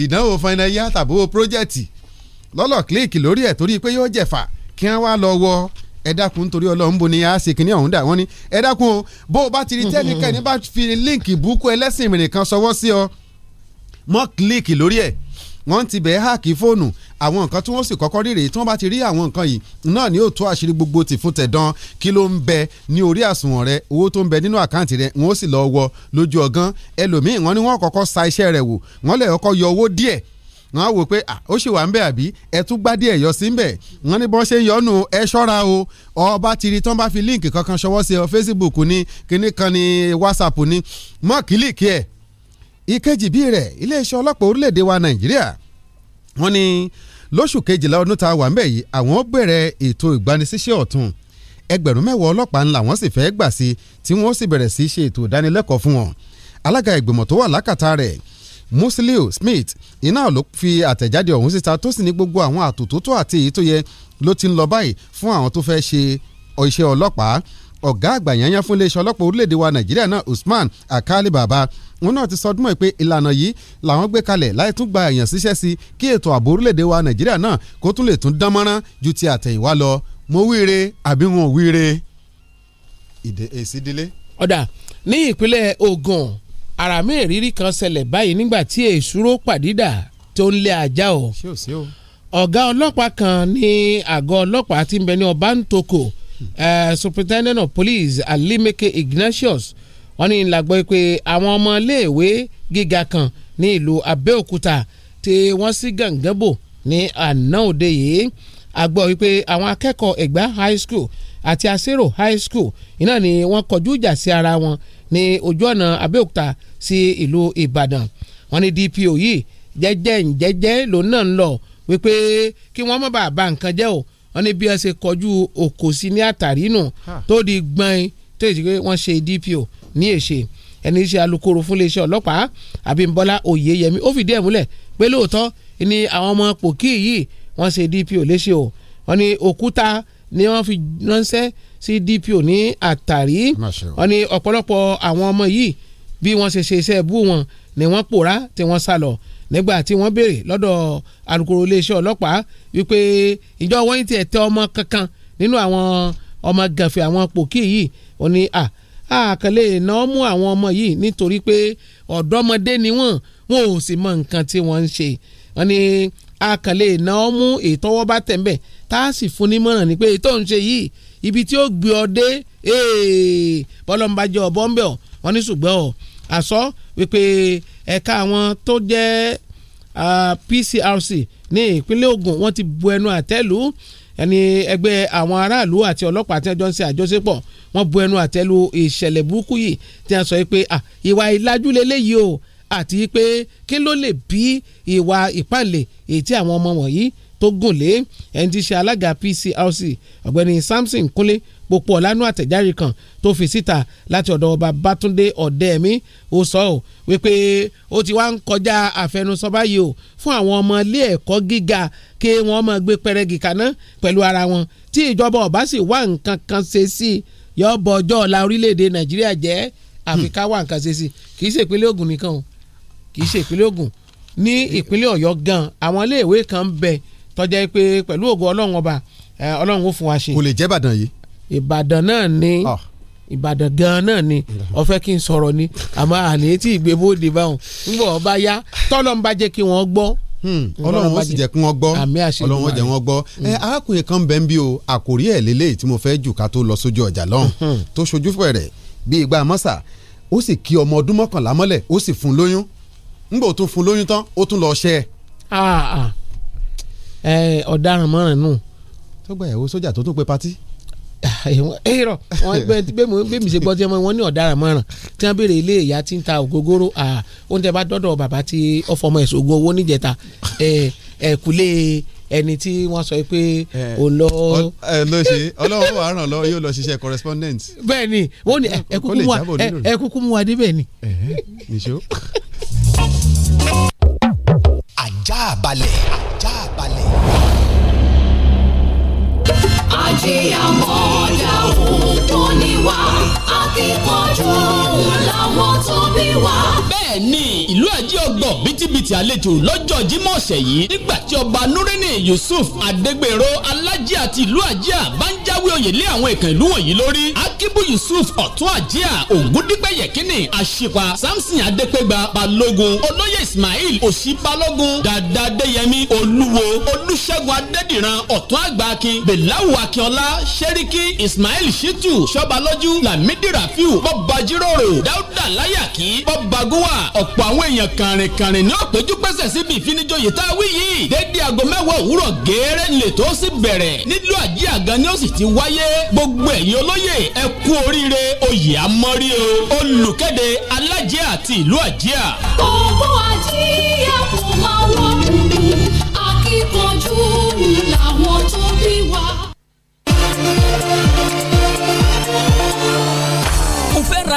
ìdánwò fainaya tàbó pírójẹ́tì lọ́lọ́ kílíìkì lórí ẹ̀ torí pé yóò jẹ̀fà kí wọ́n wá lọ wọ ẹ dákun nítorí ọlọ́run bo ni a ṣe kínní ọ̀hún dà wọ́n ní ẹ dákun o bó o bá ti rí tẹ́nikẹ́ni bá fi líǹkì búkú ẹlẹ́sìn mìíràn kan sọwọ́ sí ọ mọ́ kílíìkì lórí ẹ̀ wọ́n ti bẹ̀ẹ́ háàkì fóònù àwọn nǹkan tí wọ́n sì kọ́kọ́ rí rèé tí wọ́n bá ti rí àwọn nǹkan yìí náà ni yóò tó àṣírí gbogbo tìfún tẹ̀dán kí ló ń bẹ ní orí àsùnwọ̀n rẹ owó tó ń bẹ nínú àkáǹtì rẹ wọ́n sì lọ wọ lójú ọ̀gán ẹlòmíì wọ́n ní wọ́n kọ́kọ́ sa iṣẹ́ rẹ̀ wò wọ́n lè kọ́kọ́ yọ owó díẹ̀ wọ́n á wò pé ó ṣì wà ń bẹ̀ àbí ẹ tún gbá díẹ̀ yọ sí ń bẹ̀ wọ́n ní bọ́n ṣe ń yọnu ẹ ṣọ́ra o ọba ti rí tán bá fi líǹkì kankan ṣọwọ́ sí ọ Facebook ni kinní kan ni WhatsApp ni mọ́ kílíkì ẹ̀ ìkejì bíi rẹ̀ iléeṣẹ́ ọlọ́pàá orílẹ̀‐èdè wa Nàìjíríà wọ́n ní lóṣù kejìlá ọdún tá a wà ńbẹ̀ yìí àwọn bẹ̀rẹ̀ ètò ìgbanisíṣẹ́ ọ̀tun ẹgbẹ̀rún mẹ́wàá ọlọ́pàá ńlá wọ́n sì fẹ́ gbà sí tí wọ́n sì bẹ̀rẹ̀ sí ṣe ètò ìdánilẹ́kọ̀ọ́ fún wọn alága ìgbìmọ̀ tó wà lákàtà rẹ̀ Musiliu Smith iná ló fi àtẹ̀jáde ọ̀hún síta tó sì ní gbogbo àwọn àtòtótó àti èyí tó yẹ ló ti ń lọ báyìí fún àwọn tó fẹ́ ṣe iṣẹ́ ọlọ́pàá ọ̀gá àgbà yanyan fún iléeṣẹ́ ọlọ́pàá orílẹ̀‐èdè wa nàìjíríà náà usman akali baba wọn náà ti sọdún mọ́ pé ìlànà yìí làwọn gbé kalẹ̀ láì tún gba èèyàn síṣẹ́ sí kí ètò ààbò orílẹ̀‐èdè wa nàìjíríà náà kó tún lè tún dán mọ́rán ju ti àtẹ̀yìnwá lọ mo wíire àbí wọn ò wíire. ìdè èsì délé. ọ̀dà ní ìpínlẹ̀ Ògùn àràmì ìrírí kan ṣẹlẹ̀ báyìí nígbà tí èṣúró pàdídà tó ń lé ajá o ọ̀gá ọlọ́pàá kan ní àgọ́ ọlọ́pàá tí ń bẹ ní Ọbántoko Eh, superintendent of police alimeke ignatius wọ́n ní la gbọ́ pé àwọn ọmọ iléèwé gíga kan ní ìlú abẹ́òkúta tí wọ́n sí gàngán bò ní àná òde yìí a wípé àwọn akẹ́kọ̀ọ́ ẹ̀gbá high school àti asero high school iná ni wọ́n kọjú ìjà sí ara wọn ní ojú ọ̀nà abẹ́òkúta sí ìlú ìbàdàn wọ́n ní dpo yìí jẹ́jẹ́ ǹjẹ́jẹ́ lòun náà ń lọ wípé kí wọ́n má bàa bà nǹkan jẹ́ o wọ́n ní bí wọ́n ṣe kọjú òkò sí ní àtàrí nù tó di gbọ́n tó yẹ kí wọ́n ṣe DPO ní èṣe ẹni ṣe alukoro fún iléeṣẹ́ ọlọ́pàá Abímbọ́lá Oyèyẹmí ó fìdí ẹ̀ múlẹ̀ pé lóòótọ́ ni àwọn ọmọ pòkì yìí wọ́n ṣe DPO léṣe o wọ́n ní òkúta ni wọ́n fi ránṣẹ́ sí DPO ní àtàrí wọ́n ní ọ̀pọ̀lọpọ̀ àwọn ọmọ yìí bí wọ́n ṣe ṣe iṣẹ́ bú wọn ni wọ́n pòórá tí wọ́n sá lọ nígbà tí wọ́n béèrè lọ́dọ̀ alukoro iléeṣẹ́ ọlọ́pàá wípé ìjọ wọ́n ti ẹ̀ tẹ ọmọ kankan nínú àwọn ọmọ gànfẹ́ àwọn pòkì yìí ó ní à àkànlè náà mú àwọn ọmọ yìí nítorí pé ọ̀dọ́mọdé ni wọ́n wọn ò sì mọ nǹkan tí wọ́n ń ṣe wọ́n ní àkànlè náà mú ìtọ́wọ́ bá tẹ̀ ń tá a sì fún nímọ̀ràn ni pé ètò ń ṣe yìí ibi tí ó gbé ọ dé bọ́lọ́mbàjọ́ ọ̀bọ́ńbẹ̀ ọ̀ wọ́n ní ṣùgbọ́n ọ̀ àsọ wípé ẹ̀ka àwọn tó jẹ́ PCRC ní ìpínlẹ̀ Ògùn wọ́n ti bu ẹnu àtẹ́lù ẹni ẹgbẹ́ àwọn aráàlú àti ọlọ́pàá tí wọ́n jọ ń ṣe àjọṣepọ̀ wọ́n bu ẹnu àtẹ́lù ìṣẹ̀lẹ̀ burúkú yìí tí wọ́n sọ pé ìwà ìlàjú lélẹ́yìí o àti pé kí ló lè bí ìwà ìpàlẹ̀ èyí tí àwọn ọmọ PCRC ọ̀gbẹ́ni Samson Kúnlé Pópó Ọlánú àtẹ̀jáde kan tó fi síta láti ọ̀dọ̀ ọba Bátúndé Ọ̀dẹ́ẹ̀mí ó sọ ọ́ wípé ó ti wá ń kọjá àfẹnusọ báyìí o fún àwọn ọmọ ilé ẹ̀kọ́ gíga kí wọ́n máa gbé pẹrẹgì kaná pẹ̀lú ara wọn tí ìjọba ọ̀bá sì wá nǹkan kan ṣe sí yọ bọ ọjọ́ ọ̀la orílẹ̀-èdè Nàìjíríà jẹ́ àfi wá nǹkan ṣe sí kì í ṣe ìpínlẹ̀ Ògùn nìkan o kì í ṣe ìpínlẹ̀ Ògùn ní ìpínlẹ̀ Ọ̀yọ́ gan àwọn iléèwé kan ń bẹ tó pé pẹ̀lú ògo Ọlọ́run ọba Ọlọ́run ó fún wa ṣe. kò lè jẹ́ Ìbàdàn yìí ìbàdàn náà ni ah. ìbàdàn gan náà ni mm-hmm. ọ̀fẹ́ kí n sọ̀rọ̀ ni àmọ́ àní etí ìgbébóde báwọn nígbà wọ́n bá yá tọ́lọ́ ń bá jẹ́ kí wọ́n gbọ́. Hmm. ọlọ́run ó sì jẹ́ kí wọ́n gbọ́ ọlọ́run ó jẹ́ wọ́n gbọ́ hmm. ẹ arákùnrin kan bẹ́ẹ̀ bí o àkòrí ẹ̀ lélẹ́yìí tí mo fẹ́ jù ká tó lọ sójú ọjà lọ́hùn hmm. tó ṣojú fẹ̀rẹ̀ bíi igba mọ́sà ó sì kí ọmọ ọdún mọ́kànlá mọ́lẹ̀ ó sì fún lóyún ńgbà ó tún fún lóyún tán ó tún lọ ṣẹ́ ah, ah. ẹ. ọ̀daràn mọ́rin nù. tó gba ìyàwó sójà tó tún pe patí èrò wọn gbẹ tí bẹ́ẹ̀ mi ṣe gbọ́ tí wọ́n ní ọ̀daràn márùn tí wọ́n béèrè ilé ìyá tí ń ta ògógóró oúnjẹ bá dọ́dọ̀ bàbá tí ọfọmọ ẹ̀sùn ogun owó níjẹta ẹ̀kúlé ẹni tí wọ́n sọ pé ò lọ. ẹ ló ṣe ọlọ́wọ́ wàá ràn lọ́wọ́ yóò lọ ṣiṣẹ́ correspondent. bẹ́ẹ̀ ni wọ́n ní ẹ̀kúkú mu wa débẹ̀ ni. ajá balẹ̀ ajá balẹ̀ àjẹyàmọ̀dà òkun ni wá akíkanjú làwọn tó bí wá. bẹ́ẹ̀ ni ìlú àjẹ́ ọgbọ̀n bítíbitì àlejò lọ́jọ́ Jímọ̀ ọ̀sẹ̀ yìí nígbà tí ọba Nurini Yusuf Adégbèrò alájẹ́ àti ìlú àjẹ́ àbájá jáwé oyè lé àwọn ìkàn ìlú wọ̀nyí lórí akíbu yusuf ọ̀tún àjíà ògúndípẹ̀ yẹ̀kínì àṣìpa samson adépégbà balógun olóyè ismail òṣìbalógun dàdà adéyẹmí olúwo olúṣẹ́gun adédìran ọ̀tún àgbà akin bẹ̀láwù akínọlá sẹ́ríkì ismail shitu sọ́balọ́jú lamidi rafiu bọ́ba jíròrò dáúdà láyàkí bọ́ba gúwà ọ̀pọ̀ àwọn èèyàn kàrìnkàrìn ní ọ̀pẹ́jú pẹ́sẹ̀ síbi ìfinijoyè tá a wí yìí dédé aago mẹ́wàá òwúrọ̀ gẹ́rẹ́ lè tó sì bẹ̀rẹ̀ nílùú àjíàgan ni ó sì ti wáyé gbogbo ẹ̀yin olóyè ẹ oríire oyè àmọ́rí o olùkéde alájẹ́ àti ìlú àjíà. owó àjíyá kò máa.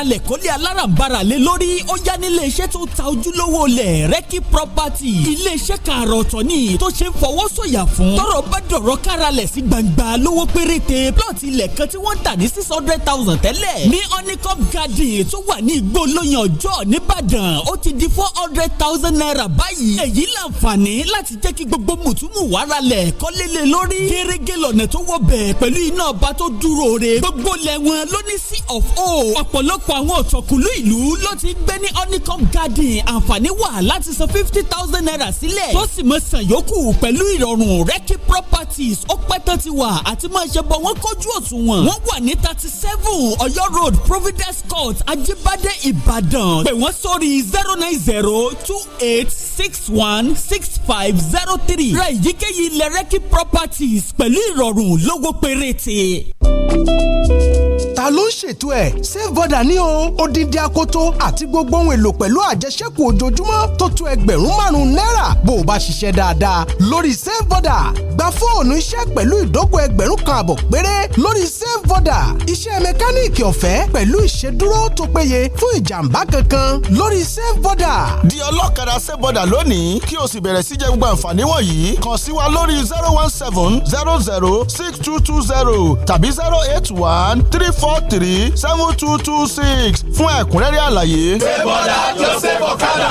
ralẹ̀ kọ́lé alárànbarà lé lórí ó yá nílé iṣẹ́ tó ta ojúlówó lẹ̀ rẹ́kí property ilé iṣẹ́ kààrọ̀ ọ̀tọ̀ ni tó ṣe ń fọwọ́ sọ̀yà fún tọ́rọ̀ bá dọ̀rọ̀ káralẹ̀ sí gbangba lówó péréte plọ̀tì ilẹ̀ kan tí wọ́n tà ní six hundred thousand tẹ́lẹ̀ ní honeycomb garden tó wà ní igbó lóyìn ọjọ́ nìbàdàn ó ti di four hundred thousand naira báyìí èyí láǹfààní láti jẹ́ kí gbogbo mùtúmù wà ralẹ̀ kọ́lé lé lórí gẹ́gẹ́ lọ́nà tó wọ bẹ̀ pẹ̀lú iná ọba tó dúró re gbogbo lẹ̀ wọn ló ní of o ọ̀pọ̀lọpọ̀ ọ̀pọ̀lọpọ̀ àwọn òtòkùlú ìlú ló ti gbé ní honeycomb garden àǹfààní wà láti san fifty thousand naira sílẹ̀ tó sì mọ san yòókù pẹ̀lú ìrọ̀rùn rẹ́kì properties ó pẹ́ tán ti wà àti máa ṣe bọ̀ wọ́n kójú òṣùwọ̀n wọ́n wà ní thirty seven ọ̀yọ́ road providence court ajibade Ibadan. pè wọ́n sórí zero nine zero two eight six one six five zero three ra èyíkéyìí ilẹ̀ rẹ́kì properties pẹ̀lú ìrọ̀rùn lówó péréte ta ló ń ṣètò ẹ̀ Safe Border ní o odindi akoto àti gbogbo ohun èlò pẹ̀lú àjẹsẹ́kù ojoojúmọ́ tó tó ẹgbẹ̀rún márùn-ún náírà bó o bá ṣiṣẹ́ dáadáa lórí Safe Border gba fóònù iṣẹ́ pẹ̀lú ìdógò ẹgbẹ̀rún kan àbọ̀ péré lórí Safe Border iṣẹ́ mẹkáníìkì ọ̀fẹ́ pẹ̀lú ìṣèdúró tó péye fún ìjàmbá kankan lórí Safe Border. di ọlọ́kadà Safe Border lónìí kí o sì bẹ̀rẹ̀ sí jẹ gbogbo àǹfààní wọ̀nyí kàn sí wa lórí zero one seven zero zero six two two zero tàbí zero eight one three four three seven two two six fún ẹ̀kúnrẹ́rẹ́ àlàyé. ṣé bọ́dà joseph ọ̀kadà.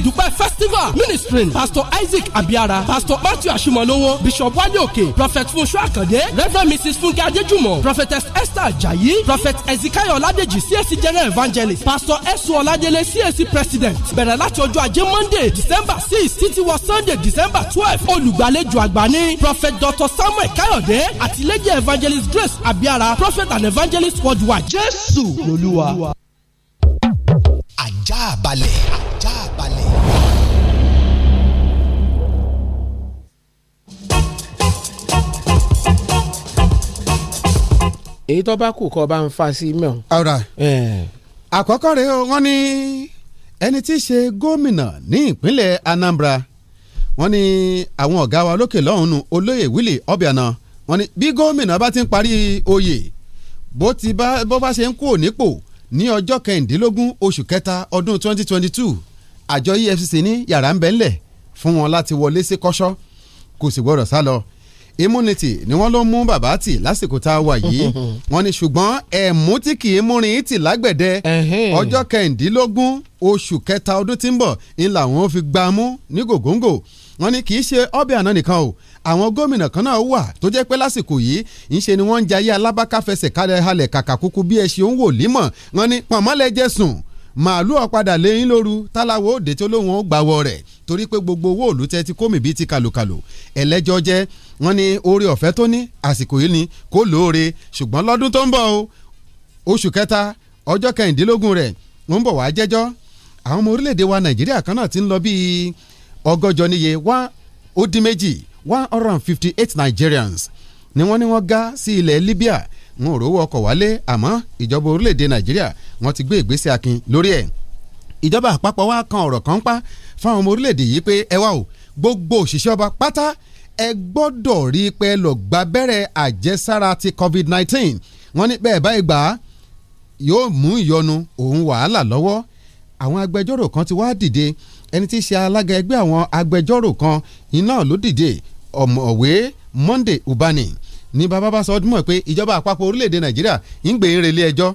ìdúpẹ́ festival ministry pastor isaac abiara pastor matthew ashimolowo bishop Wanyoke, prophet funṣu akande reverend mrs funke adejumo prophetess esther ajayi prophet ezekiel oladeji csc general evangelist pastor esu oladele csc president bẹ̀rẹ̀ láti ọjọ́ ajé monday december six títí wọ sunday december twelve olùgbàlejò àgbà ní prophet dr samuel kayode àtìlẹ́yìn evangelist grace abiara prophet and evangelist worldwide jésù lolúwa. ajá balẹ̀ ajá balẹ̀. èyí tó bá kù kọ́ bá ń fa sí mẹ́wọ̀n. àkọ́kọ́ rẹ̀ wọ́n ní ẹni tí í ṣe gómìnà ní ìpínlẹ̀ Anambra wọ́n ní àwọn ọ̀gá wa lókè lọ́hùn-ún olóyè Willie Obiano wọ́n ní bí gómìnà bá ti ń parí oyè bó ti bá bó bá ṣe ń kú ònípò ní ọjọ́ kẹrìndínlógún oṣù kẹta ọdún 2022 àjọ EFCC ní yàrá ń bẹ fún wọn láti wọlé sí kọ́ṣọ́ kò sì gbọ́dọ̀ sá lọ immunity ni wọ́n ló mú bàbá tì lásìkò tá a wà yìí wọ́n ní ṣùgbọ́n ẹ̀mú tí kì í múrin tì lágbẹ̀dẹ ọjọ́ kẹ̀ǹdínlógún oṣù kẹta ọdún tí ń bọ̀ ń làwọn fi gbá mú ní gògóńgò wọ́n ní kì í ṣe ọbẹ̀ àná nìkan o àwọn gómìnà kan náà wà tó jẹ́ pé lásìkò yìí ń ṣe ni wọ́n ń jayé alábàákà fẹsẹ̀ kálẹ̀ halẹ̀ kàkà kúkú bí ẹ ṣe ń wò límọ̀ wọ́n ní pọ̀nmọ́lẹ̀ sùn màálù ọ̀padà lẹ́yìn lóru táláwo òde tí olóhùn ó gbàwọ̀ rẹ̀ torí pé gbogbo owó òòlù tẹ́ ti kómi bíi ti kàlùkàlù ẹlẹ́jọ́ jẹ́ wọ́n ní oore ọ̀fẹ́ tó ní àsìkò yìí ni kó lóore ṣùgbọ́n lọ́dún tó ń bọ̀ o oṣù kẹta ọjọ́ kẹrìndínlógún rẹ̀ ń bọ̀ wá jẹ́jọ́ àwọn ọmọ orílẹ̀-èdè wa nàìjíríà kan náà ti ń lọ bíi ọgọ́jọ níye wá ó dín méjì one hundred and fifty eight Nigerians ni wọ́n ní wọ́n gá sí ilẹ̀ Libya n ò rówó ọkọ̀ wálé àmọ́ ìjọba orílẹ̀‐èdè nàìjíríà wọ́n ti gbé ìgbésẹ̀ akin lórí ẹ̀ ìjọba àpapọ̀ wa kan ọ̀rọ̀ kan pa fáwọn ọmọ orílẹ̀‐èdè yìí pé ẹ wá o gbogbo òṣìṣẹ́ ọba pátá ẹ gbọ́dọ̀ rí i pé lọ gbàbẹ́rẹ́ àjẹsára ti covid-19 wọ́n ní bẹ́ẹ̀ báyìí gbà á yóò mú ìyọnu òun wàhálà lọ́wọ́ àwọn agbẹjọ́rò kan ti wá dìde ẹni tí í ṣe alága ẹgbẹ́ àwọn agbẹjọ́rò kan iná ló dìde ọ̀mọ̀wé Monday Ubani ní bàbá bá sọ ọdún mọ̀ pé ìjọba àpapọ̀ orílẹ̀-èdè nàìjíríà ń gbé relé ẹjọ́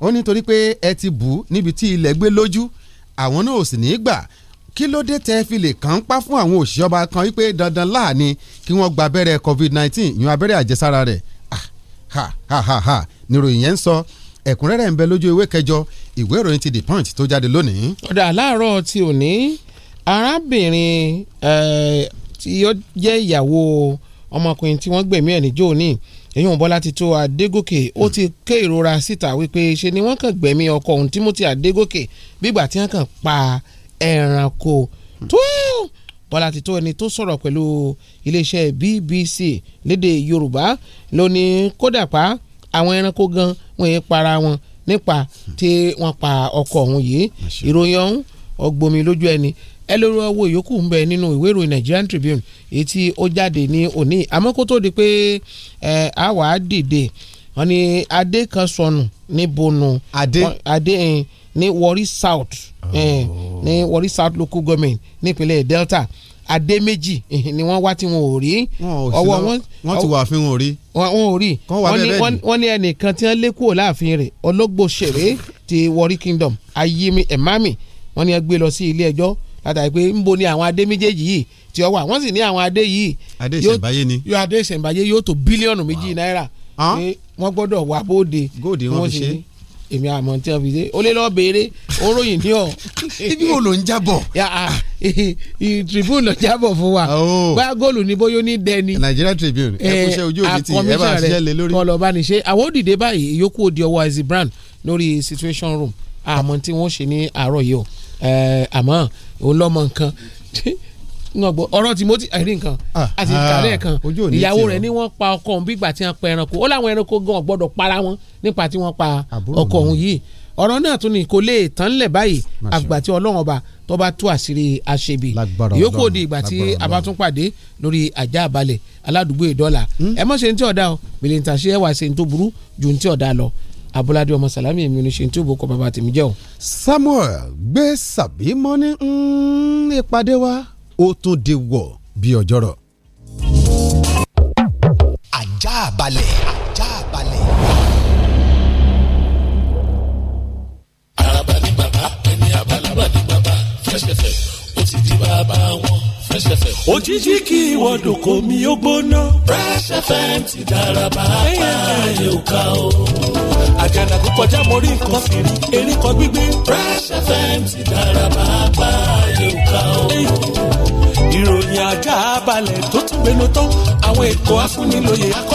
ó ní torí pé ẹ ti bù ú níbi tí ilẹ̀ gbé lójú àwọn náà ò sì ní í gbà kí ló dé tẹ́ fi lè kàn ń pa fún àwọn òṣìṣẹ́ ọba kan wípé dandan láàní kí wọ́n gba abẹ́rẹ́ covid-19 yan abẹ́rẹ́ àjẹsára rẹ̀ ha ha ha ha níròyìn yẹn ń sọ ẹ̀kúnrẹ́rẹ́ ń bẹ lójú ewé kẹjọ ìwé ìròyìn ti the punch tó jáde lónìí. ọ̀dà láàárọ̀ tí ò ní arábìnrin tí ó jẹ́ ìyàwó ọmọkùnrin tí wọ́n gbẹ̀mí ẹ̀ ní jóòní èyàn Bọ́lá ti tó Adégòkè ó ti ké ìrora síta wípé ṣe ni wọ́n kàn gbẹ̀mí ọkọ òun Timothy Adégòkè bígbà tí wọ́n kàn pa ẹranko tó Bọ́lá ti tó ẹni tó sọ̀rọ̀ pẹ̀lú iléeṣẹ́ BBC lédè Yorùbá ló ní kódà pa àwọn ẹranko gan wọn yẹn para wọn nípa tí wọ́n pa ọkọ òun yìí ìròyìn ọ̀hún ọgbọ́n mi lójú ẹni ẹ lórí ọwọ́ ìyókù ń bẹ nínú ìwé ìròyìn Nigerian Tribune èyí tí ó jáde ní òní àmọ́ kó tó di pé ẹ á wà á dìde wọ́n ní adé kan sọnù ní bonu adé ní Warri South oh. ní Warri South local government nípínlẹ̀ Delta adé méjì eh, ni wọ́n wá tí wọn ò rí ọwọ́ wọn. wọ́n ti wà fún wọn ò rí. wọn ò rí wọ́n ní ẹnìkan tí wọ́n lé kúrò láàfin rẹ̀ ológbòṣèré ti Warri Kingdom Ayimi Emami wọ́n ní ẹ gbé lọ sí ilé ẹjọ́ látàrí pé ńbo ni àwọn adé méjèèjì yìí tí ó wà wọ́n sì ní àwọn adé yìí. adé ìṣẹ̀ǹbáyé ni. yóò adé ìṣẹ̀ǹbáyé yóò tó bílíọ̀nù méjì náírà pé wọ́n gbọ́dọ̀ wà bóde. góòdì wọn fi ṣe èmi àmọ́ tí wọ́n fi ṣe ó oróyìn ní ọ̀. ibi wo ló ń jábọ̀. Ah, tribune ló jábọ̀ fún wa oh. bá góòlù ní bóyá ní dẹni. Nigeria Tribune ẹ kó eh, ṣe ojú òbí ah, tí ẹ bá ṣiṣẹ́ lé lórí. kọlọ bá ní ṣe àwọn òdìdé báyìí ìyókù òdi ọwọ́ Azeez lórí situation room àmọ́ tí wọ́n ṣe ní àárọ̀ yìí o eh, àmọ́ òun lọ́mọ nǹkan ngbọ ọ̀rọ̀ Timothy àìrí nǹkan àti ah, ìkàlẹ̀ ah, kan ìyàwó rẹ̀ ni wọ́n pa ọkọ òun bí ìgbà tí wọ́n pa ẹranko ó láwọn ẹranko gan ọ̀gbọ́dọ̀ para wọn nípa tí wọ́n pa ọkọ òun yìí ọ̀rọ̀ náà tún ní kò lè tán lẹ̀ báyìí àgbà tí Ọlọ́run ọba tó bá tú àṣírí àṣebì yòókù òdi ìgbà tí a bá tún pàdé lórí ajá àbálẹ̀ aládùúgbò ìdọ́là hmm? ẹ mọ̀ ṣe ní tí ọ̀dà o bìlìntàṣe ẹwà ṣe ní tó burú ju ní tí ọ̀dà lọ abúládé ọmọ sàlámì èmi oníṣe tí òbókọ bàbá tèmi jẹ́ o. samuel gbé sàbímọ́ ní mm, ìpàdé wa ó tún di wọ̀ bí ọjọ́rọ̀. ajá balẹ̀ ajá balẹ̀. araba ni bàbá ẹni abalaba ni bàbá fẹsẹfẹ Fresh FM. òjijì kí ìwọ́dùn kò mí ó gbóná. Fresh FM ti dára pàápàá yóò ká o. àjànà kó kọjá mo rí nǹkan fìrí erin kan gbígbé. Fresh FM ti dára pàápàá yóò ká o. ìròyìn ajá balẹ̀ tó tún gbénu tán àwọn ètò afúnilòyè akọ́.